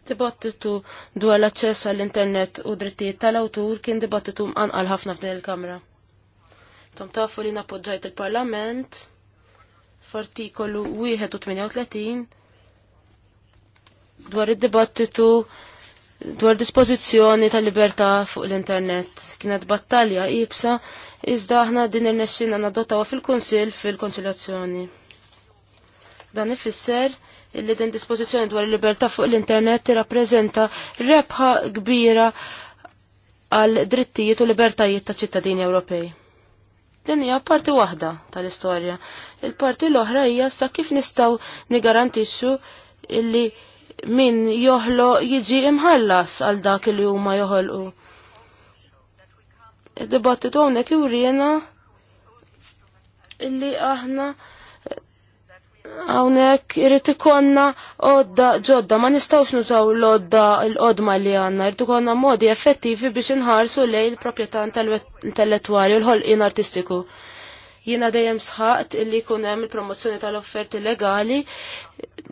Dibattitu dwar l-aċċess għall-internet u drittijiet tal-awtur kien dibattitu mqanqal ħafna f'din il-kamra. Tom tafu li nappoġġajt il-Parlament f'artikolu 38. dwar id-dibattitu dwar dispożizzjoni ta' libertà fuq l-internet. Kienet battalja ibsa iżda aħna din il-nexxina nadottawa fil-Kunsill fil-Konċiljazzjoni. Dan ifisser illi din dispożizzjoni dwar il-libertà fuq l-internet tirrappreżenta rebħa kbira għal drittijiet u libertajiet ta' ċittadini Ewropej. Din hija parti waħda tal-istorja. Il-parti l-oħra hija sa kif nistgħu nigarantixxu illi min joħlo jiġi imħallas għal dak li huma joħolqu. Id-dibattitu hawnhekk jurina illi aħna hawnhekk irid ikonna għodda ġodda, ma nistawx nużaw l-odda l qodma li għanna, irrit ikonna modi effettivi biex nħarsu lej l-propieta intellettuali u l-ħolqin artistiku. Jina dejjem sħaqt illi kunem il-promozzjoni tal-offerti legali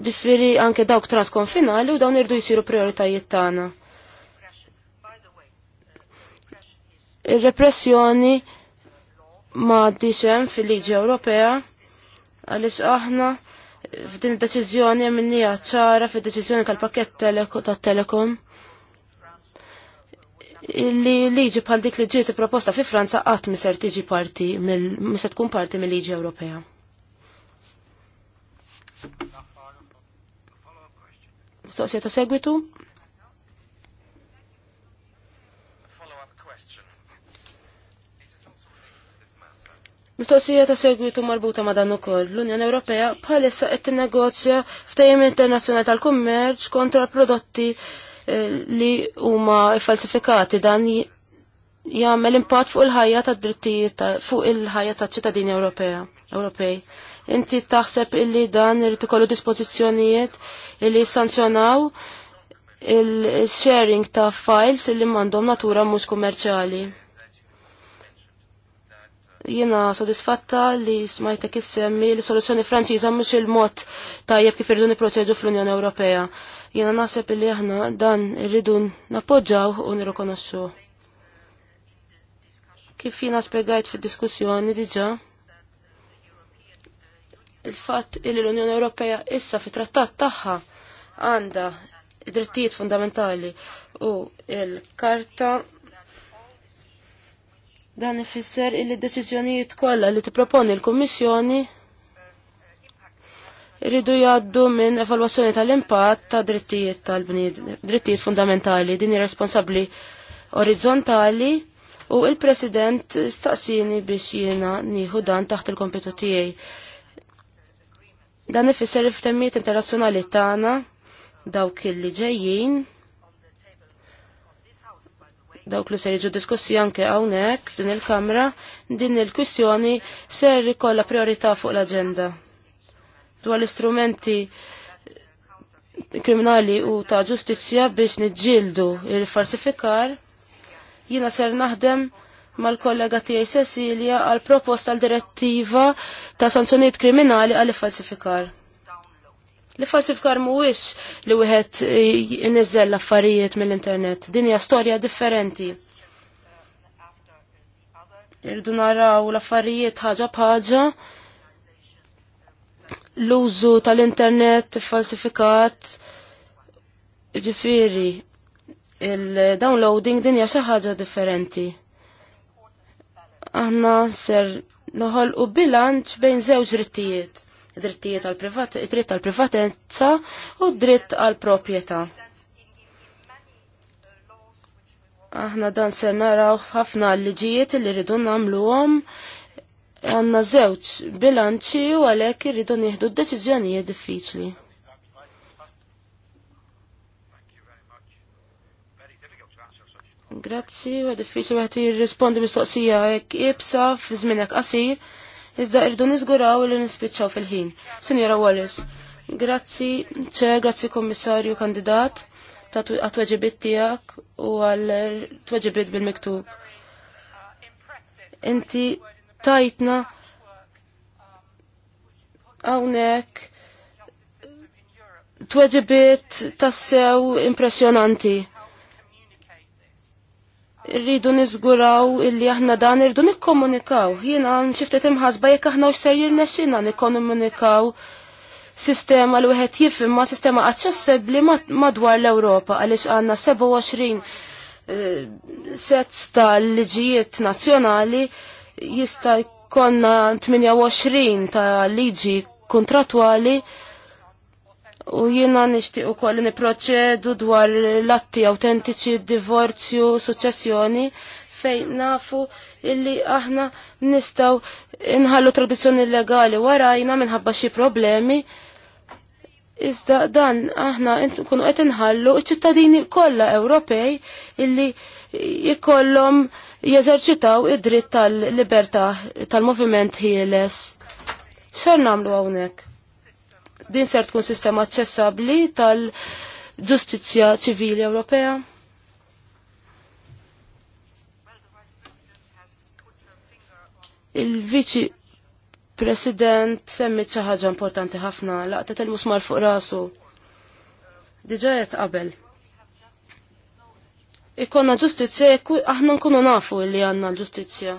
Ġifiri anke dawk trasconfinali u dawn irdu jisiru prioritajiet tagħna. Ir-repressjoni ma hemm fil-liġi Ewropea għaliex aħna f'din id-deċiżjoni hemm innija ċara fid-deċiżjoni tal pakket tat-telekom li liġi bħal dik li ġiet proposta fi Franza qatt miser tiġi parti mill miser tkun parti mill-liġi Ewropea. Mistoqsija ta' segwitu? Mistoqsija ta' segwitu marbuta ma' dan ukoll. L-Unjoni Ewropea bħalissa qed tinnegozja ftehim internazzjonali tal-kummerċ kontra prodotti eh, li huma falsifikati dan jagħmel impatt fuq il-ħajja tad-drittijiet fuq il-ħajja taċ-ċittadini Ewropea Ewropej inti taħseb illi dan irid ikollu dispożizzjonijiet illi sanzjonaw il-sharing ta' files illi m'għandhom natura mhux kummerċjali. Jiena sodisfatta li smajtek issemmi li soluzzjoni Franċiża mhux il-mod tajjeb kif irridu niproċedu fl-Unjoni Ewropea. Jiena naħseb illi aħna dan irridu nappoġġaw u nirrikonoxxu. Kif jiena spjegajt fid-diskussjoni diġà, il-fatt li l-Unjoni Ewropea issa fi trattat tagħha għandha drittijiet fundamentali u il-karta dan ifisser il d-deċiżjonijiet kollha li tipproponi l-Kummissjoni Ridu jgħaddu minn evalwazzjoni tal-impatt ta' drittijiet tal-bniedem, drittijiet fundamentali, din responsabbli orizzontali u il-President staqsini biex jiena nieħu dan taħt il-kompetu tiegħi. Dan ifisser il-ftemmiet internazzjonali tagħna dawk illi ġejjin dawk li ser jiġu diskussi anke hawnhekk f'din il-Kamra din il-kwistjoni ser ikollha priorità fuq l-aġenda. Dwar l-istrumenti kriminali u ta' ġustizzja biex niġġieldu il-farsifikar jiena ser naħdem mal-kollega tijaj Cecilia għal proposta għal direttiva ta' sanzjonijiet kriminali għal falsifikar. Li falsifikar mhuwiex li wieħed iniżel l-affarijiet mill-internet. Din hija storja differenti. Irdu naraw l-affarijiet ħaġa bħaġa l-użu tal-internet falsifikat ġifiri il-downloading din hija xi ħaġa differenti aħna ser noħolqu bilanċ bejn żewġ drittijiet. Drittijiet għal dritt għal privatezza u dritt għal proprjetà. Aħna dan ser naraw ħafna liġijiet li rridu nagħmluhom għandna żewġ bilanċi u għalhekk rridu nieħdu d deċiżjonijiet diffiċli. Grazzi, u diffiċli għati jirrispondi mistoqsija jekk ibsa f'żminek qasir, iżda irdu niżguraw li nispiċċaw fil-ħin. Sinjora Wallis, grazzi, ċe, grazzi kommissarju kandidat ta' għat-tweġibit tijak u għal tweġibit bil-miktub. Inti tajtna għawnek tweġibit tassew impressionanti rridu niżguraw illi aħna dan irridu nikkomunikaw. Jiena nxiftet imħasba jekk aħna x'ser jirnexxina nikkomunikaw sistema li wieħed jifim ma' sistema aċċessibbli madwar l-Ewropa għaliex għandna 27 eh, sets ta' liġijiet nazzjonali jista' jkollna 28 ta' liġi kontratwali U jiena nixtieq ukoll li niproċedu dwar l-atti divorzju, suċċessjoni fejn nafu illi aħna nistaw inħallu tradizzjoni legali warajna minħabba xi problemi. Iżda dan aħna nkunu qed inħallu ċ ċittadini kollha Ewropej illi jkollhom jeżerċitaw id-dritt tal-libertà tal-moviment ħieles. Ser nagħmlu hawnhekk? din ser tkun sistema aċċessabbli tal-ġustizzja ċivili Ewropea. Il-viċi President semmi xi ħaġa importanti ħafna, laqtet il-musmar fuq rasu. Diġa qed qabel. Ikonna ġustizzja aħna nkunu nafu li għandna l-ġustizzja.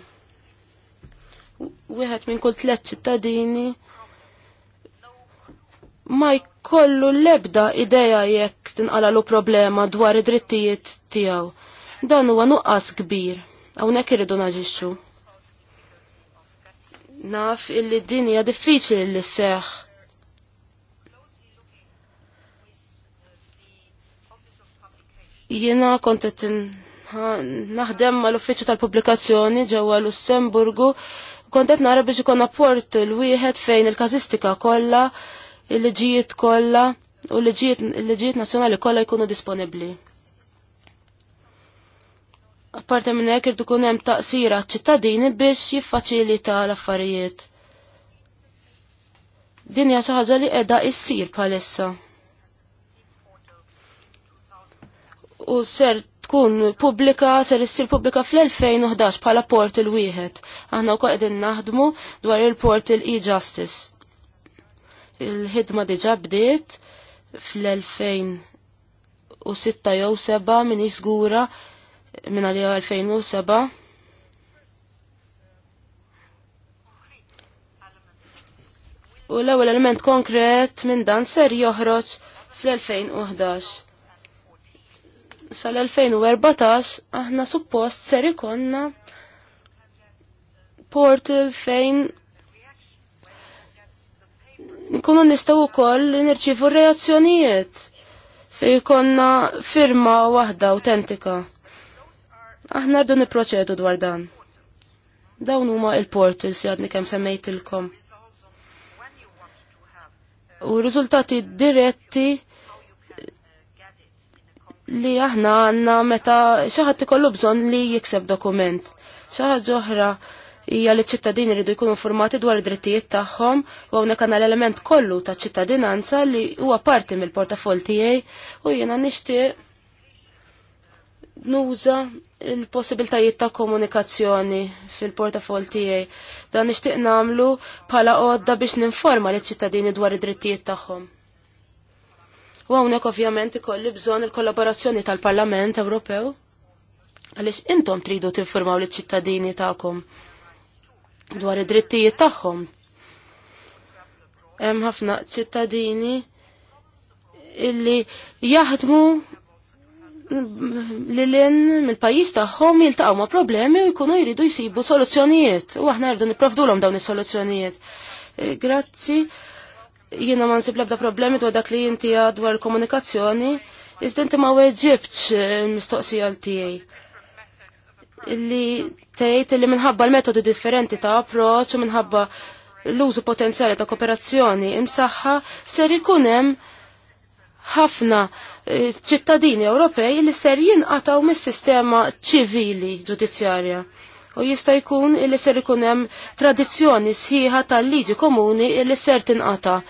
Wieħed minn kull tliet ċittadini ma jkollu l-ebda ideja jekk tinqalalu problema dwar id-drittijiet tiegħu. Dan huwa nuqqas kbir, hawnhekk irridu naġixxu. Naf illi din hija diffiċli li seħ. Jiena kont qed naħdem mal-uffiċċju tal-pubblikazzjoni ġewwa Lussemburgu kont qed nara biex ikun apport l-wieħed fejn il-każistika kollha il-liġijiet kollha u l-liġijiet nazzjonali kollha jkunu disponibbli. Apparti minn hekk irid ikun hemm taqsira ċittadini biex jiffaċilita l-affarijiet. Din hija xi ħaġa li qiegħda issir bħalissa. U ser tkun pubblika, ser issir pubblika fl-2011 bħala portal wieħed. Aħna wkoll qegħdin naħdmu dwar il-portal e-justice il-ħidma diġa bdiet fl-2006 jew 7 minn iżgura minn għalija 2007. U l-ewwel element konkret minn dan ser joħroġ fl-2011. Sal-2014 aħna suppost ser ikonna portal fejn nkunu u koll nirċifu reazzjonijiet fej konna firma waħda autentika. Aħna rdu niproċedu dwar dan. Dawn huma il-portals li għadni kemm semmejtilkom. U riżultati diretti li aħna għanna meta xaħat ikollu bżon li jikseb dokument. Xaħat ġoħra hija li ċittadini rridu jkunu informati dwar id-drittijiet tagħhom u hawnhekk għandna l-element kollu ta' ċittadinanza li huwa parti mill-portafol tiegħi u jiena nixtieq nuża il-possibiltajiet ta' komunikazzjoni fil-portafol tiegħi. Dan nixtieq nagħmlu bħala għodda biex ninforma liċ ċittadini dwar id-drittijiet tagħhom. U hawnhekk ovvjament ikolli bżonn il-kollaborazzjoni tal-Parlament Ewropew għaliex intom tridu tinformaw liċ ċittadini tagħkom dwar id-drittijiet tagħhom. Hemm ħafna ċittadini illi jaħdmu li l-in mill-pajis tagħhom jiltaqgħu ma' problemi u jkunu jridu jsibu soluzzjonijiet u aħna rridu nipprovdulhom dawn is-soluzzjonijiet. Eh, grazzi, jiena ma nsib l-ebda problemi dwar dak li inti dwar il-komunikazzjoni, iżda inti ma weġibx eh, mistoqsija l-tiegħi li tgħid li minħabba l-metodi differenti ta' approċċ u minħabba l-użu potenzjali ta' kooperazzjoni imsaħħa ser ikun hemm ħafna eh, ċittadini Ewropej li ser jinqataw mis-sistema ċivili ġudizzjarja. U jista' jkun li ser ikun hemm tradizzjoni sħiħa tal-liġi komuni li ser tinqata'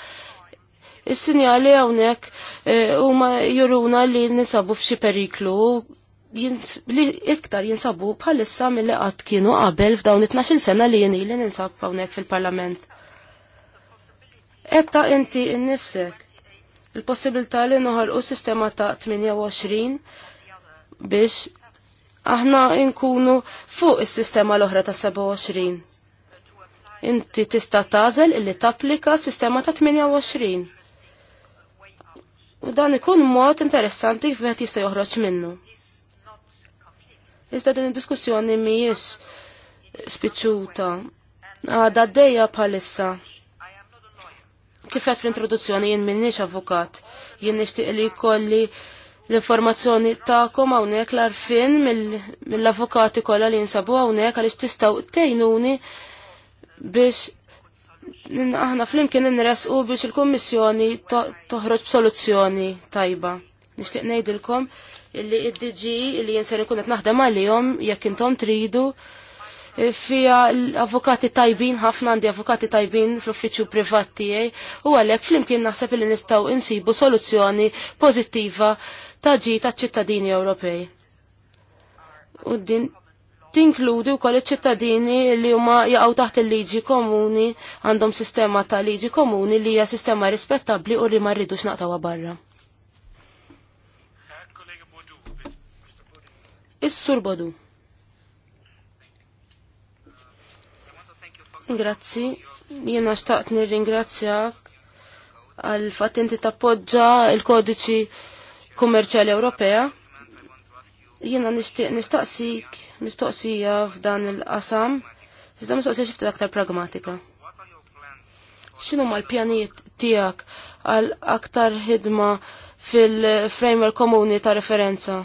Is-sinjali hawnhekk eh, huma juruna li ninsabu f'xi periklu li iktar jinsabu bħalissa mill-li qatt kienu qabel f'dawn 12 sena li jien li ninsab hawnhekk fil-Parlament. Etta inti innifsek il-possibilità li noħolqu sistema ta' 28 biex aħna nkunu fuq is-sistema l-oħra ta' 27. Inti tista' tażel illi tapplika sistema ta' 28. U dan ikun mod interessanti kif qed jista' joħroġ minnu. Iżda din id-diskussjoni mhijiex spiċċuta. Għada d-dejja bħalissa. Kifet fl-introduzzjoni jien minnix avukat. Jien nixtieq li jkolli l-informazzjoni ta'kom hawnhekk l-arfin mill-avukati mill kollha li jinsabu hawnhekk għaliex tistgħu tgħinuni biex aħna flimkien inresqu biex il-Kummissjoni toħroġ b'soluzzjoni tajba. Nixtieq ngħidilkom illi id-DG illi jinser ikun qed naħdem għalihom jekk intom tridu e, fija avukati tajbin, ħafna għandi avukati tajbin fl-uffiċċju privat tiegħi u għalhekk flimkien naħseb li nistgħu insibu soluzzjoni pożittiva ta' ġi ta' ċittadini Ewropej. U din tinkludi wkoll iċ-ċittadini li huma jaqgħu taħt il-liġi komuni, għandhom sistema ta' liġi komuni li hija sistema rispettabbli u li ma rridux naqtawha barra. Is-Sur Bodu. Grazzi, jiena xtaqt nirringrazzjak għal fatt inti tappoġġa il-kodiċi kummerċjali Ewropea. Jiena nistaqsik mistoqsija f'dan il-qasam, iżda mistoqsija xifti aktar pragmatika. X'inhu mal-pjanijiet tiegħek għal aktar ħidma fil-framework komuni ta' referenza?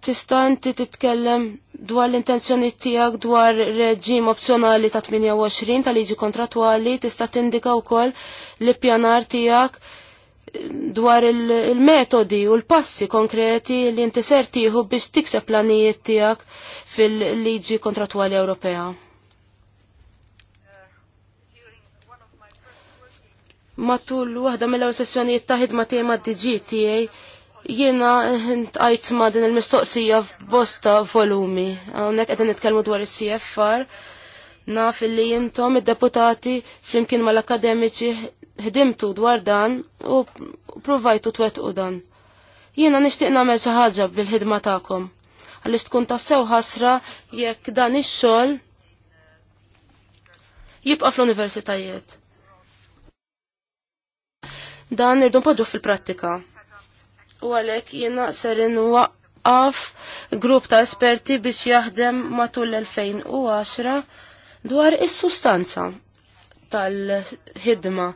ti titkellem dwar l-intenzjoni tijak dwar reġim opzjonali ta' 28 ta' liġi kontratwali tista' tindika wkoll li pjanar tijak dwar il-metodi u l-passi konkreti li inti ser biex tikseb planijiet tiegħek fil-liġi kontratwali Ewropea. Matul waħda mill-ewwel sessjonijiet ta' ħidma tiegħi mad-DG tiegħi Jiena ntqajt ma' din il-mistoqsija f'bosta volumi. Hawnhekk għedin nitkelmu dwar is-CFR. Naf li jintom id-deputati flimkien mal-akademiċi ħdimtu dwar dan u provajtu twettqu dan. Jiena nixtieq nagħmel xi ħaġa bil-ħidma tagħkom. Għaliex tkun tassew ħasra jekk dan ix-xogħol jibqa' fl-universitajiet. Dan irdu poġġu fil-prattika u għalek jena serin waqqaf grupp ta' esperti biex jaħdem matul l-2010 dwar is-sustanza tal-ħidma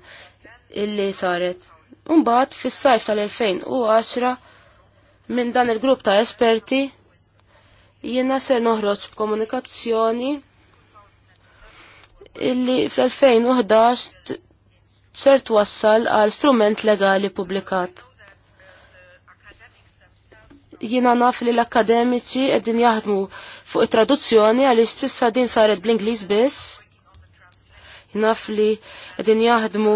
illi saret. Umbat fis-sajf tal-2010 minn dan il-grupp ta' esperti jiena ser noħroġ komunikazzjoni illi fl-2011 ser twassal għal strument legali publikat. Jiena naf li l-akademiċi qegħdin jaħdmu fuq it-traduzzjoni għaliex sissa din saret bl-Ingliż biss. Naf li qegħdin jaħdmu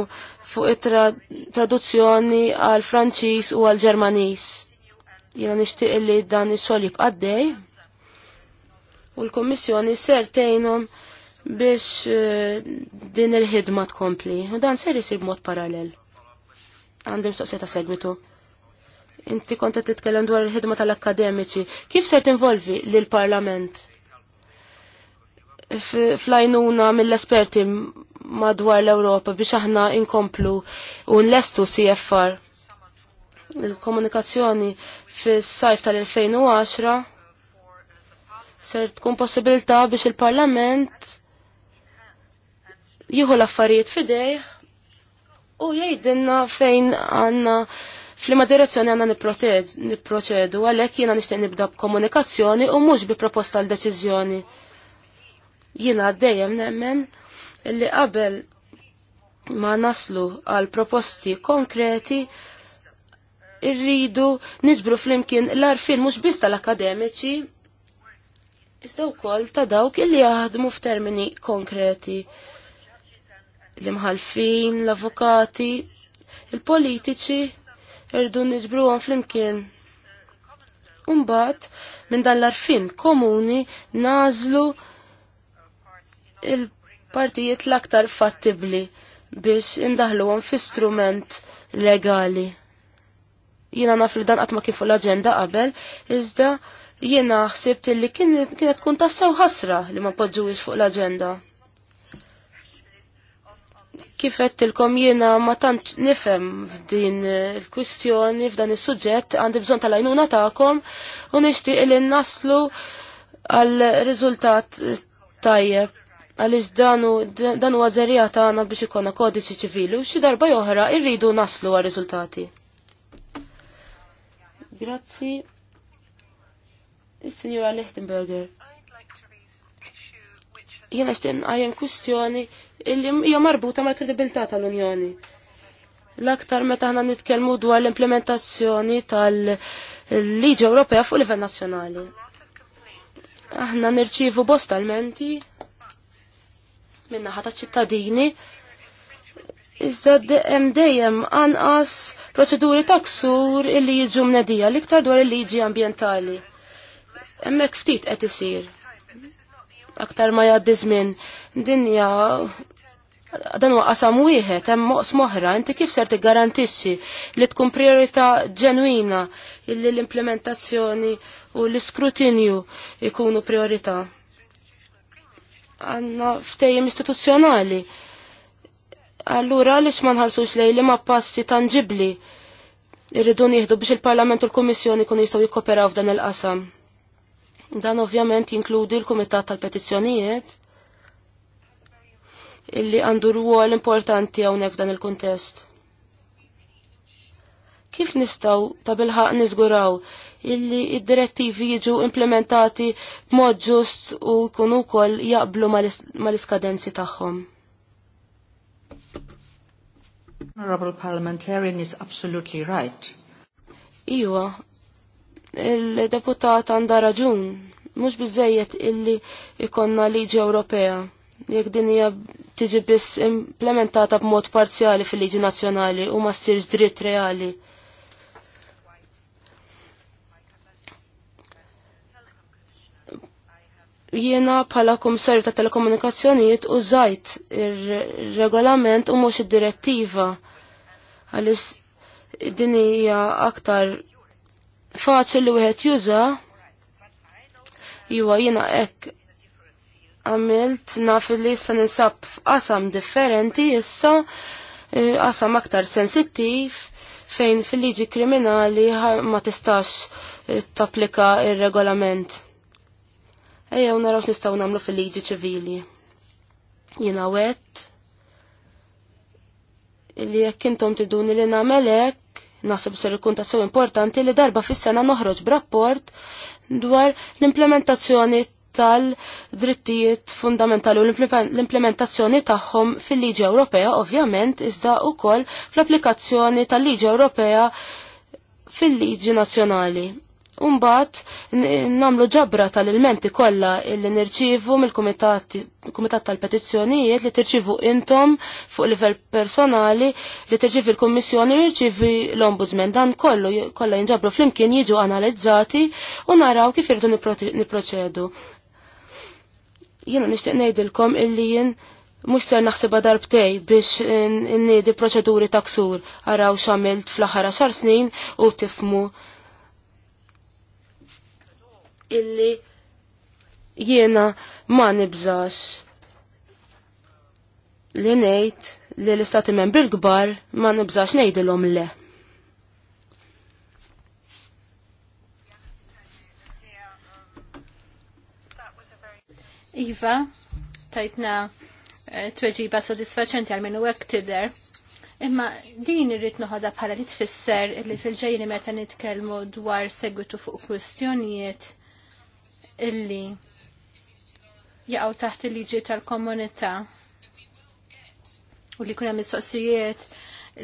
fuq it-traduzzjoni għal Franċiż u għal Ġermaniż. Jiena nixtieq li dan il-sol jibqaddej. u l komissjoni ser tejnum biex eh, din il-ħidma tkompli. U dan ser jisir b'mod parallel. Għandim soqseta segwitu. Inti konta titkellem dwar il-ħidma tal-akademiċi. Kif ser tinvolvi l-parlament? Flajnuna mill-esperti madwar l-Europa biex aħna inkomplu u nlestu CFR. Il-komunikazzjoni fis-sajf tal-2010 ser tkun possibilità biex il-Parlament jieħu l-affarijiet f'idej u jgħidilna fejn għandna Flima direzzjoni għanna niproċedu għalek jina nishtiq nibda b'komunikazzjoni u mux bi proposta l-deċizjoni. Jina għaddejem nemmen li qabel ma naslu għal proposti konkreti irridu nizbru flimkien l-arfin mux biss tal-akademiċi iżda wkoll ta' dawk illi jaħdmu f'termini konkreti l-imħalfin, l-avukati, il-politiċi irdu niġbruhom flimkien. Umbat, minn dan l-arfin komuni nażlu il-partijiet l-aktar fattibli biex indaħluhom fi strument legali. Jiena naf li dan qatt ma l-aġenda qabel, iżda jiena ħsibt li kienet tkun tassew ħasra li ma poġġuwix fuq l-aġenda. Kifet tilkom jiena ma tant nifhem f'din eh, il-kwistjoni f'dan is-suġġett għandi bżonn tal-għajnuna tagħkom u nixtieq li naslu għal riżultat eh, tajjeb għaliex dan huwa għazerija ta'na biex ikonna kodiċi ċivili u xi darba oħra irridu naslu għal riżultati. Grazzi. Il-Signora Lichtenberger. Jena xtieq għajen kwistjoni illi hija marbuta mal-kredibilità tal-Unjoni. L-aktar meta aħna nitkellmu dwar l-implementazzjoni tal-Liġi Ewropea fuq livell nazzjonali. Aħna nirċievu bostalmenti almenti minnaħa ta' ċittadini Iżda hemm dejjem anqas proċeduri ta' ksur illi jiġu mnedija l-iktar dwar il-liġi ambjentali. Hemmhekk ftit qed isir. Aktar ma jgħaddi żmien. Dinja dan huwa qasam wieħed hemm moqs moħra, inti kif ser tiggarantixxi li tkun priorità ġenwina illi l-implementazzjoni u l-iskrutinju jkunu priorità. Għanna ftejjem istituzzjonali. Allura għaliex ma nħarsux lej li ma passi tangibli irridu nieħdu biex il-Parlament u l-Kummissjoni jkunu jistgħu jikkoperaw f'dan il-qasam. Dan ovvjament jinkludi l-Kumitat tal-Petizzjonijiet illi għandu rwol importanti hawnhekk f'dan il-kuntest. Kif nistaw ta' bilħaq niżguraw illi id-direttivi jiġu implementati b'mod ġust u kunu kol jaqblu mal-iskadenzi tagħhom? Honorable parliamentarian is absolutely right. Iwa, il-deputat għanda raġun, mux bizzejiet illi ikonna liġi Ewropea. Jek din hija tiġi biss implementata b'mod parzjali fil-liġi nazzjonali u ma ssirx dritt reali. Jiena bħala komissarju ta' telekomunikazzjonijiet użajt ir-regolament u mhux id-direttiva għalis din hija aktar faċli li wieħed juża Iwa jiena hekk għamilt naf li jissa ninsab f'qasam differenti issa e, qasam aktar sensittiv fejn fil-liġi kriminali ma tistax e, tapplika il regolament Ejja, unaraw x nistaw namlu fil-liġi ċivili. Jina wet li jekk intom tiduni li namelek, nasib ser ikun ta' sew importanti li darba fis-sena noħroġ b'rapport dwar l-implementazzjoni tal-drittijiet fundamentali u l-implementazzjoni tagħhom fil-Liġi Ewropea ovvjament iżda wkoll fl-applikazzjoni tal-Liġi Ewropea fil-Liġi Nazzjonali. Umbat, namlu ġabra tal-elementi kollha illi nirċivu mill-Kumitat tal-Petizzjonijiet li tirċivu intom fuq livell personali li tirċivi l-Kummissjoni u jirċivu l-Ombudsman dan kollu kollha jinġabru flimkien jiġu analizzati u naraw kif irdu niproċedu. Jiena nixtieq ngħidilkom illi jien mhux ser darbtej biex nniedi proċeduri ta' ksur araw x'għamilt fl-aħħar għaxar snin u tifmu illi jiena ma nibżax li ngħid li l-istati membri gbar kbar ma nibżax ngħidilhom le. Iva, tajtna eh, tweġiba sodisfaċenti għal minnu għek tider. Imma din irrit noħodha bħala li tfisser li fil-ġejni meta nitkellmu dwar segwitu fuq kwistjonijiet illi jaqgħu taħt il-liġi tal-komunità u li kuna mistoqsijiet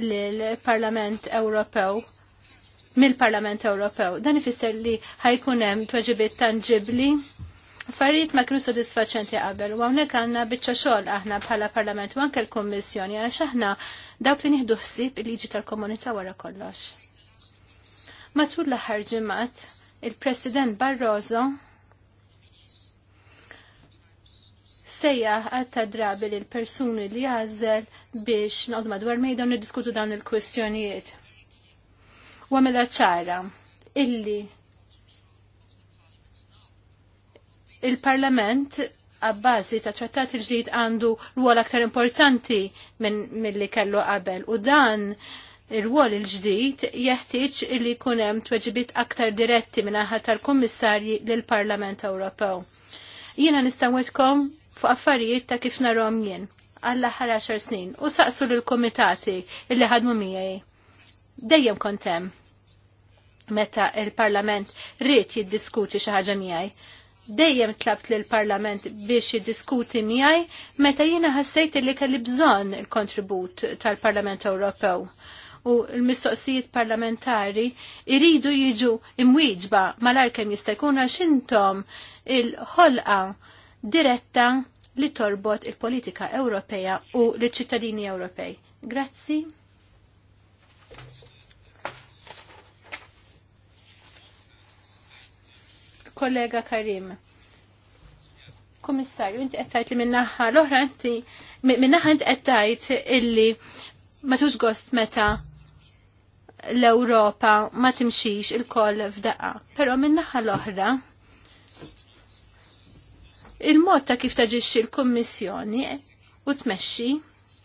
l-Parlament Ewropew mill-Parlament Ewropew. Dan ifisser li ħajkun hemm tweġibiet tanġibli Affarijiet ma kienu sodisfaċenti qabel u hawnhekk għandna biċċa xogħol aħna bħala Parlament u anke l-Kummissjoni għax aħna dawk li nieħdu ħsieb il-liġi tal-komunità wara kollox. Matul l-aħħar ġimgħat, il-President Barroso sejja għatta drabi li l-persuni li jazzel biex noqdu madwar mejda nidiskutu dawn il-kwestjonijiet. U għamela ċara illi il-Parlament għabbażi ta' trattat il-ġdid għandu rwol aktar importanti minn mill-li kellu qabel u dan ir għol il-ġdid jeħtieġ li jkun hemm aktar diretti minn aħħar tal-Kummissarji lill-Parlament Ewropew. Jiena nistawetkom fuq affarijiet ta' kif narhom jien għall-aħħar 10 snin u saqsu l kumitati li ħadmu miegħi. Dejjem kont hemm meta il-Parlament rrit jiddiskuti xi ħaġa miegħi dejjem tlabt lil parlament biex jiddiskuti miegħi meta jiena ħassejt li kelli bżonn il-kontribut tal-Parlament Ewropew u l-mistoqsijiet parlamentari iridu jiġu imwieġba mal kemm jista' jkun għax intom il-ħolqa diretta li torbot il-politika Ewropea u l-ċittadini Ewropej. Grazzi. kollega Karim. Komissarju, inti għettajt li minnaħħa l-oħra inti, minnaħħa inti għettajt illi ma tux gost meta l-Europa ma timxix il-koll f'daqqa. Pero minnaħħa l-oħra, il-mod ta' kif taġixxi l-Kummissjoni u tmexxi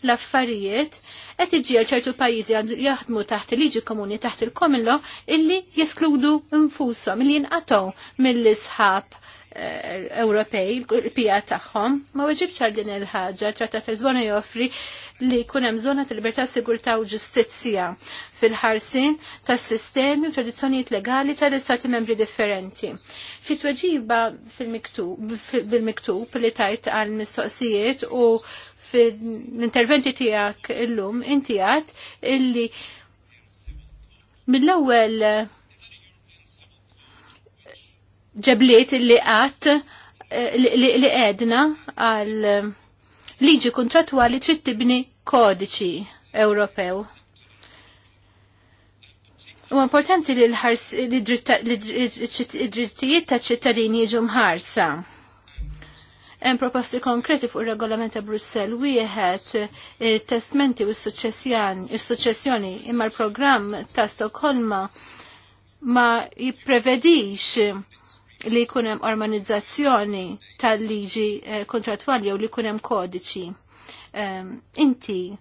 l-affarijiet qed iġiel ċertu pajjiżi jaħdmu taħt il-liġi komuni taħt il-komillo illi jeskludu infushom illi jinqatgħu mill-isħab Eh, Ewropej, il-pija tagħhom, ma weġibx għal din il-ħaġa, trattat fil żona joffri li jkun hemm żona ta' libertà, sigurtà u ġustizzja fil-ħarsin tas-sistemi u tradizzjonijiet legali tal-istati membri differenti. Fi tweġiba fil-miktub bil-miktub li tajt għal mistoqsijiet u fil-interventi tiegħek illum inti intijat illi mill-ewwel ġebliet li għat eh, li għedna għal liġi kontratwali trid tibni kodiċi Ewropew. U importanti li l-drittijiet ta' ċittadini jiġu mħarsa. Hemm proposti konkreti fuq ir-regolament ta' Brussell wieħed eh, testmenti u s-suċċessjoni imma l-programm ta' Stokholma ma jipprevedix li kunem organizzazzjoni tal-liġi eh, kontratwali u li kunem kodiċi. Ehm, inti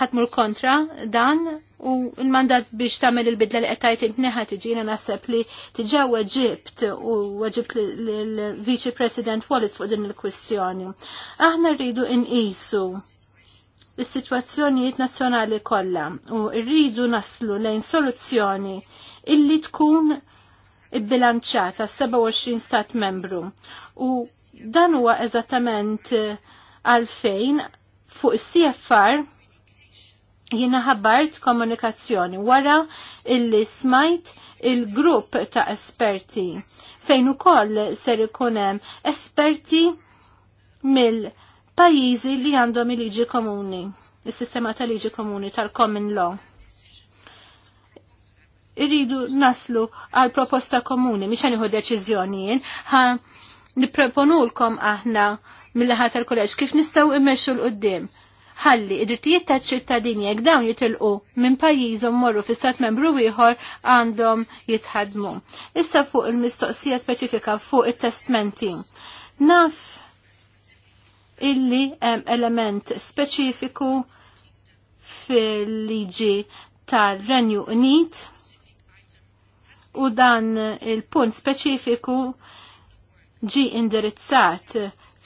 ħatmur kontra dan u il-mandat biex tamel il-bidla li għettajt intneħa tiġina nasab li tiġaw ġibt u għagġibt l-Vice President Wallace fuq din il-kwistjoni. Aħna rridu in-isu is-sitwazzjonijiet nazzjonali kollha u rridu naslu lejn soluzzjoni illi tkun bilanċata 27 stat membru. U dan huwa eżattament eh, għalfejn fuq cfr jina ħabbart komunikazzjoni wara illi smajt il-grupp ta' esperti fejn ukoll ser ikun hemm esperti mill-pajjiżi li għandhom il-liġi komuni, is-sistema tal-liġi komuni tal-common law irridu naslu għal proposta komuni, miex għaniħu deċizjonijin, ħa niproponulkom aħna mill-ħat tal-kolleġ kif nistaw immexxu l-qoddim. Ħalli, id-drittijiet ta' ċittadini jekk dawn jitilqu minn pajjiżhom morru fi stat membru ieħor għandhom jitħadmu. Issa fuq il-mistoqsija speċifika fuq it-testmenti. Naf illi hemm element speċifiku fil-liġi tar-Renju Unit u dan il-punt speċifiku ġi indirizzat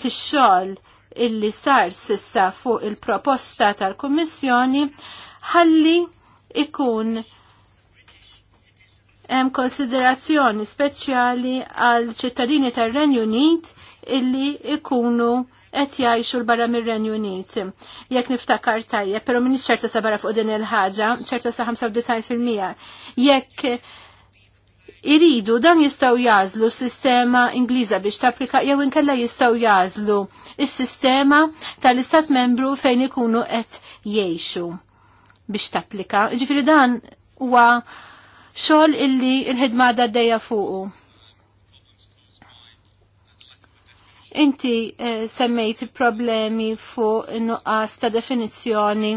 fix-xogħol illi sar sissa fuq il-proposta tal-Kummissjoni ħalli ikun hemm konsiderazzjoni speċjali għal ċittadini tar-Renju Unit illi ikunu qed jgħixu l-barra mir-Renju Unit. Jekk niftakar tajjeb, però minix ċerta sa barra fuq din il-ħaġa, ċerta sa 95%. Jekk iridu dan jistaw jazlu s-sistema Ingliża biex tapplika jew inkella jistaw jazlu is-sistema tal-istat membru fejn ikunu qed jgħixu biex tapplika. Ġifiri dan huwa xogħol illi l-ħidma il għaddejja fuqu. Inti eh, semmejt problemi fuq nuqqas ta' definizzjoni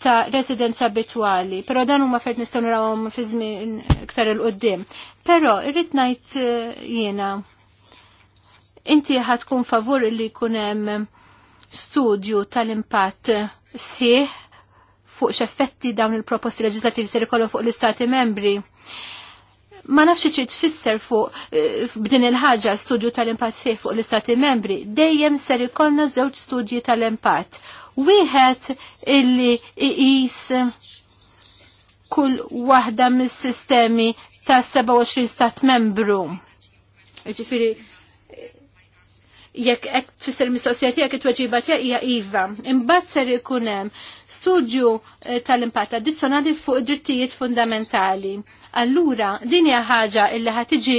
ta' residenza abitwali, pero dan huma fejn nistgħu narawhom fi żmien iktar il qudiem Però irrid ngħid eh, jiena inti ħatkun favur li jkun hemm studju tal-impatt sħiħ fuq x'effetti dawn il-proposti leġislattivi se jkollu fuq l-istati membri. Ma nafx xi tfisser fuq eh, b'din il-ħaġa studju tal-impatt sħiħ fuq l-istati membri, dejjem ser ikollna żewġ studji tal-impatt wieħed illi iqis kull waħda mis-sistemi ta' 27 stat membru. Ġifiri, jekk ek fisser mis-sosjeti jekk it-tweġiba hija iva. Imbagħad ser ikun hemm studju eh, tal-impatt addizzjonali fuq id-drittijiet fundamentali. Allura din hija ħaġa illi ħad tiġi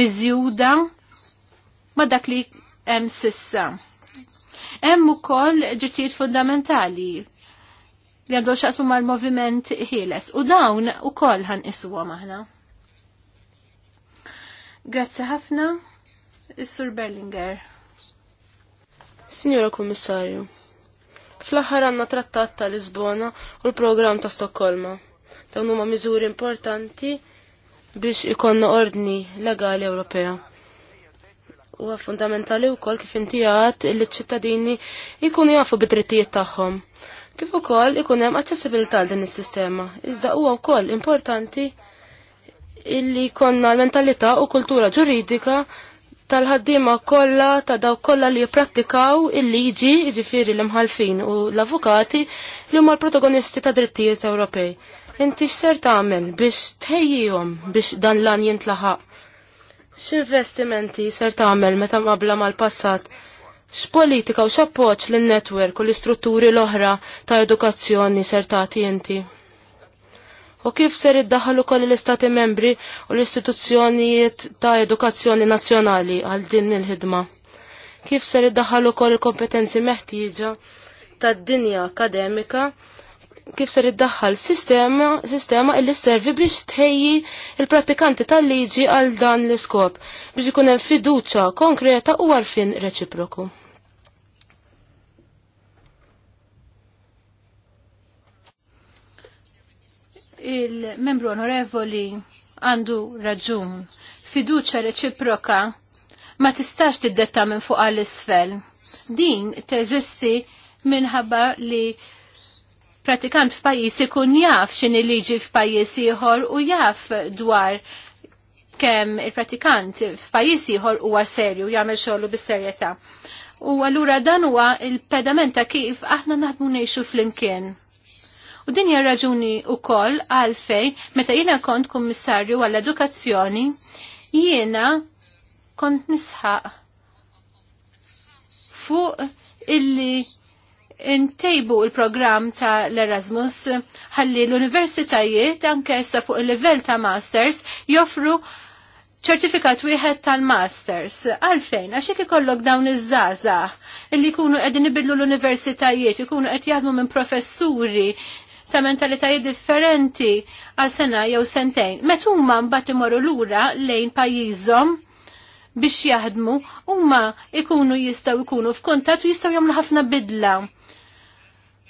miżjuda ma' dak li hemm sissa. Hemm ukoll ġittijiet fundamentali li għandhom xaqsmu mal-moviment ħieles u dawn ukoll ħan iswhom aħna. Grazzi ħafna, is-Sur Berlinger. Signora Kommissarju, fl-aħħar għandna trattat ta' Lisbona u l-programm ta' Stokkolma. Dawn huma miżuri importanti biex ikonna ordni legali Ewropea huwa fundamentali wkoll kif inti għad li ċittadini jkunu jafu bid-drittijiet tagħhom. Kif ukoll ikun hemm aċċessibilità din is-sistema. Iżda huwa wkoll importanti illi konna l-mentalità u kultura ġuridika tal-ħaddima kollha ta' daw kollha li jipprattikaw il-liġi jiġifieri l-imħalfin u l-avukati li huma l-protagonisti ta' drittijiet Ewropej. Inti x'ser tagħmel biex tħejjihom biex dan lan jintlaħaq? X'investimenti ser tagħmel meta mqabbla mal-passat? X'politika u x'appoġġ lin-netwerk u l-istrutturi l-oħra ta' edukazzjoni ser tagħti inti? U kif ser iddaħħal ukoll l-Istati membri u l-istituzzjonijiet ta' edukazzjoni nazzjonali għal din il-ħidma? Kif ser iddaħħal ukoll il-kompetenzi meħtieġa tad-dinja akademika kif ser iddaħħal sistema, sistema illi servi biex tħejji il-prattikanti tal-liġi għal dan l-iskop biex ikun hemm fiduċja konkreta u għarfin reċiproku. Il-membru onorevoli għandu raġun. Fiduċa reċiproka ma tistax tiddetta minn fuq għall-isfel. Din teżisti minħabba li pratikant f'pajjiż ikun jaf x'inhi liġi f'pajjiż ieħor u jaf dwar kemm il-pratikant f'pajjiż ieħor huwa serju jagħmel xogħlu bis-serjetà. U allura dan huwa il-pedament ta' kif aħna naħdmu ngħixu flimkien. U din hija raġuni wkoll għalfejn meta jiena kont kummissarju għall edukazzjoni jiena kont nisħaq fuq illi intejbu il-programm ta' l-Erasmus ħalli l-universitajiet anke issa fuq il-livell ta' masters joffru ċertifikat wieħed tal-masters. Għalfejn, għax jekk ikollok dawn iż-żaża illi jkunu qegħdin ibidlu l-universitajiet, ikunu qed jaħdmu minn professuri ta' mentalitajiet differenti għal sena jew sentejn. Met huma mbagħad imorru lura lejn pajjiżhom biex jaħdmu, huma ikunu jistgħu jkunu f'kuntatt u jistgħu jagħmlu ħafna bidla.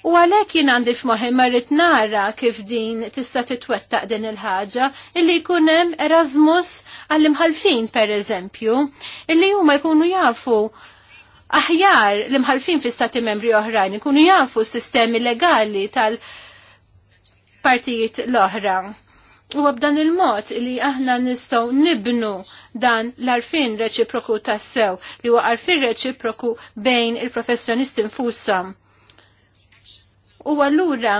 U għalek jien għandi f'moħi marrit nara kif din tista' titwettaq din il-ħaġa illi jkun hemm Erasmus għall-imħalfin pereżempju, illi huma jkunu jafu aħjar l-imħalfin fi stati membri oħrajn ikunu jafu s-sistemi legali tal-partijiet l-oħra. U b'dan il-mod li aħna nistgħu nibnu dan l-arfin reċiproku tassew li huwa arfin reċiproku bejn il-professjonisti nfusam. U allura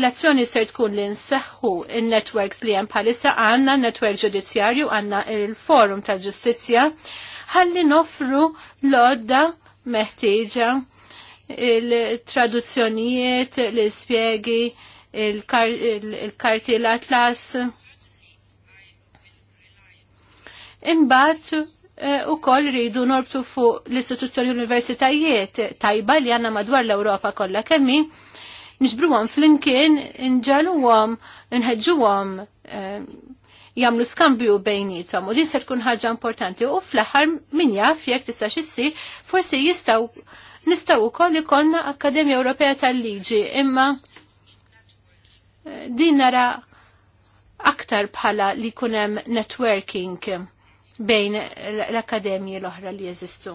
l-azzjoni ser tkun li nseħħu il-networks li hemm bħalissa għandna netwerk ġudizzjarju għandna il-forum tal-ġustizzja ħalli nofru l-odda meħtieġa il-traduzzjonijiet, l-ispjegi, il-karti l-atlas. Imbagħad Eh, u koll rridu norbtu fuq l-istituzzjoni universitajiet tajba li għanna madwar l-Europa kollha kemmi, nġbru għom fl-imkien, nġalu għom, nħedġu għom eh, jamlu skambju bejnietom u din ser tkun ħaġa importanti u fl-aħħar min jaf jek tista' xissir forsi jistgħu nistgħu wkoll ikollna Akkademja Ewropea tal-Liġi imma eh, din nara aktar bħala li kunem networking bejn l-akademji l-oħra li jeżistu.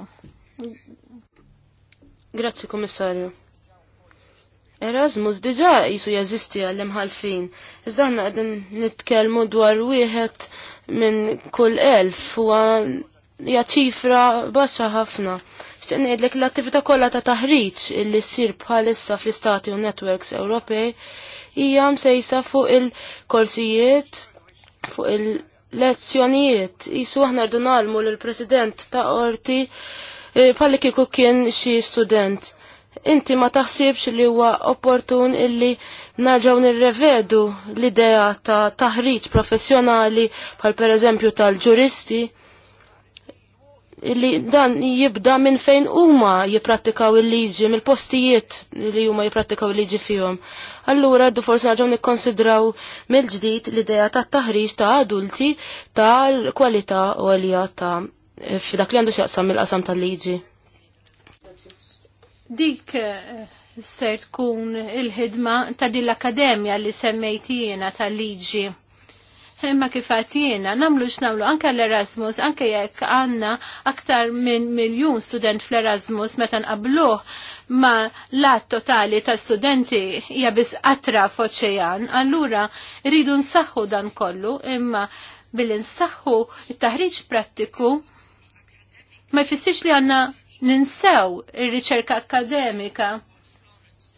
Grazzi, Komissarju. Erasmus diġa jisu jazisti għallim ħalfin. Iżda għadin nitkelmu dwar wieħed minn kull elf u hija ċifra baxxa ħafna. Xtieq ngħidlek l-attività kollha ta' taħriġ illi ssir bħalissa fl-Istati u Networks Ewropej hija msejsa fuq il-korsijiet fuq il lezzjonijiet. Isu aħna rdu nalmu l-president ta' orti eh, palli kiku kien xi student. Inti ma taħsibx li huwa opportun illi narġaw nirrevedu l-idea ta' taħriġ professjonali pal per eżempju tal-ġuristi li dan jibda minn fejn huma jipprattikaw il-liġi, mill-postijiet li huma jipprattikaw il-liġi fihom. Allura rdu forsi għagħu nikkonsidraw mill-ġdid l-idea tat taħriġ ta' adulti tal-kwalità għolja ta' f'dak li għandu x'jaqsam mill-qasam tal-liġi. Dik eh, ser tkun il-ħidma ta' din l-akademja li semmejtijina tal-liġi Imma kifat jiena, namlu x'namlu anke l-Erasmus, anke jekk għandna aktar minn miljun student fl-Erasmus meta nqabluh ma l totali ta' studenti hija biss qatra f'oċean, allura rridu nsaħħu dan kollu, imma billi nsaħħu it-taħriġ prattiku ma jfissirx li għandna ninsew ir-riċerka akademika.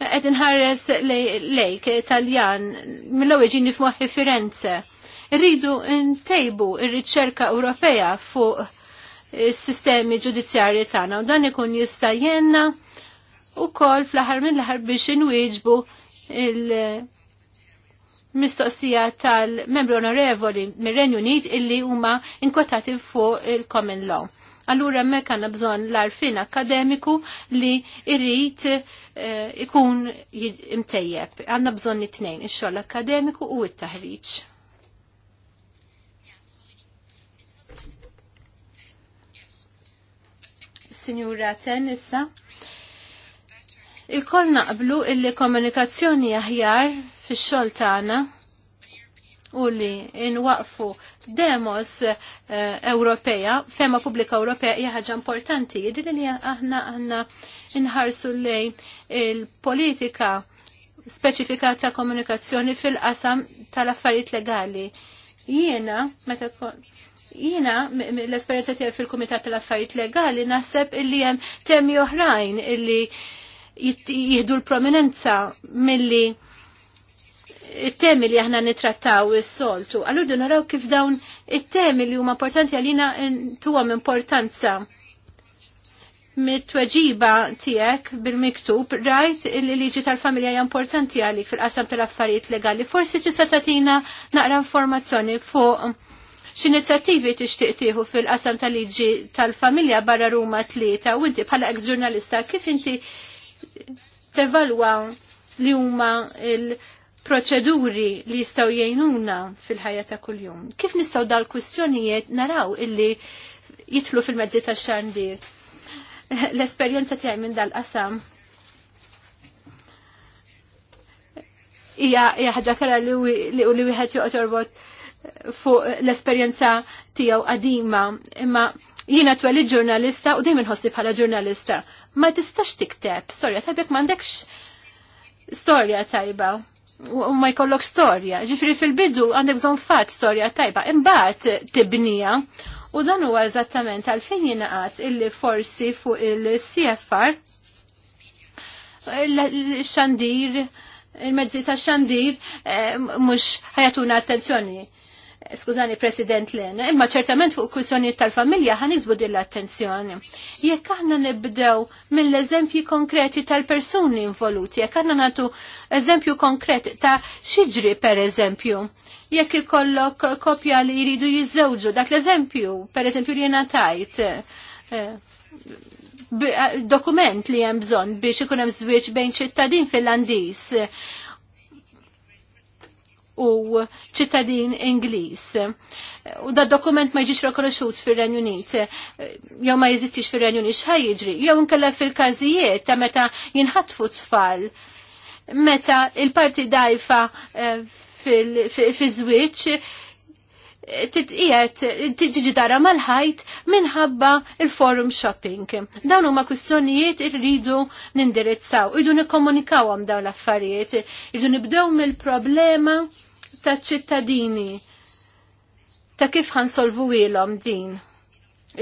Qed inħares lejk Italjan mill-ewwel ġini f'moħħi Firenze Irridu ntejbu ir-riċerka Ewropea fuq is-sistemi ġudizzjarji tagħna u dan ikun jista' jenna wkoll fl-aħħar mill-aħħar biex inwieġbu il-mistoqsija tal-membri onorevoli mir-Renju Unit illi huma inkwetati fuq il-common law. Allura hemmhekk għandna bżonn l-arfin akademiku li jrid eh, ikun imtejjeb. Għandna bżonn it-tnejn, ix-xogħol akademiku u t-taħriġ. sinjura Tenissa. Il-koll naqblu illi komunikazzjoni aħjar fix xogħol tagħna u li inwaqfu demos eh, Ewropea, fema pubblika Ewropea hija ħaġa importanti, jidri li aħna aħna inħarsu lejn il-politika speċifika ta' komunikazzjoni fil-qasam tal-affarijiet legali. Jiena, meta Jina, l-esperienza tiegħi fil-Kumitat tal-Affarijiet Legali, naħseb illi hemm temi oħrajn illi jieħdu l-prominenza milli it-temi li aħna nitrattaw is-soltu. Allura naraw kif dawn it-temi li huma importanti għalina tuhom importanza mit-tweġiba tijek bil-miktub rajt il-liġi tal-familja hija importanti għalik fil-qasam tal-affarijiet legali. Forsi tista' tagħtina naqra informazzjoni fuq x'inizjattivi tixtieq tieħu fil-qasam tal-liġi tal-familja barra Ruma tlieta u inti bħala ex ġurnalista kif inti tevalwa li huma il-proċeduri li jistgħu jgħinuna fil-ħajja ta' kuljum. Kif nistgħu dal-kwistjonijiet naraw illi jitlu fil-mezzi tax-xandir? L-esperjenza tiegħi minn dal-qasam hija ħaġa kera li li wieħed joqgħod jorbot fuq l-esperjenza tiegħu qadima, imma jiena twelli ġurnalista u dejjem inħossni bħala ġurnalista. Ma tistax tikteb storja tajbek m'għandekx storja tajba u ma jkollok storja. Ġifri fil-bidu għandek bżon fat storja tajba, imbagħad tibnija u dan huwa eżattament għalfejn jiena illi forsi fuq il-CFR il-xandir, il-mezzi ta' xandir, eh, mux ħajatuna attenzjoni. Skużani, President Lena, imma ċertament fuq kwistjonijiet tal-familja ħan din l-attenzjoni. Jekk aħna nibdew mill-eżempji konkreti tal-persuni involuti, jekk aħna nagħtu eżempju konkret ta' xiġri per eżempju, jekk ikollok kopja li jridu jizzewġu, dak l-eżempju, per eżempju li jena tajt, eh, eh, dokument li hemm bżonn biex ikun hemm żwieġ bejn ċittadin fil-landis, u ċittadin Ingliż. U da dokument ma jġiġ rekonoxut fil-Renju Unit, jew ma jeżistix fil-Renju Unit, xħaj jiġri, jew nkella fil-każijiet ta' meta jinħatfu tfal, meta il-parti dajfa fil-żwieġ tiġi dara mal-ħajt minħabba il-forum shopping. Dawn huma kwistjonijiet irridu nindirizzaw, irridu nikkomunikawhom dawn l-affarijiet, irridu nibdew mill-problema taċ-ċittadini ta' kif ħansolvu ilhom din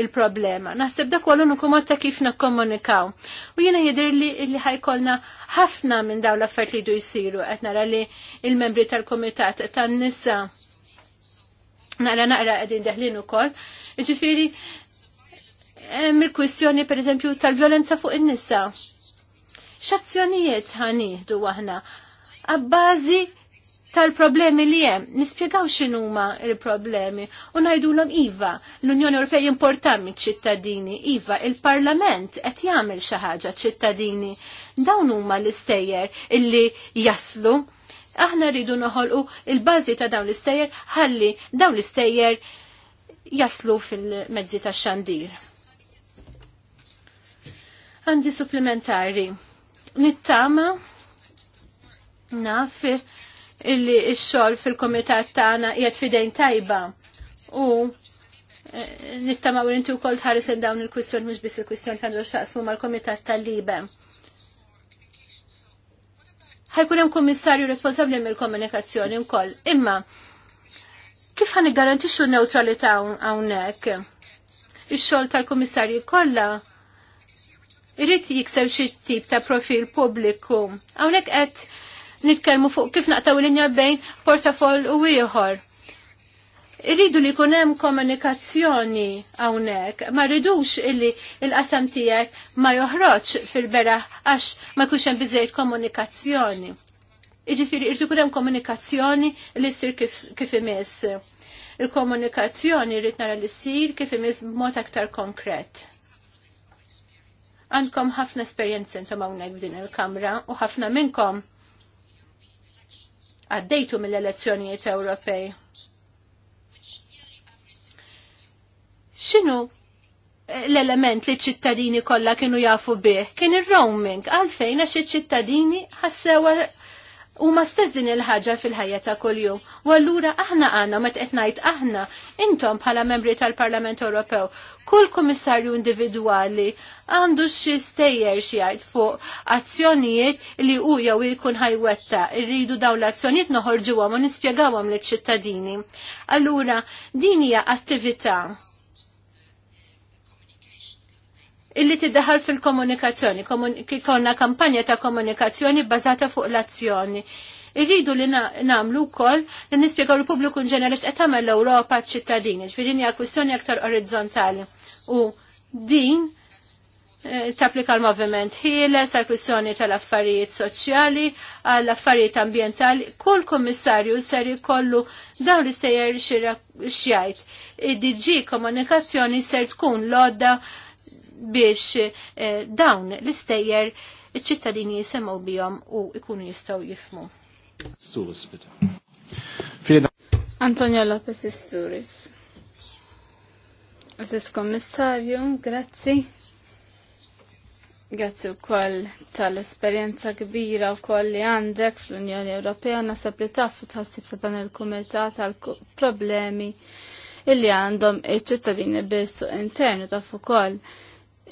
il-problema. Naħseb dak kwalunuku mod ta' kif nakkomunikaw. U jiena jidher li li ħajkolna ħafna minn dawn l-affarijiet li du jsiru qed nara li il-membri tal-Kumitat tan-nisa naqra naqra qegħdin deħlin ukoll. Ġifieri hemm eh, kwestjoni kwistjoni eżempju tal-violenza fuq in-nisa. X'azzjonijiet du aħna għabbażi tal-problemi li hemm, nispjegaw x'inhuma il-problemi u ngħidulhom iva, l-Unjoni Ewropea importam ċittadini, iva, il-Parlament qed jagħmel xi ħaġa ċittadini. Dawn huma l-istejjer illi jaslu aħna rridu noħolqu il-bażi ta' dawn l-istejjer ħalli dawn l-istejjer jaslu fil-mezzi ta' xandir. Għandi supplementari. Nittama naf illi x-xol fil-komitat tagħna qiegħed fidejn tajba u eh, nittama u inti wkoll tħares dawn il-kwistjoni mhux biss il-kwistjoni kandu xaqsmu mal-komitat tal-libe ħajkun hemm kummissarju responsabbli mill-komunikazzjoni wkoll. Imma kif ħan garantixxu n-neutralità hawnhekk? Ix-xogħol tal kummissarju kollha irrid jikseb xi tip ta' profil pubbliku. Hawnhekk qed nitkellmu fuq kif naqtaw linja bejn portafol u ieħor. Irridu li kunem komunikazzjoni għawnek, ma rridux illi il-qasam tijek ma joħroċ fil-bera għax ma kuxem bizzejt komunikazzjoni. Iġifiri, irridu kunem komunikazzjoni li sir kif, kif imis. Il-komunikazzjoni rrit nara li sir kif imis mod aktar konkret. Għandkom ħafna esperienzi intom għawnek f'din il-kamra u ħafna minnkom għaddejtu mill-elezzjonijiet Ewropej xinu eh, l-element li ċittadini kollha kienu jafu bih kien ir-roaming għalfejn għax iċ-ċittadini ħassewa huma stess din il-ħaġa fil-ħajja ta' kuljum. U allura aħna għandna meta qed ngħid aħna intom bħala membri tal-Parlament Ewropew, kull kummissarju individwali għandu xi stejjer xi jgħid fuq azzjonijiet li hu jew jkun ħajwetta irridu dawn l-azzjonijiet noħorġuhom u nispjegawhom liċ-ċittadini. Allura din hija attività illi tiddaħal fil-komunikazzjoni, konna kampanja ta' komunikazzjoni bazata fuq l-azzjoni. Irridu li namlu kol li nispiegaw l-pubbliku ġenerali qed tagħmel l-Ewropa ċittadini, ġifieri hija kwistjoni aktar orizzontali. U din eh, tapplika l-moviment ħieles, għal kwistjoni tal-affarijiet soċjali, għall affarijiet ambientali, kull kommissarju ser jkollu dawn l-istejjer xjajt. Id-DG komunikazzjoni ser tkun lodda biex eh, dawn l-istejjer iċ-ċittadini jisemgħu bihom u jkunu jistgħu jifmu. Antonio Lopez Isturis. Għazis Kommissarju, grazzi. Grazzi u koll tal-esperienza kbira u koll li għandek fl-Unjoni Ewropea nasab li tafu tħassib ta' dan il-Kumitat tal-problemi illi għandhom il ċittadini bis internu tafu koll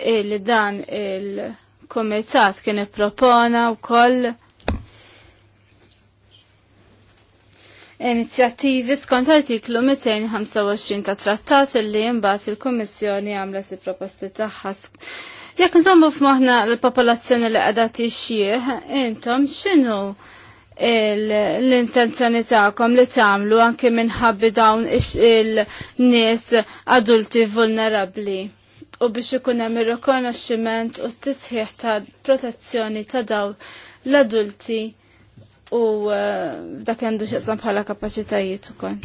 li dan il-komitat kien ippropona wkoll inizjattivi skont artiklu 225 ta' trattat li jimbat il-Kummissjoni għamlet il-proposti tagħha. Jekk nżommu f'moħħna l-popolazzjoni li qiegħda tixjih, intom x'inhu l-intenzjoni tagħkom li tagħmlu anke minħabbi dawn il-nies adulti vulnerabbli u biex ikun hemm ir-rikonoxximent u t-tisħiħ ta' protezzjoni ta' daw l-adulti u eh, dak għandu xieqsam bħala kapaċitajiet ukoll.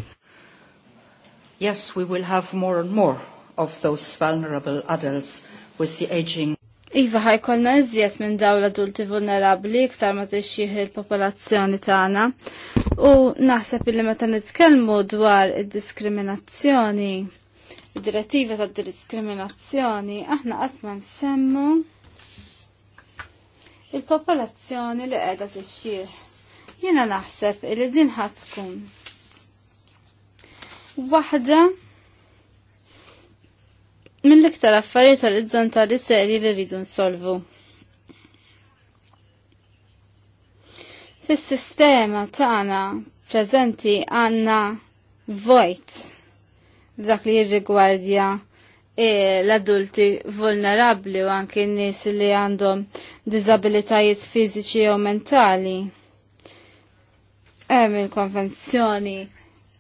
Yes, we will have more and more of those vulnerable adults with the aging Iva ħajkolna iżjed minn daw l-adulti vulnerabli iktar ma tixjih il-popolazzjoni tagħna. U naħseb illi meta nitkellmu dwar id-diskriminazzjoni id-direttiva ta' diskriminazzjoni aħna qatt ma nsemmu il-popolazzjoni li qiegħda tixxieħ. Jiena naħseb li din ħadd tkun waħda mill-iktar affarijiet orizzontali seri li rridu nsolvu. Fis-sistema tagħna preżenti għandna vojt f'dak li jirrigwardja eh, l-adulti vulnerabli u anki n-nis li għandhom dizabilitajiet fiżiċi u mentali. Hemm il-konvenzjoni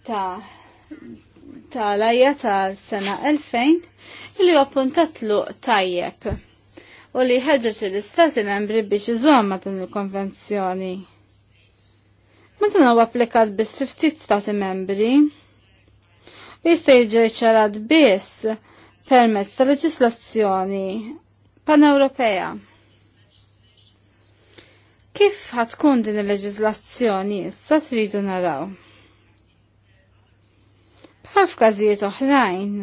ta' lajja ta' tal-sena 2000 li appuntatlu tajjeb u li ħeġġeġ l-istati membri biex iżomma din il-konvenzjoni. Ma dan huwa applikat biss 50 stati membri jista' jiġi ċarad biss permezz ta' leġislazzjoni pan-Ewropea. Kif ħatkun din il-leġislazzjoni issa tridu naraw? Bħal f'każijiet oħrajn,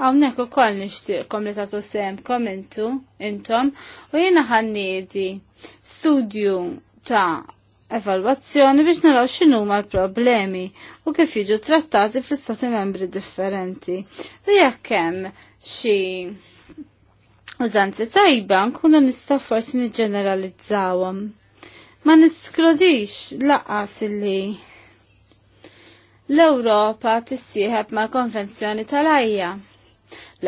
Hawnhekk ukoll koll nishtiqkom li tatu sem komentu intom u jena ħannidi studju ta' evalwazzjoni biex naraw x'inhuma l-problemi u kif jiġu trattati fl-istati membri differenti. U jekk hemm xi użanzi tajba nkunu nistgħu forsi niġġeneralizzawhom. Ma niskludix laqas li l-Ewropa tissieħeb mal konvenzjoni tal-ajja.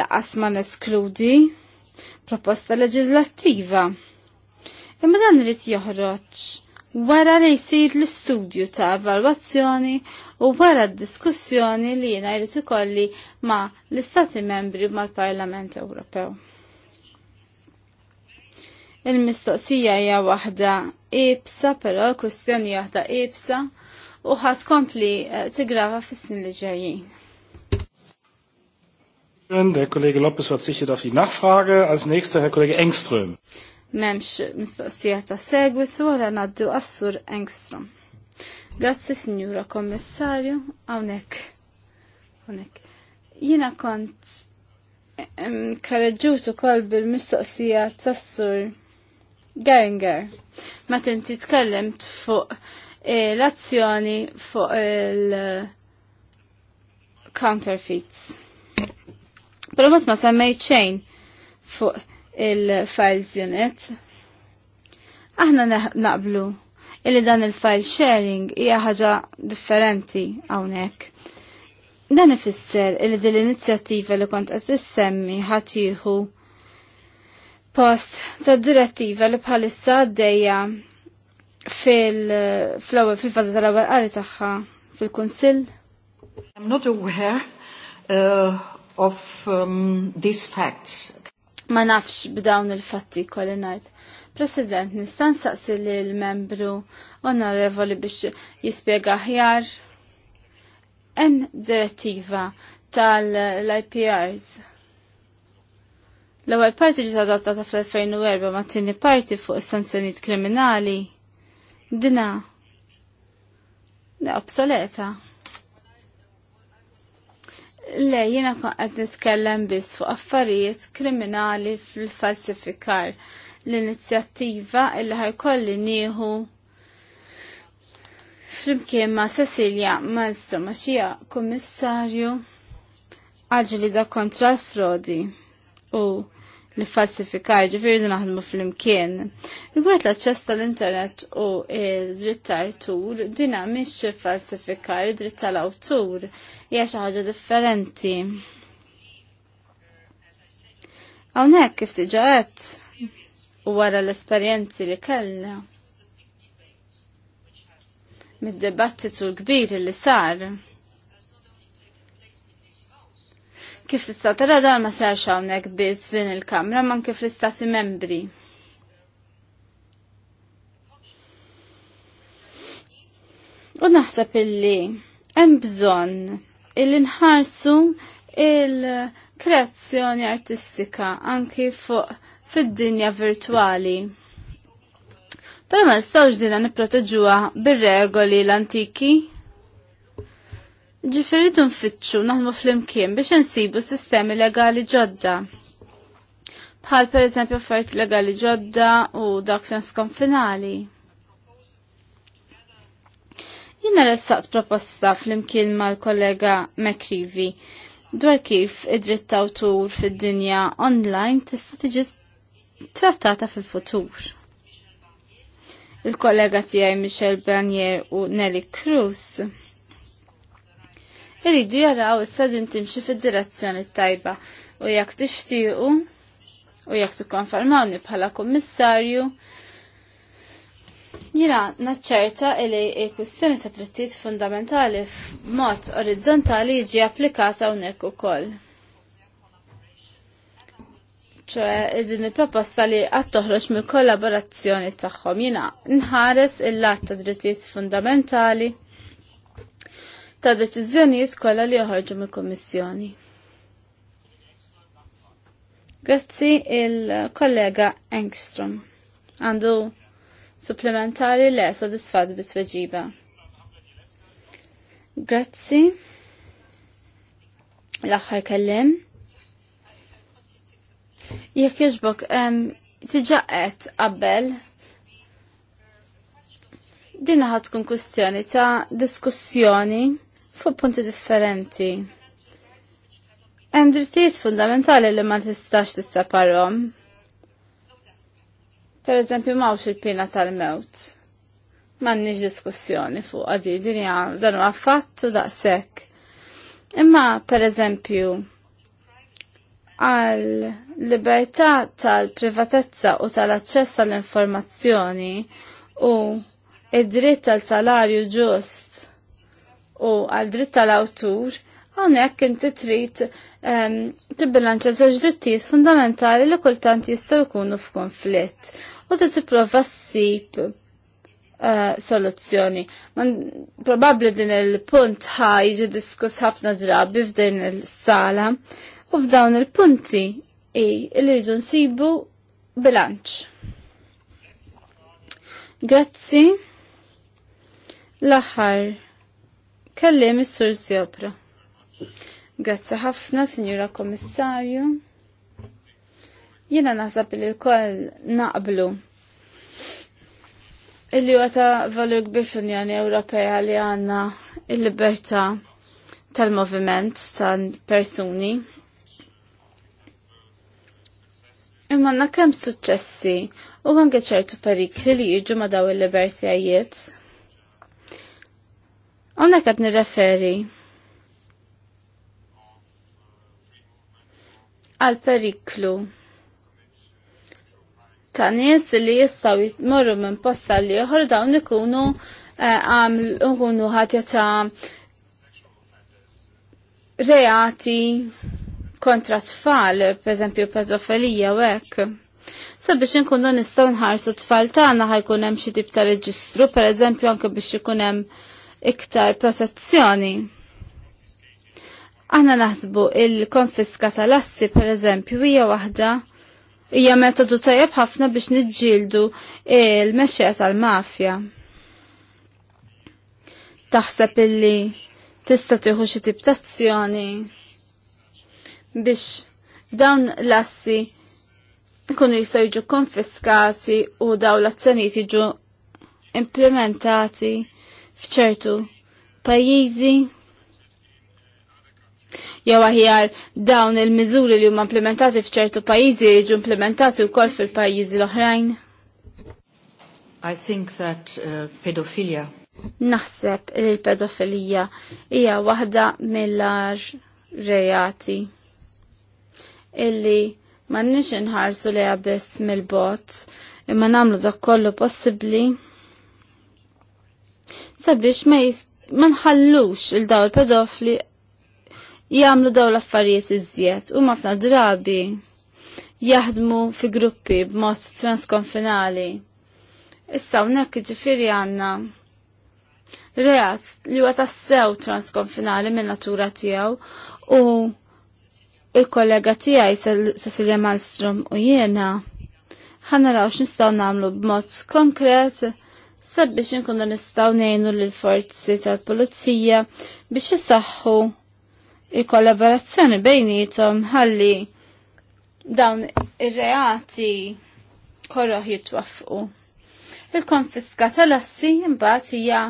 Laqas ma neskludi proposta leġislattiva. Imma dan rrit joħroġ wara li jsir l-istudju ta' evalwazzjoni u wara d-diskussjoni li jina jrid ikolli ma' l-Istati Membri mal-Parlament Ewropew. Il-mistoqsija hija waħda ibsa, però l-kwestjoni waħda ibsa u ħadd kompli eh, tigrava fis-snin li ġejjin. Der Kollege Loppes verzichtet auf die Nachfrage. Als nächster Herr Kollege Engström memx mistoqsija ta' segwi su għala naddu għassur Engstrom. Grazzi signora kommissarju, għawnek. Għawnek. Jina kont karreġutu kol bil-mistoqsija sur Geringer. Ma tinti tkellimt fuq e, l-azzjoni fuq il-counterfeits. Pero ma semmej ċejn fuq il-files unit. Aħna naqblu illi dan il-file sharing hija ħaġa differenti hawnhekk. Dan ifisser illi din l-inizjattiva li kont qed issemmi ħadd jieħu post tad direttiva li bħalissa għaddejja fil flower fil-faża tal-ewwel qari tagħha fil-Kunsill. I'm not aware uh, of um, these facts Ma nafx b'dawn il-fatti kolli najt. President, nistan saqsi li l-membru onorevoli biex jispiega ħjar. En direttiva tal-IPRs. L-ewwel parti ġiet adottata fl-2004 ma' t-tini parti fuq is-sanzjonijiet kriminali. Dina. Da obsoleta. Le, jena qed niskellem biss fuq affarijiet kriminali fil-falsifikar l-inizjattiva illi ħajkolli nieħu flimkien ma' Cecilia Malmstrom ma' xija kummissarju għalġili da kontra l-frodi u l-falsifikar ġifiri naħdmu fl flimkien. Rigward l-aċċess tal-internet u dritt tal-artur, dina mhix falsifikar id-dritt tal-awtur hija xi ħaġa differenti. Hawnhekk kif diġà qed u wara l-esperjenzi li kellna mid-dibattitu l-kbir li sar. Kif tista' tara dan ma sarx hawnhekk biss din il-kamra man kif l-istati membri. U naħseb illi hemm bżonn il-inħarsu il-kreazzjoni artistika anki fuq fid-dinja virtuali. Pero ma nistawx dinha niproteġuha bir-regoli l-antiki. Ġifieri tunfittxu naħdmu flimkien biex insibu sistemi legali ġodda. Bħal pereżempju affarijiet legali ġodda u dak sens konfinali. Jina ressaqt proposta fl-imkien mal-kollega McCreevy dwar kif id-dritt ta' awtur fid-dinja online tista' tiġi trattata fil-futur. Il-kollega tiegħi Michel Bernier u Nelly Cruz Iridu jaraw issa din timxi fid-direzzjoni tajba u jekk tixtiequ u jekk tikkonfermawni bħala kummissarju Jina naċċerta li il-kwistjoni ta' drittijiet fundamentali f'mod orizzontali jiġi applikata hawnhekk ukoll id din il-proposta li għad toħroġ mill kollaborazzjoni tagħhom jina nħares il-lat ta' drittijiet fundamentali ta' deċiżjonijiet kollha li joħorġu mill-Kummissjoni. Grazzi il-kollega Engstrom. Għandu supplementari le sodisfat bit-tweġiba. Grazzi. L-axħar kellim. Jek jġbok, tiġaqet qabel din ħad tkun kwestjoni ta' diskussjoni fuq punti differenti. Hemm drittijiet fundamentali li ma tistax tisseparhom. Per eżempju, mawx il-pina tal-mewt. M'għandniex diskussjoni fuq għadi din dan huwa fatt u daqshekk. Imma per eżempju għal libertà tal-privatezza u tal-aċċess għall-informazzjoni u id-dritt tal-salarju ġust u għal dritt tal-awtur Għonek inti trid ehm, tibbilanċa żewġ drittijiet fundamentali li kultant jistgħu jkunu f'konflitt u ti tipprova ssib eh, soluzzjoni. Probabbli din il-punt ħaj jiġi diskuss ħafna drabi f'din il-sala u f'dawn il-punti i li rridu nsibu bilanċ. Grazzi. L-aħħar kellim is-sur Sjopra. Grazzi ħafna, Signora Komissarju. Jena naħseb li l-koll naqblu. Illi huwa ta' valur kbir fl-Unjoni Ewropea li għandna il-libertà tal-moviment tal-persuni. Imma għandna kemm suċċessi u anke ċertu perikli li jiġu ma' daw il-libertajiet. Għandna qed nirreferi għal periklu ta' nies li jistaw jitmorru minn posta li joħor dawn ikunu eh, għamlu ħatja ta' reati kontra tfal, per esempio pedofilija u hekk. Sabiex inkunu nistgħu nħarsu tfal tagħna ħajkun hemm xi tip ta' reġistru, per esempio anke biex ikun hemm iktar protezzjoni. Aħna naħsbu il-konfiska tal-assi per eżempju hija waħda hija metodu tajjeb ħafna biex niġġieldu il-mexxija tal-mafja. Taħseb illi tista' tieħu xi tip tazzjoni biex dawn l-assi ikunu jistgħu jiġu konfiskati u dawn l-azzjonijiet jiġu implementati f'ċertu pajjiżi jew aħjar dawn il-miżuri li huma implementati f'ċertu pajjiżi jiġu implementati wkoll fil-pajjiżi l-oħrajn? I think that uh, pedophilia Naħseb li l-pedofilija hija waħda mill-ar rejati illi m'għandniex inħarsu li biss mill-bot imma nagħmlu dak kollu possibbli sabiex ma ma nħallux il daw il-pedofli Jamlu dawn l-affarijiet iżjed u ħafna drabi jaħdmu fi gruppi b'mod transkonfinali. Issa hawnhekk ġifiri għandna Reaz li huwa tassew transkonfinali minn natura tiegħu u il-kollega tiegħi Cecilia Malmstrom u jiena ħanaraw x'nistgħu nagħmlu b'mod konkret sabiex nkunu nistgħu ngħinu lill forzi tal-pulizija biex isaħħu il-kollaborazzjoni bejnietom ħalli dawn ir-reati korroħ jitwaffqu. Il-konfiska tal-assi imbagħad hija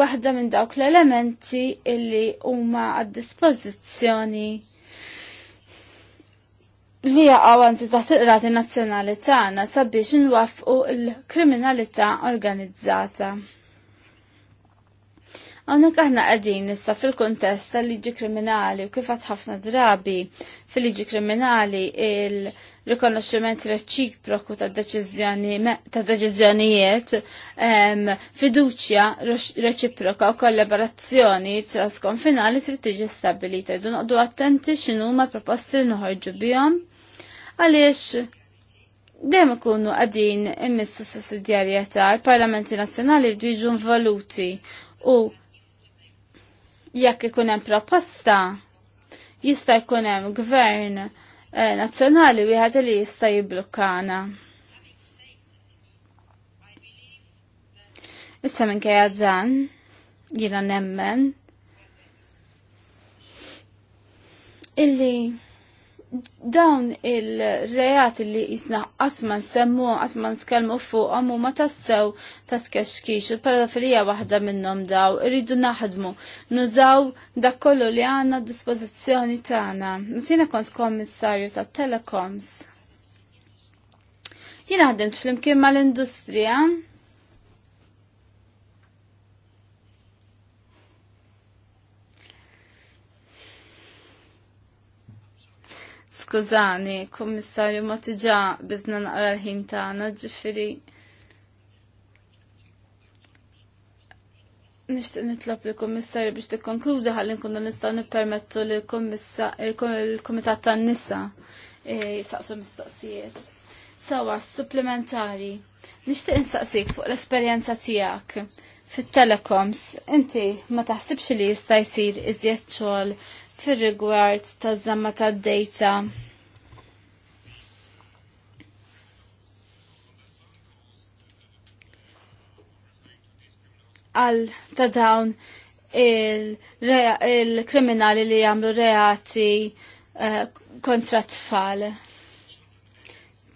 waħda minn dawk l-elementi illi huma għad-dispożizzjoni li jaqgħu anzi taħt il-Rati Nazzjonali tagħna sabiex inwaffqu l-kriminalità organizzata. Għonek aħna għadin nissa fil-kontest tal-liġi kriminali u kifat ħafna drabi fil-liġi kriminali il-rikonoxximent reċiproku ta' deċizjonijiet, fiduċja reċiproka u kollaborazzjoni trasconfinali trid tiġi stabilita. Jdu noqdu attenti xinu ma' proposti li noħorġu bihom għaliex dejjem ikunu qegħdin immissu sussidjarjetà l-Parlamenti Nazzjonali jridu jiġu involuti u jekk ikun hemm proposta jista' jkun hemm gvern eh, nazzjonali wieħed li jista' jibblukkana. Issa minkejja dan jiena nemmen illi dawn il-rejat li jisna għatman semmu, għatman tkellmu fuq, għamu ma tassew taskeċkix, u pedofilija wahda minnom daw, irridu naħdmu, nużaw dak kollu li għanna dispozizjoni tagħna. Metina kont kommissarju ta' telecoms. Jina ħdimt fl-imkien mal-industrija, Skużani, kummissarju ma tiġa bizna naqra l-ħin tagħna ġifieri. Nixtieq nitlob li kummissarju biex tikkonkludi ħalli nkunu nistgħu nippermettu li l-kumitat tan-nisa eh, jistaqsu mistoqsijiet. Sawa, supplementari. Nixtieq insaqsik fuq l-esperjenza tiegħek fit-telecoms. Inti ma taħsibx li jista' jsir iżjed xogħol fir-rigward taż zamma ta' data Għal ta' dawn il-kriminali il li jamlu reati uh, kontra tfal.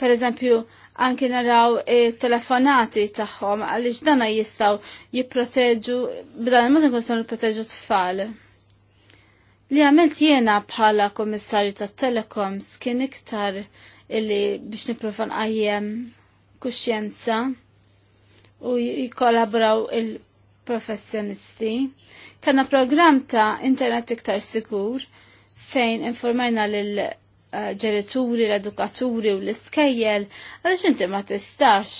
Per eżempju, anki naraw telefonati tagħhom għaliex dana jistgħu jipproteġu b'dan il-mod nkun jipproteġu tfal li għamilt jiena bħala komissarju ta' telekoms kien iktar illi biex niprofa nqajjem kuxjenza u jikollaboraw il-professjonisti. Kanna program ta' internet iktar sigur fejn informajna lil eh, ġerituri, l-edukaturi u l-iskejjel, għalix inti ma tistax.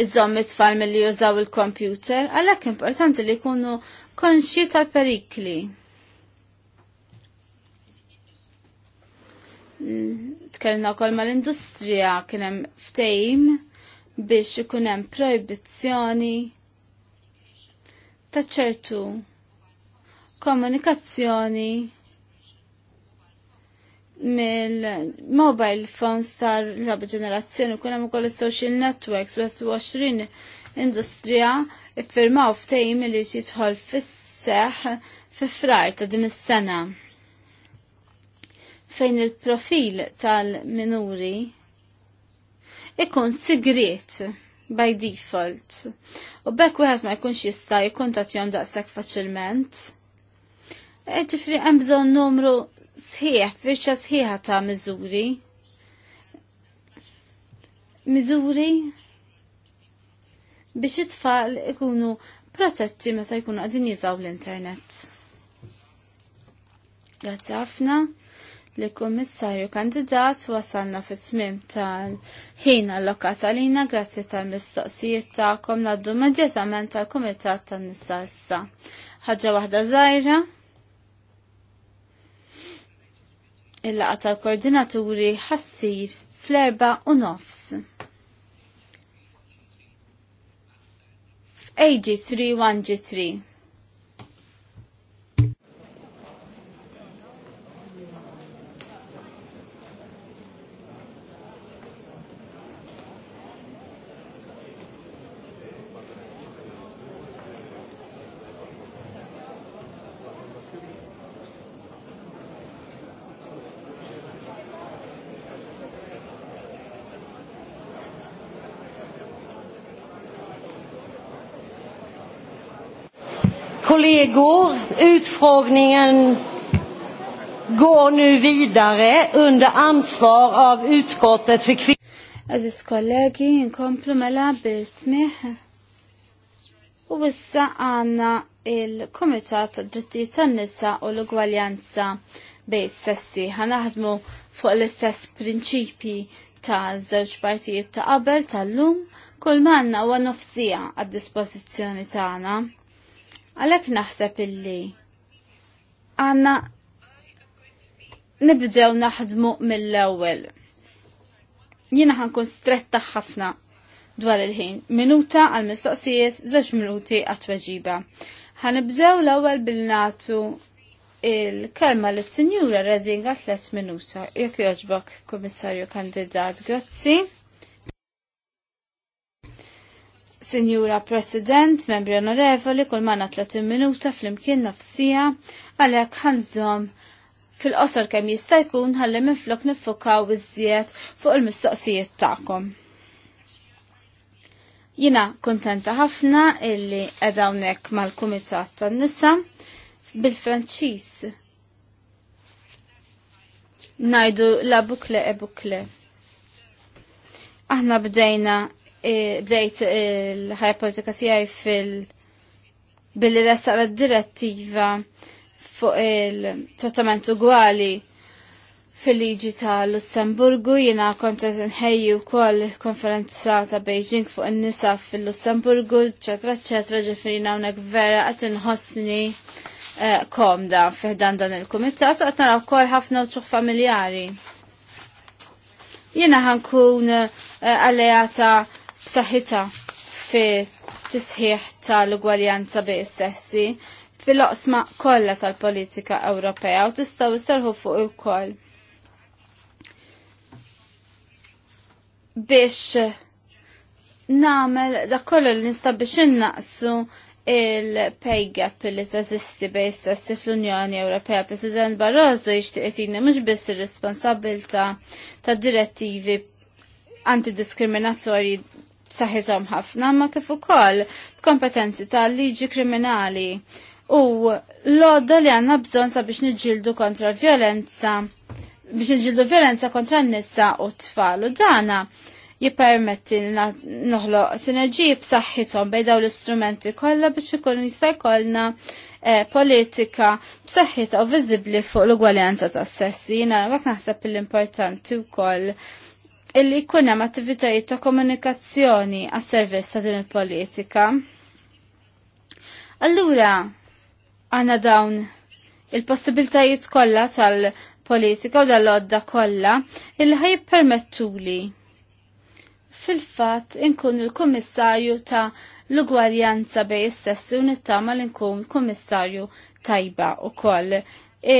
Iżomm it-tfal mill-li jużaw il-kompjuter, għalhekk importanti li jkunu konxi ta' perikli Tkellna kol mal-industrija kienem ftejm biex ikunem proibizzjoni ta' ċertu komunikazzjoni mill-mobile phones tar raba ġenerazzjoni, kunem u koll social networks, 20 industrija iffirmaw ftejim li jitħol fis-seħ fi frar ta' din is-sena. Fejn il-profil tal-minuri ikun sigriet by default. U bekk wieħed ma jkunx jista' jikkuntattjhom daqshekk faċilment. E ġifri hemm bżonn numru sħiħ, firxa sħiħa ta' miżuri. Miżuri biex it-tfal ikunu protetti meta jkunu għadin jizaw l-internet. Grazzi ħafna li kummissarju kandidat wasalna fit tmim tal-ħin allokat għalina grazzi tal-mistoqsijiet ta'kom naddu medjetament tal-Kumitat tan-nisa issa. Ħaġa waħda żgħira. Il-laqa tal-koordinaturi ħassir fl-erba' u nofs. AG3 1G3. kollegor, utfrågningen går nu vidare under ansvar av utskottet för kvinnor. Aziz kollegi, nkomplu mela bismiħ. U issa għanna il-Komitat Drittijiet tan-Nisa u l-Ugwaljanza bej sessi. Ħanaħdmu fuq l-istess prinċipi ta' żewġ partijiet ta' qabel tal-lum kull manna u nofsija għad-dispożizzjoni tagħna. Għalhekk naħseb illi għanna nibdew naħdmu mill-ewwel. Jiena ħankun stretta ħafna dwar il-ħin. Minuta għal mistoqsijiet, żewġ minuti għat-tweġiba. Ħanibdew l-ewwel bil-natu il-kelma l-Sinjura Redinga 3 minuta. Jekk joġbok, Kummissarju Kandidat, grazzi. Sinjura President, membri onorevoli, kull manna 30 minuta fl-imkien nafsija, għalek ħanżom fil-qosor kemm jista' jkun ħalli minflok nifokaw iżjed fuq il-mistoqsijiet tagħkom. Jina kontenta ħafna illi qiegħda hawnhekk mal-Kumitat tan-nisa bil-Franċiż. Najdu la bukle e bukle. Aħna bdejna bdejt eh, il-ħajja eh, politika tiegħi fil- billi ressaq direttiva fuq il-trattament ugwali fil-liġi ta' Lussemburgu jina kont qed inħejju wkoll konferenza ta' Beijing fuq in-nisa fil-Lussemburgu, ċetra, ċetra, ġifieri hawnhekk vera qed inħossni eh, komda fiħdan dan il-kumitat u qed naraw wkoll ħafna uċuħ familjari. Jiena ħankun alleata b'saħħitha fi tisħiħ tal-ugwaljanza bi sessi fil-oqsma kollha tal-politika Ewropea u tistgħu isserħu fuq ukoll. Biex nagħmel dak kollu li nista' biex innaqsu il-pay gap li teżisti bej sessi fl-Unjoni Ewropea. President Barroso jixtieq jtina mhux biss ir-responsabilità tad direttivi antidiskriminatorji b'saħħithom ħafna ma kif ukoll kompetenzi tal-liġi kriminali u l-odda li għanna bżon sabiex nġildu kontra violenza biex nġildu violenza kontra n nissa u t-tfal u dana jippermetti noħlo sinerġiji b'saħħithom bej daw l-istrumenti kollha biex ikun jista' jkollna eh, politika b'saħħitha u viżibbli fuq l-ugwaljanza tas-sessi. Jiena hekk naħseb l-importanti wkoll illi jkun hemm attivitajiet ta' komunikazzjoni għas servizz ta' din il-politika. Allura, għanna dawn il-possibiltajiet kollha tal-politika u dal-odda kollha illi ħaj permettuli fil-fatt inkun il-kummissarju ta' l ugwarjanza bej is-sessi u nittama li nkun komissarju tajba u koll.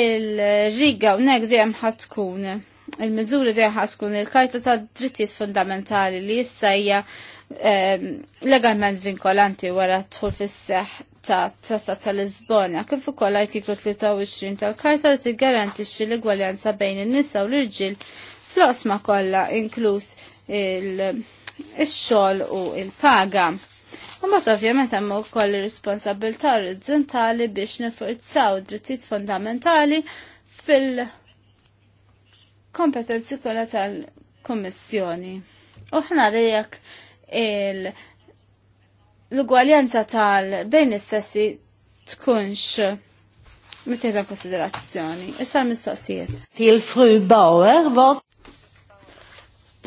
Il-riga u negżi ħatkun il-miżuri deħa skun il-karta ta' drittijiet fundamentali li jissa hija ehm, legalment vinkolanti wara tħul fis-seħ ta' Trattat ta' Lisbona, kif ukoll artiklu 23 tal-Karta li tiggarantixxi l-igwaljanza bejn in-nisa u l-irġiel fl-osma kollha inkluż il-xogħol u il-paga. U mat ovvjament hemm ukoll ir-responsabilità orizzontali biex nifurzaw drittijiet fundamentali fil- kompetenzi kollha tal-Kommissjoni. Uħna rejek il- l-ugwaljanza tal-bejn is-sessi tkunx mittieda konsiderazzjoni. Issa mistoqsijiet. Til fru Bauer was.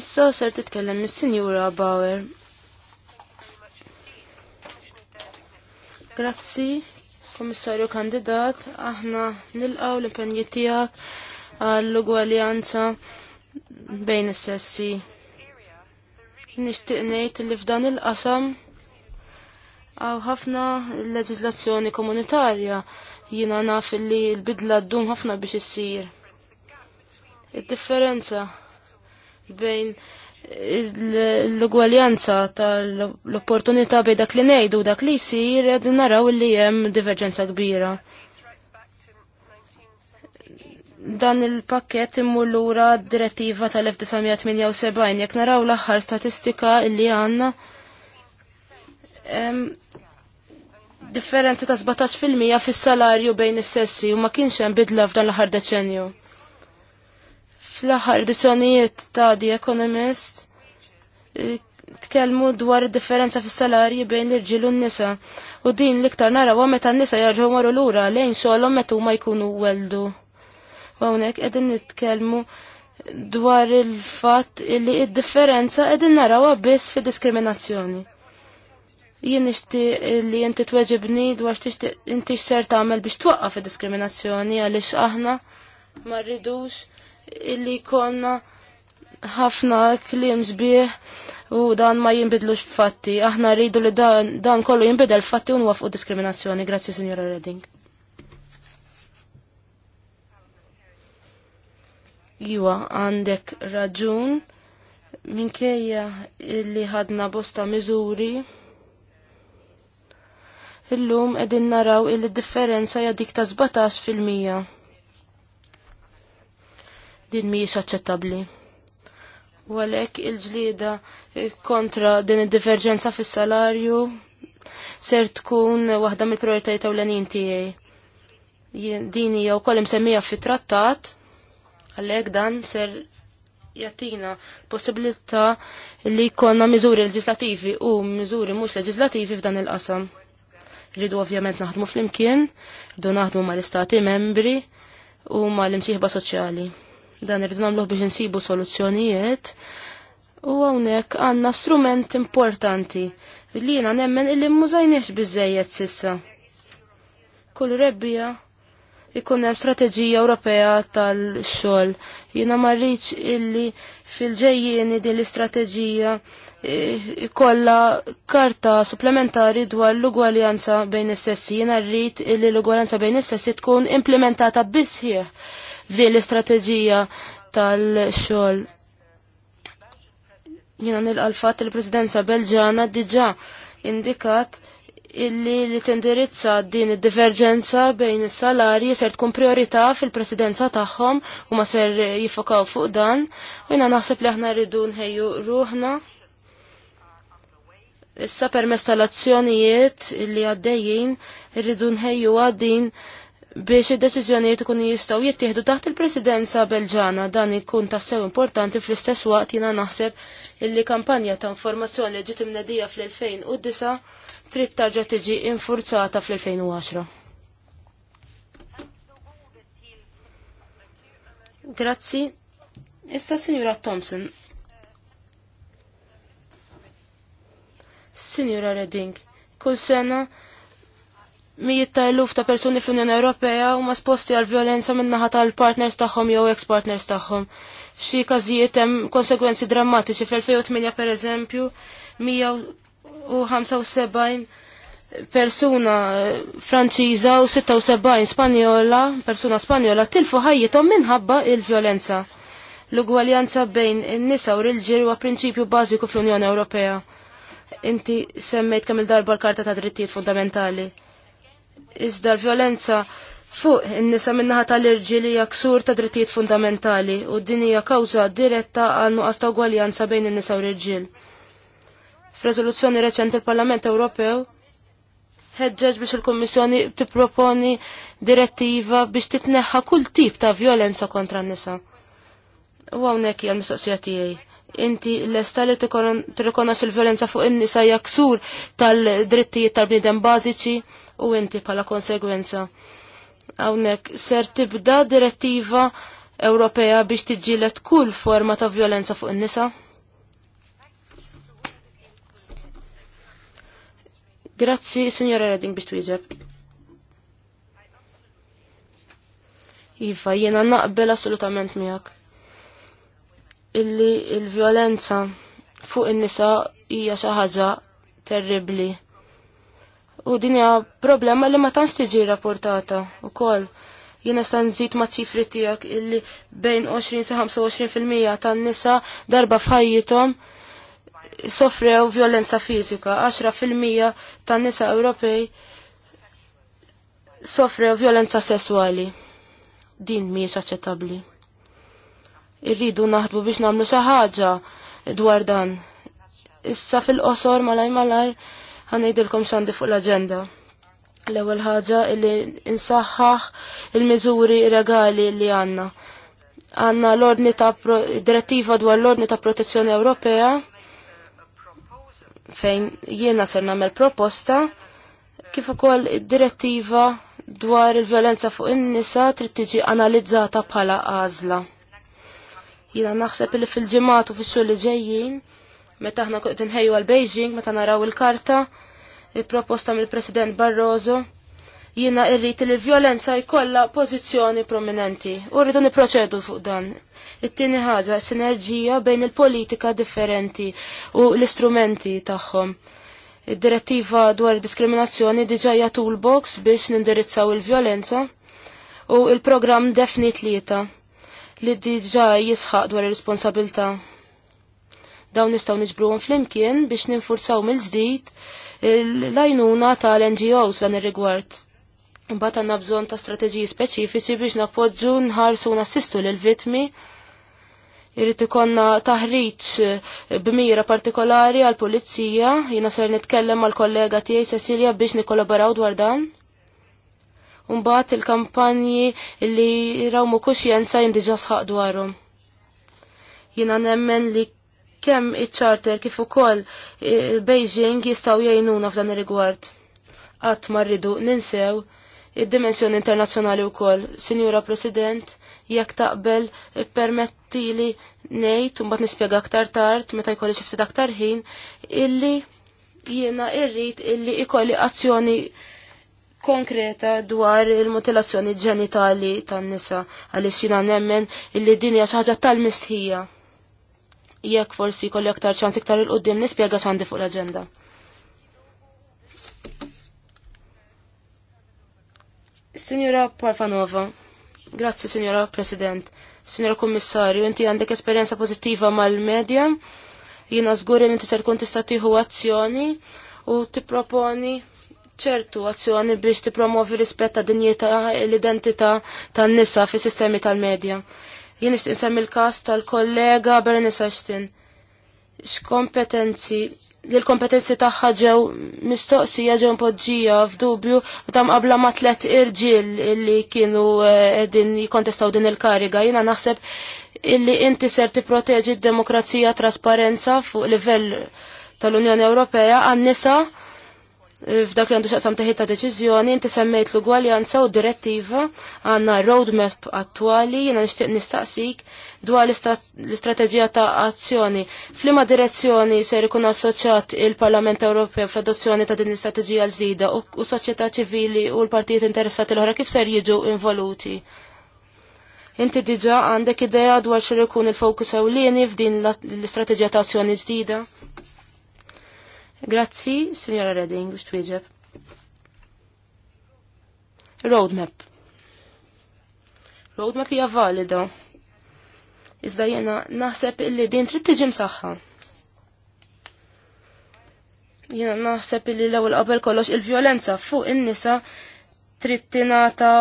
Issa ser titkellem mis-Sinjura Bauer. Grazzi, Komissarju Kandidat, aħna nilqgħu l-impenji tiegħek għall-ugwaljanza bejn is-sessi. Nixtieq ngħid li f'dan il-qasam għaw ħafna leġislazzjoni komunitarja jiena naf li l-bidla ddum ħafna biex issir. Id-differenza bejn l-ugwaljanza tal-opportunità bej dak li ngħidu dak li jsir qegħdin naraw li hemm diverġenza kbira dan il-pakket immur lura d-direttiva tal-1978 jekk naraw l-aħħar statistika illi għandna differenza ta' 17% fis-salarju bejn is-sessi u ma kienx hemm bidla f'dan l-aħħar deċenju. Fl-aħħar edizzjonijiet ta' The Economist eh, tkellmu dwar id-differenza fis-salarji bejn l-irġiel u n-nisa u din l-iktar narawha meta n-nisa jarġgħu maru lura lejn xogħolhom meta huma jkunu weldu hawnhekk qegħdin nitkellmu dwar il-fatt li id-differenza qegħdin narawha biss fi diskriminazzjoni. Jien nixtieq li inti tweġibni dwar inti x'ser tagħmel biex twaqqaf fi diskriminazzjoni għaliex aħna ma rridux illi konna ħafna kliem sbieħ u dan ma jinbidlux fatti. Aħna rridu li dan, dan kollu jinbidel fatti u nwafqu diskriminazzjoni. Grazzi, Signora Redding. Iwa, għandek raġun minkejja illi ħadna bosta miżuri. Illum edin naraw illi differenza jadik ta' 17 fil-mija. Din mhijiex aċċettabbli. U għalhekk il-ġlieda kontra din id-diverġenza fis-salarju ser tkun waħda mill-prioritajiet ewlenin tiegħi. Din hija wkoll imsemmija fit-trattat Għalhekk dan ser jattina possibilità li jkollna miżuri legislativi u miżuri mhux leġislativi f'dan il-qasam. Rridu ovvjament naħdmu flimkien, rridu naħdmu mal-istati membri u mal-imsieħba soċjali. Dan rridu nagħmluh biex insibu soluzzjonijiet u hawnhekk għandna strument importanti li jiena nemmen illi mużajniex bizzejiet sissa. Kull rebbija ikun hemm strateġija Ewropea tal-xogħol. Jiena ma rridx illi fil-ġejjieni din l-istrateġija e, ikolla karta supplementari dwar l-ugwaljanza bejn is-sessi. Jiena rrid illi l-ugwaljanza bejn is-sessi tkun implementata bissieħ f'din l-istrateġija tal-xogħol. Jiena nilqa l-fatt il-Presidenza Belġana diġà indikat illi li tindirizza din id-diverġenza bejn is-salarji ser tkun priorità fil-presidenza tagħhom u ma ser jifokaw fuq dan u jina naħseb li aħna rridu nħejju ruħna. Issa permess tal-azzjonijiet illi għaddejjin rridu nħejju għaddin din biex id-deċiżjonijiet ikunu jistgħu jittieħdu taħt il-Presidenza Belġana dan ikun tassew importanti fl-istess waqt jiena naħseb illi kampanja ta' informazzjoni li ġiet imnedija fl-2009 trid tarġa' tiġi infurzata fl-2010. Grazzi. Issa Sinjura Thompson. Sinjura Redding, kull sena mijiet ta' eluf ta' persuni fl-Unjoni Ewropea huma sposti għal violenza min-naħa tal-partners tagħhom jew ex-partners tagħhom. F'xi każijiet hemm konsegwenzi drammatiċi fl-2008 pereżempju 175 persuna eh, Franċiża u 76 Spanjola, persuna Spanjola tilfu ħajjithom minħabba il-vjolenza. L-ugwaljanza bejn in-nisa u l-ġir huwa prinċipju bażiku fl-Unjoni Ewropea. Inti semmejt kemm il-darba l-Karta ta' Drittijiet Fundamentali Iżda l-violenza fuq in-nisa minnaħa tal-irġiel hija ksur ta' drittijiet fundamentali u din hija kawża diretta għal nuqqas ta' ugwaljanza bejn in-nisa u l-irġiel. F'reżoluzzjoni reċenti il-Parlament Ewropew ħeġġeġ biex il-Kommissjoni tipproponi direttiva biex titneħħa kull tip ta' violenza kontra n-nisa. U hawnhekk hija l-mistoqsija tiegħi. Inti lesta li tirrikonoxxi il-violenza fuq in-nisa jaksur tal-drittijiet tal-bniedem bażiċi u inti bħala konsegwenza. Hawnhekk ser tibda direttiva Ewropea biex tiġġielet kull forma ta' violenza fuq in-nisa. Grazzi, Signora Redding, biex twieġeb. Iva, jiena naqbel assolutament miegħek. Illi il-violenza fuq in-nisa hija xi ħaġa terribli. U din hija problema li ma tantx tiġi rapportata wkoll. Jien nista' nżid ma' ċifri tiegħek illi bejn 20 sa 25% fil-mija tan-nisa darba f'ħajjithom sofrew violenza fiżika, 10% fil-mija tan-nisa Ewropej sofrew violenza sesswali. Din mhijiex aċċettabbli. Irridu naħdbu biex nagħmlu xi ħaġa dwar dan. Issa fil-qosor malaj malaj ħanejdilkom xandi fuq l-agenda. L-ewwel ħaġa li insaħħaħ il-miżuri regali li għandna. Għandna l-ordni ta' direttiva dwar l-ordni ta' protezzjoni Ewropea fejn jiena ser nagħmel proposta kif ukoll id-direttiva dwar il-violenza fuq in-nisa trid tiġi analizzata bħala għażla. Jiena naħseb li fil-ġimgħat u fix-xhur li ġejjin meta aħna kont inħejju għal Beijing meta naraw il-karta il-proposta mill-President Barroso jina irrit li l-violenza jkollha pożizzjoni prominenti u rridu niproċedu fuq dan. It-tieni ħaġa sinerġija bejn il-politika differenti u l-istrumenti tagħhom. Id-direttiva dwar diskriminazzjoni diġà hija toolbox biex nindirizzaw il-vjolenza u il-programm Defni Tlieta li diġà jisħaq dwar ir-responsabilità. Dawn nistgħu niġbruhom flimkien biex ninfurzaw mill-ġdid l-għajnuna tal-NGOs dan ir-rigward. Imbagħad għandna bżonn ta' strateġiji speċifiċi biex nappoġġu nħarsu nassistu lil vittmi Irrid ikonna taħriġ b'mira partikolari għal pulizija jiena ser nitkellem mal kollega tiegħi Cecilia biex nikkolaboraw dwar dan. Umbagħad il-kampanji li rawmu kuxjenza jindiġa sħaq dwarhom. Jiena nemmen li kemm iċ-charter kif ukoll e, Beijing jistgħu jgħinuna f'dan ir-rigward. Qatt ma rridu ninsew id-dimensjoni internazzjonali wkoll. Sinjura President, jekk taqbel permettili ngħid u mbagħad nispjega aktar tard meta jkolli xi ftit aktar ħin illi jiena irrid illi ikolli azzjoni konkreta dwar il-mutilazzjoni ġenitali tan-nisa għaliex jiena nemmen illi din hija xi ħaġa tal-mistħija jekk forsi kolli aktar ċans iktar il-qoddim nispjega sandi fuq l-aġenda. Signora Parfanova, grazie Signora President, Signora Kommissarju, inti għandek esperjenza pozittiva mal-medja, jina żgur li inti ser tkun tista' tieħu azzjoni u tipproponi ċertu azzjoni biex promovi rispetta dinjeta l-identità tan-nisa fis-sistemi tal-medja. Jien nixtieq sammi l-każ tal-kollega Bernice Ashton. X'kompetenzi li l-kompetenzi tagħha ġew mistoqsija ġew mpoġġija f'dubju meta qabla ma tlet irġiel illi kienu eh, qegħdin jikkontestaw din il-kariga. Jiena naħseb illi inti ser tipproteġi d-demokrazija trasparenza fuq livell tal-Unjoni Ewropea għan-nisa' f'dak li għandu xaqsam taħi ta' deċiżjoni, inti semmejt l-ugwaljanza u direttiva għanna roadmap attwali, jena nishtiq nistaqsik dwar l-istrateġija ta' azzjoni. Flima direzzjoni ser ikun assoċjat il-Parlament Ewropew fl-adozzjoni ta' din l-istrateġija l-ġdida u soċjetà ċivili u l-partijiet interessati l ħra kif ser jiġu involuti. Inti diġa għandek idea dwar xir ikun il-fokus ewlieni f'din l-istrateġija ta' azzjoni ġdida? Grazzi, Signora Redding, biex twieġeb. Roadmap. Roadmap hija valida. Iżda jena naħseb illi din trid tiġi msaħħa. Jena naħseb illi l-ewwel qabel kollox il-vjolenza fuq in-nisa trid tingħata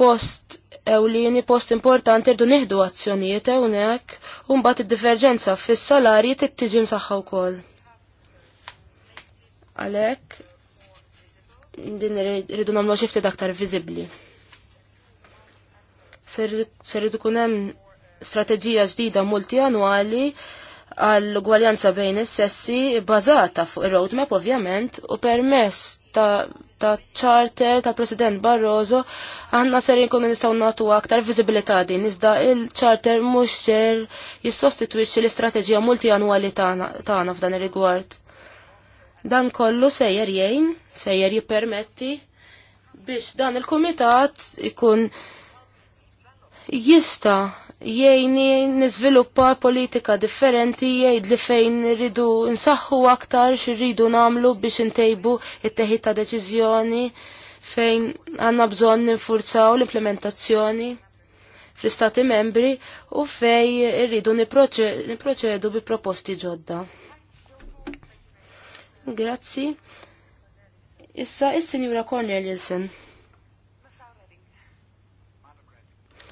post ewlieni post importanti rdu nieħdu azzjonijiet hawnhekk u mbagħad id-diverġenza fis-salarji trid tiġi msaħħa wkoll. Għalek, din rridu namlu xifti daktar vizibli. Ser rridu kunem strategija ġdida multianwali għall-gwaljanza bejn is-sessi bazata fuq ir-roadmap ovvjament u permess ta' ta' charter ta' President Barroso għanna ser jinkun nistaw natu aktar viżibilità din iżda il-charter mhux ser jissostitwixxi l-istrateġija multianwali tagħna f'dan ir-rigward. Dan kollu sejjer jgħin, sejjer jippermetti biex dan il-komitat ikun jista jgħini nizviluppa politika differenti jgħid li fejn rridu nsaħħu aktar xirridu namlu biex intejbu it-teħid ta' deċiżjoni fejn għanna bżon ninfurzaw l-implementazzjoni fl-istati membri u fej irridu niproċedu bi proposti ġodda. Grazzi. Issa is-Sinjura Cornelison.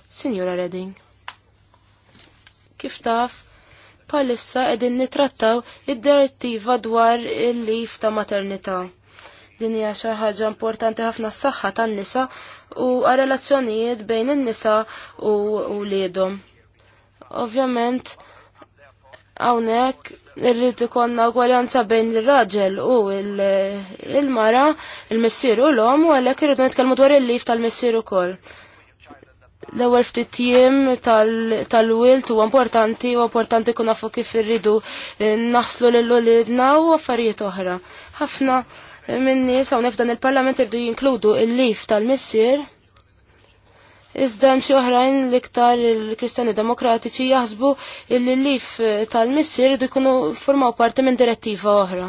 Sinjura Redding. Kif taf, palissa edin nitrattaw id-direttiva dwar il-lif ta' maternità. Din hija xi ħaġa importanti ħafna s-saħħa tan-nisa u għar-relazzjonijiet bejn in-nisa u liedhom. Ovvjament hawnhekk irrid ikonna gwaljanza bejn il-raġel u il-mara, il-missier u l-om, u għalhekk irridu nitkellmu dwar il-lif tal-missier ukoll. L-ewwel ftit jiem tal-wilt huwa importanti u importanti kun nafu kif irridu eh, naħslu lil ulidna u affarijiet oħra. Ħafna minn nies hawnhekk il-Parlament irridu jinkludu il-lif tal-missier Iżda hemm xi oħrajn l-iktar il-Kristjani Demokratiċi jaħsbu il-lif eh, tal-missier jridu jkunu formaw parti minn direttiva oħra.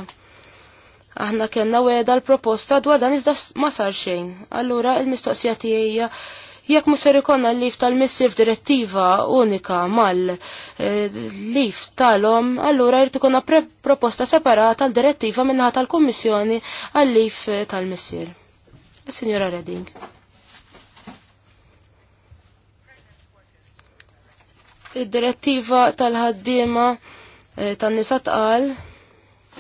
Aħna kellna weda l-proposta dwar dan iżda ma sar xejn. Allura il-mistoqsija tiegħi jekk mhux ikonna ikollna l-lif tal-missier f'direttiva unika mal-lif eh, tal-om, allura jrid ikunna proposta separata l-direttiva minnaħa tal-Kummissjoni għal-lif eh, tal-missier. Signora Redding. Id-direttiva tal-ħaddiema eh, tan-nisa tqal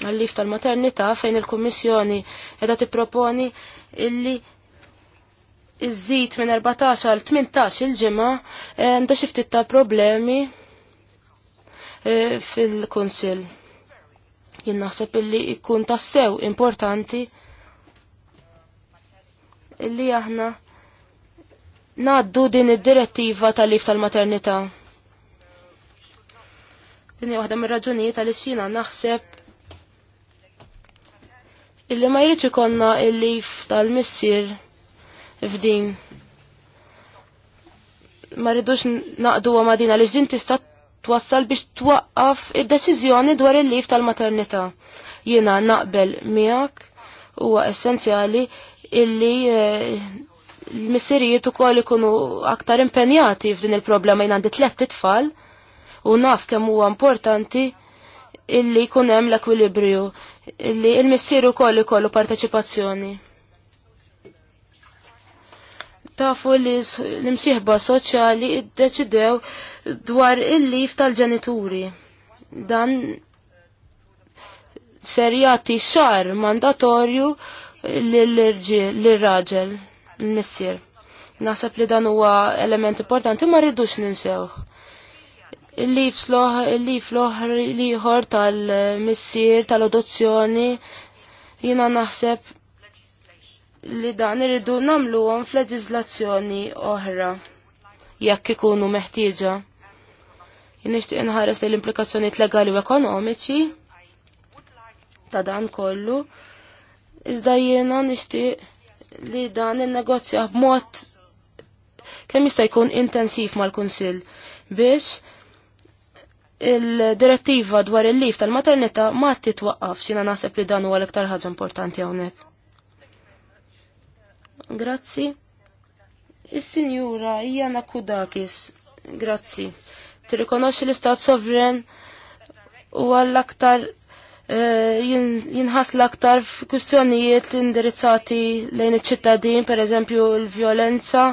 għallif tal-maternità fejn il-Kummissjoni edha tipproponi illi iżżid minn 14 għal 18 il-ġimgħa eh, għandha xi ftit ta' problemi eh, fil-Kunsill. Jien naħseb illi jkun tassew importanti illi aħna ngħaddu din id-direttiva tal-lif tal-maternità. Din hija waħda mir-raġunijiet għaliex jiena naħseb illi ma jridx ikollna il-lif tal-missier f'din. Ma rridux naqdu ma din għaliex din tista' twassal biex twaqqaf id-deċiżjoni dwar il-lif tal-maternità. Jiena naqbel miegħek huwa essenzjali illi eh, l-missirijiet ukoll ikunu aktar impenjati f'din il-problema jien għandi tlet titfal. tfal u naf kemm huwa importanti illi jkun hemm l-ekwilibrju illi il-missieru ukoll ikollu parteċipazzjoni. Tafu li l-imsieħba soċjali ddeċidew dwar il-lif tal-ġenituri. Dan serjati xar mandatorju l-raġel, l-missier. Nasab li dan huwa element importanti ma rridux ninsew li fl-oħ li ħor tal-missir tal-adozzjoni jina naħseb li dan irridu namluhom fl-leġiżlazzjoni oħra jekk ikunu meħtieġa. Nixtieq inħares li l-implikazzjonijiet legali u ekonomiċi ta' dan kollu. Iżda jiena nixtieq li dan il negozja b'mod kemm jista' jkun intensiv mal-Kunsill biex il-direttiva dwar il-lif tal maternita ma titwaqqaf xina naħseb li dan huwa l-iktar ħaġa importanti hawnhekk. Grazzi. Is-sinjura Jana Kudakis. Grazzi. Tirrikonoxxi l-istat sovren u għall-aktar eh, jinħas l-aktar f'kustjonijiet indirizzati lejn iċ-ċittadin, per eżempju l-violenza,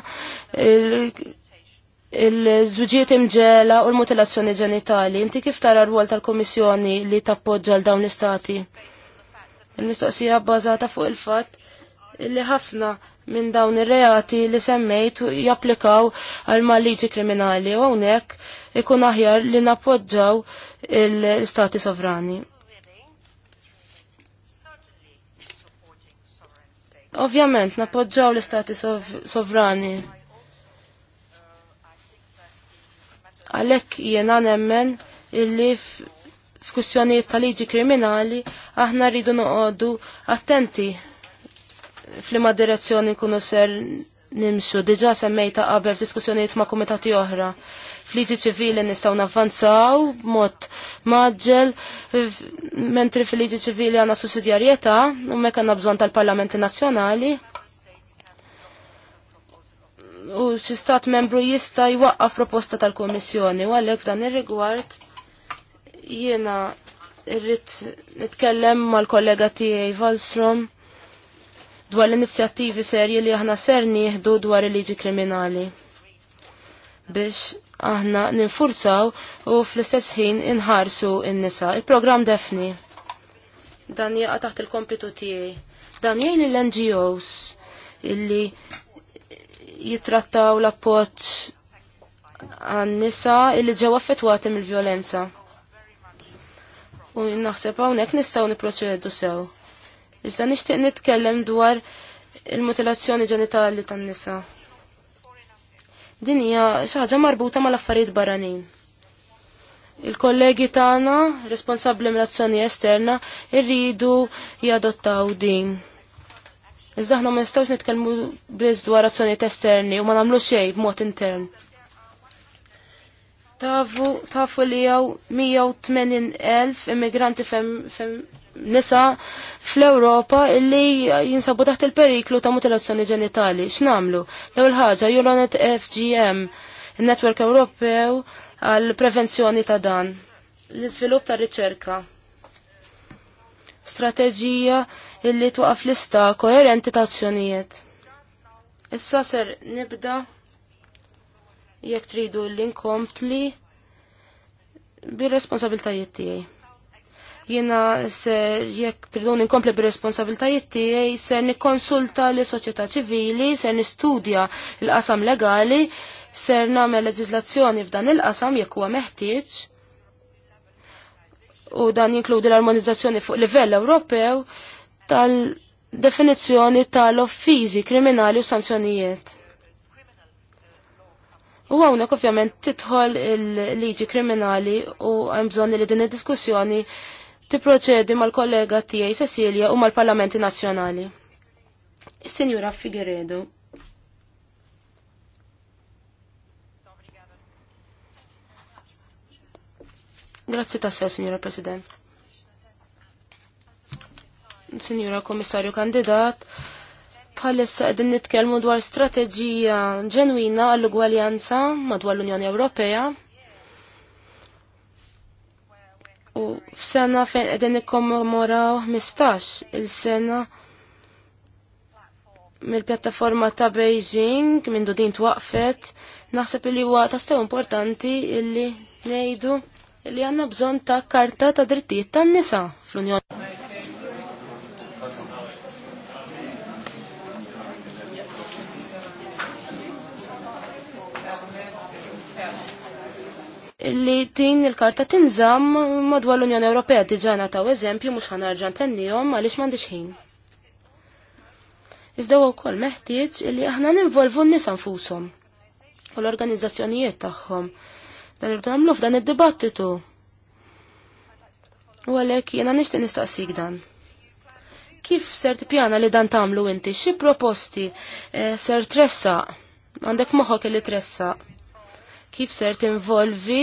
il-żuġiet imġela u l-mutilazzjoni ġenitali. Inti kif tara r-rwol tal-Komissjoni li tappoġġa l-dawn l-istati? Il-mistoqsija bbażata fuq il-fatt li ħafna minn dawn ir-reati li semmejt japplikaw għal mal-liġi kriminali u hawnhekk ikun aħjar li nappoġġaw l-istati sovrani. Ovvjament, nappoġġaw l-istati sovrani Għalhekk jiena nemmen illi f'kwistjonijiet ta' liġi kriminali aħna rridu noqogħdu attenti f'liema direzzjoni nkunu ser nimxu. diġa' semmejta qabel f'diskussjonijiet ma' kumitati oħra. F'liġi ċivili nistgħu navvanzaw b'mod maġġel, mentri fil-liġi ċivili għandna sussidjarjetà u mekk għandna bżonn tal-Parlamenti Nazzjonali u xi stat membru jista' jwaqqaf proposta tal-Kummissjoni u għalhekk dan ir-rigward jiena irrid nitkellem mal-kollega tiegħi Valstrom dwar l-inizjattivi serji li aħna ser nieħdu dwar il-liġi kriminali biex aħna ninfurzaw u fl-istess ħin inħarsu n-nisa. Il-programm defni. Dan jaqa taħt il-kompitu tiegħi. Dan jgħin l-NGOs illi jitrattaw l-appoċ għan-nisa illi ġew affettwati mill-vjolenza. U naħseb hawnhekk nistgħu niproċedu sew. Iżda nixtieq nitkellem dwar il-mutilazzjoni ġenitali tan-nisa. Din hija xi ħaġa marbuta mal-affarijiet barranin. Il-kollegi tagħna responsabbli mill-azzjoni esterna irridu jadottaw din Iżda ħna ma nistgħux nitkellmu biss dwar azzjonijiet esterni u ma nagħmlu xejn b'mod intern. Tafu tafu li jew 180,000 immigranti fem, fem nisa fl-Ewropa illi jinsabu taħt il-periklu ta' mutilazzjoni ġenitali. X'namlu? L-ewwel ħaġa Euronet FGM, il-Network Ewropew għal prevenzjoni ta' dan. L-iżvilupp ta' riċerka. Strateġija illi twaqaf lista koherenti ta' azzjonijiet. Issa ser nibda jekk tridu l-inkompli bir-responsabiltajiet tiegħi. Jiena ser jekk tridu inkompli bir-responsabiltajiet tiegħi ser nikkonsulta l soċjetà ċivili, ser nistudja l-qasam legali, ser nagħmel leġiżlazzjoni f'dan il-qasam jekk huwa meħtieġ u dan jinkludi l-armonizzazzjoni fuq livell Ewropew tal-definizzjoni tal-offizi kriminali u sanzjonijiet. U għawnek ovvjament titħol il-liġi kriminali u hemm bżonn li din id-diskussjoni tipproċedi mal-kollega tiegħi Cecilia u mal-Parlamenti Nazzjonali. Is-Sinjura Figueredo. Grazzi tassew, Signora President. Signora Komissarju Kandidat, bħalissa qegħdin nitkellmu dwar strateġija ġenwina għall-ugwaljanza madwar l-Unjoni Ewropea. U f'sena fejn qegħdin nikkommemoraw 15 il-sena mill-pjattaforma ta' Beijing minn din twaqfet, naħseb li huwa stew importanti illi ngħidu li għandna bżonn ta' karta ta' drittijiet tan-nisa fl-Unjoni. li din il-karta tinżam madwar l-Unjoni Ewropea diġà nataw eżempju mhux ħanarġa' ntennihom għaliex m'għandix ħin. Iżda wkoll meħtieġ li aħna ninvolvu n-nies anfushom u l-organizzazzjonijiet tagħhom. Dan irdu nagħmlu f'dan id-dibattitu. U għalhekk jiena nixtieq nistaqsik dan. Kif ser tippjana li dan tagħmlu inti? Xi proposti eh, ser tressaq? Għandek moħħok li tressaq? kif ser tinvolvi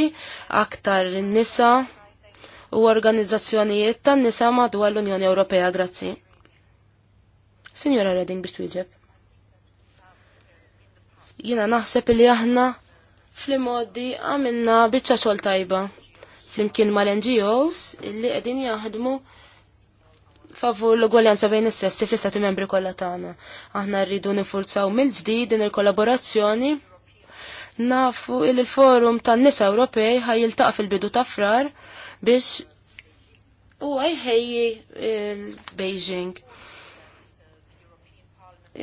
aktar nisa u organizzazzjonijiet tan-nisa madwar l-Unjoni Ewropea, grazzi. Signora Redding biex twieġeb. Jiena naħseb li aħna fl-modi għamilna biċċa xogħol tajba flimkien mal-NGOs illi qegħdin jaħdmu favur l-ugwaljanza bejn is-sessi fl-istati membri kollha tagħna. Aħna rridu nifurzaw mill-ġdid din il-kollaborazzjoni nafu il forum tan-nisa Ewropej ħaj jiltaq fil-bidu ta' frar biex u ħejji il-Beijing.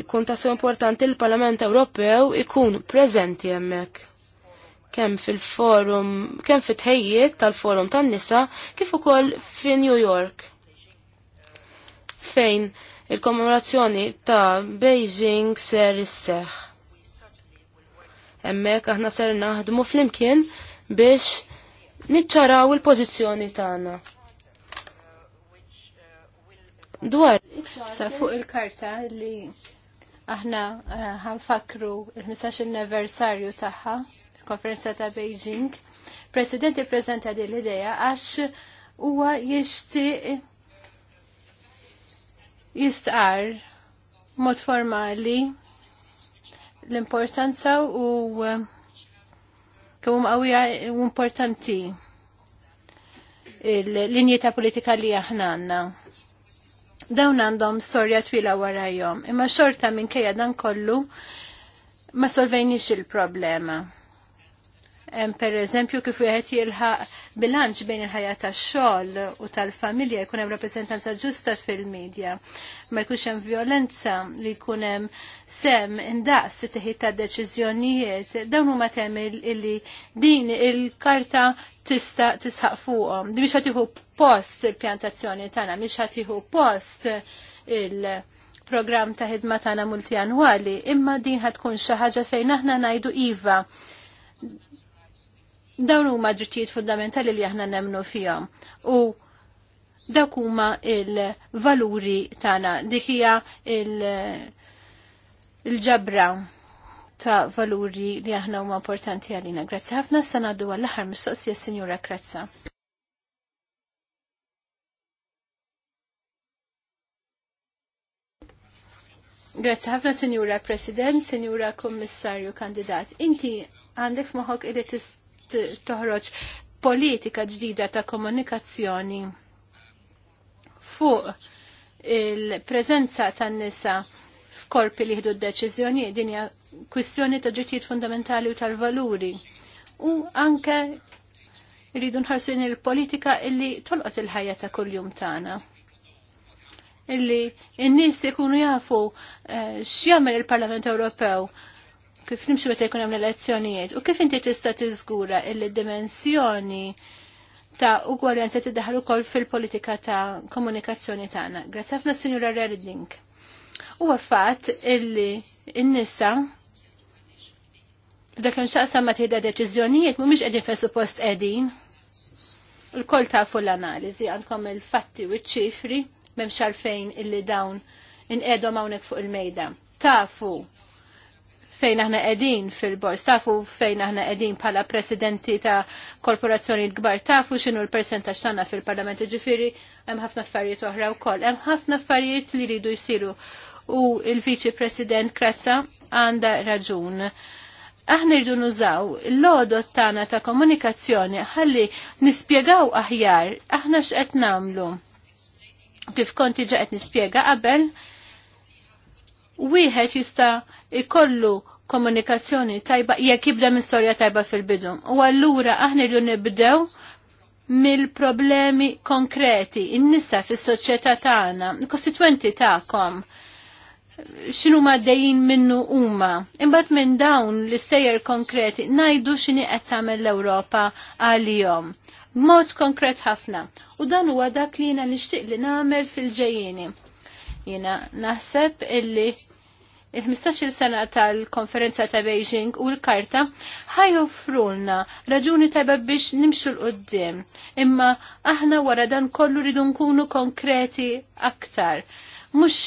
Ikun ta' so importanti il-Parlament Ewropew ikun preżenti hemmhekk. Kemm fil-forum, kem fit-ħejjiet tal-forum tan-nisa kif ukoll fi New York. Fejn il-kommemorazzjoni ta' Beijing ser isseħħ Hemmhekk aħna ser naħdmu flimkien biex niċċaraw il-pożizzjoni tagħna. Dwar. Sa fuq il-karta li aħna eh, ħanfakru il-15 anniversarju tagħha, konferenza ta' Beijing, President ippreżenta din l-idea għax huwa jixtieq jistqar mod formali l-importanza u eh, kemm għawija u importanti l-linji ta' politika li aħna għandna. Dawn għandhom storja twila warajhom, imma xorta minkejja dan kollu ma solvejniex il-problema per eżempju kif wieħed jilħaq bilanċ bejn il-ħajja tax-xogħol u tal-familja jkun hemm rappreżentanza ġusta fil-medja. Ma jkunx hemm violenza li jkun hemm sem indaqs fi teħid ta' deċiżjonijiet. Dawn huma temi li din il-karta tista' tisħaq fuqhom. Di mhix post il-pjantazzjoni tagħna, mhix ħatiħu post il- program ta' ħidma tagħna annwali, imma din tkun xi ħaġa fejn aħna ngħidu iva Dawn huma drittijiet fundamentali li aħna nemnu fihom. U dak huma il-valuri tagħna, dik hija il-ġabra ta' valuri li aħna huma importanti għalina. Grazzi ħafna s-sanaddu għall-aħħar mistoqsija Sinjura Krazza. Grazie ħafna, Sinjura President, Sinjura Kommissarju Kandidat. Inti għandek moħok illi toħroġ politika ġdida ta' komunikazzjoni fuq il-prezenza tan nisa f'korpi li jihdu d-deċizjoni din hija kwistjoni ta' ġittijiet fundamentali u tal-valuri. U anke rridu nħarsu in il-politika illi tolqot il-ħajja ta' kuljum tagħna. Illi n-nies ikunu jafu eh, x'jagħmel il-Parlament Ewropew kif nimxu meta jkun hemm l-elezzjonijiet u kif inti tista' tiżgura il-dimensjoni ta' ugwaljanza tiddaħħal ukoll fil-politika ta' komunikazzjoni tagħna. Grazzi ħafna Sinjura Redding. Huwa fatt illi n-nisa f'dak xaqsam ma tieda deċiżjonijiet mhumiex qegħdin fejn qegħdin. Il-koll fu l-analiżi għandkom il-fatti u ċ-ċifri memx għalfejn illi dawn in-edom hawnhekk fuq il-mejda. Tafu fejn aħna qegħdin fil-bors, tafu fejn aħna edin bħala presidenti ta' korporazzjoni gbar, kbar tafu x'inhu l-persentaġġ tagħna fil-Parlament, ġifieri hemm ħafna affarijiet oħra wkoll, hemm ħafna affarijiet li jridu jsiru u il-Viċi President Krazza għandha raġun aħna rridu nużaw l-lodot tagħna ta' komunikazzjoni ħalli nispjegaw aħjar aħna x'qed nagħmlu. Kif konti ġaqet qed nispjega qabel, wieħed jista' ikollu komunikazzjoni tajba jekk jibda minn storja tajba fil-bidu. U allura aħna rridu nibdew mill-problemi konkreti in-nisa fis-soċjetà tagħna, il-kostitwenti tagħkom xinu ma dejjin minnu umma. Imbat minn dawn l-istejjer konkreti najdu xini qed tagħmel l-Ewropa għalihom. Mod konkret ħafna. U dan huwa dak li jiena nixtieq li nagħmel fil-ġejjieni. Jiena naħseb illi il-15 sena tal-konferenza ta' Beijing u l-karta ħajofrulna raġuni tajba biex nimxu l-qoddim. Imma aħna wara dan kollu ridu nkunu konkreti aktar. Mux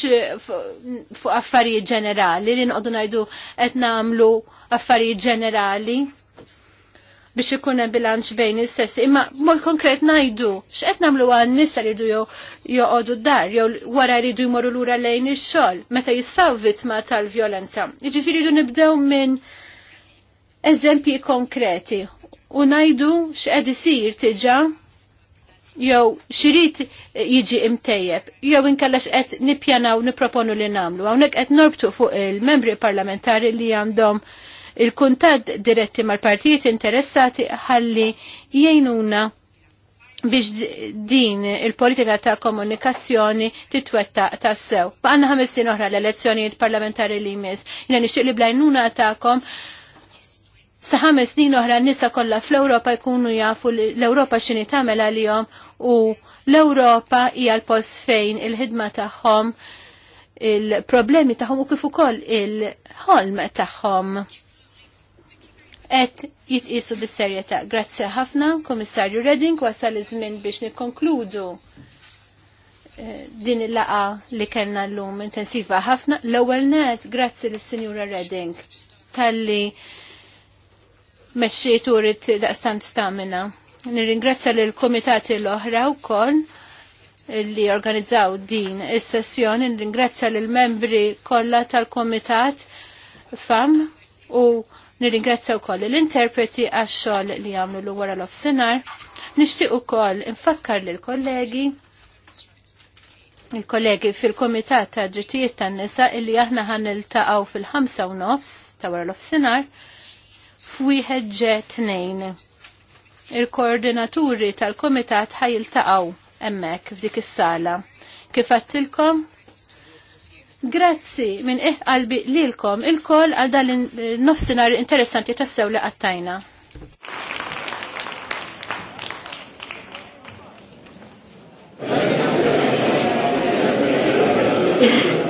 fuq affarijiet ġenerali li nqodu najdu qed għamlu affarijiet ġenerali biex ikun hemm bilanċ bejn is-sessi, imma mod konkret ngħidu x'qed nagħmlu għan nisa li jridu joqogħdu d-dar jew wara rridu jmorru lura lejn ix-xogħol meta jistgħu vittma tal-vjolenza. Jiġifieri jridu nibdew minn eżempji konkreti u ngħidu x'qed isir tiġa jew xirid jiġi imtejjeb, jew inkella x'qed nippjanaw nipproponu li nagħmlu. Hawnhekk qed norbtu fuq il-membri parlamentari li għandhom il kuntad diretti mal-partijiet interessati ħalli jgħinuna biex din il-politika ta' komunikazzjoni titwetta ta' sew. Baqanna ħamistin oħra l-elezzjonijiet parlamentari li jmiss. Jina nixtieq li blajnuna ta'kom sa' ħames snin oħra nisa kollha fl-Ewropa jkunu jafu l-Ewropa x'inhi tagħmel għalihom u l-Ewropa hija l-post fejn il-ħidma tagħhom il-problemi tagħhom u kif ukoll il-ħolm tagħhom qed jitqisu bis-serjetà. Grazzi ħafna, Komissarju Redding, wasal iż-żmien biex nikkonkludu eh, din il-laqa li kellna llum intensiva ħafna. L-ewwel net, grazzi lis-Sinjura Redding talli meċċiet u daqstant stamina. Nirringrazzja l kumitati l-oħra u koll li organizzaw din is-sessjoni, nirringrazzja l membri kollha tal-komitat FAM u Nirringrazzja wkoll l-interpreti għax-xogħol li għamlu l wara l-offsinar. Nixtieq ukoll infakkar lil kollegi il-kollegi fil-Komitat ta' Drittijiet tan-Nisa illi aħna ħan niltaqgħu fil ħamsa u nofs ta' wara l-offsinar f'wieħed ġe tnejn. Il-koordinaturi tal-Komitat ħajiltaqgħu hemmhekk f'dik is-sala. Kif għattilkom, Grazzi minn iħqalbi eh lilkom il-koll għal dan nofsinar interessanti tassew li għattajna. Thank you.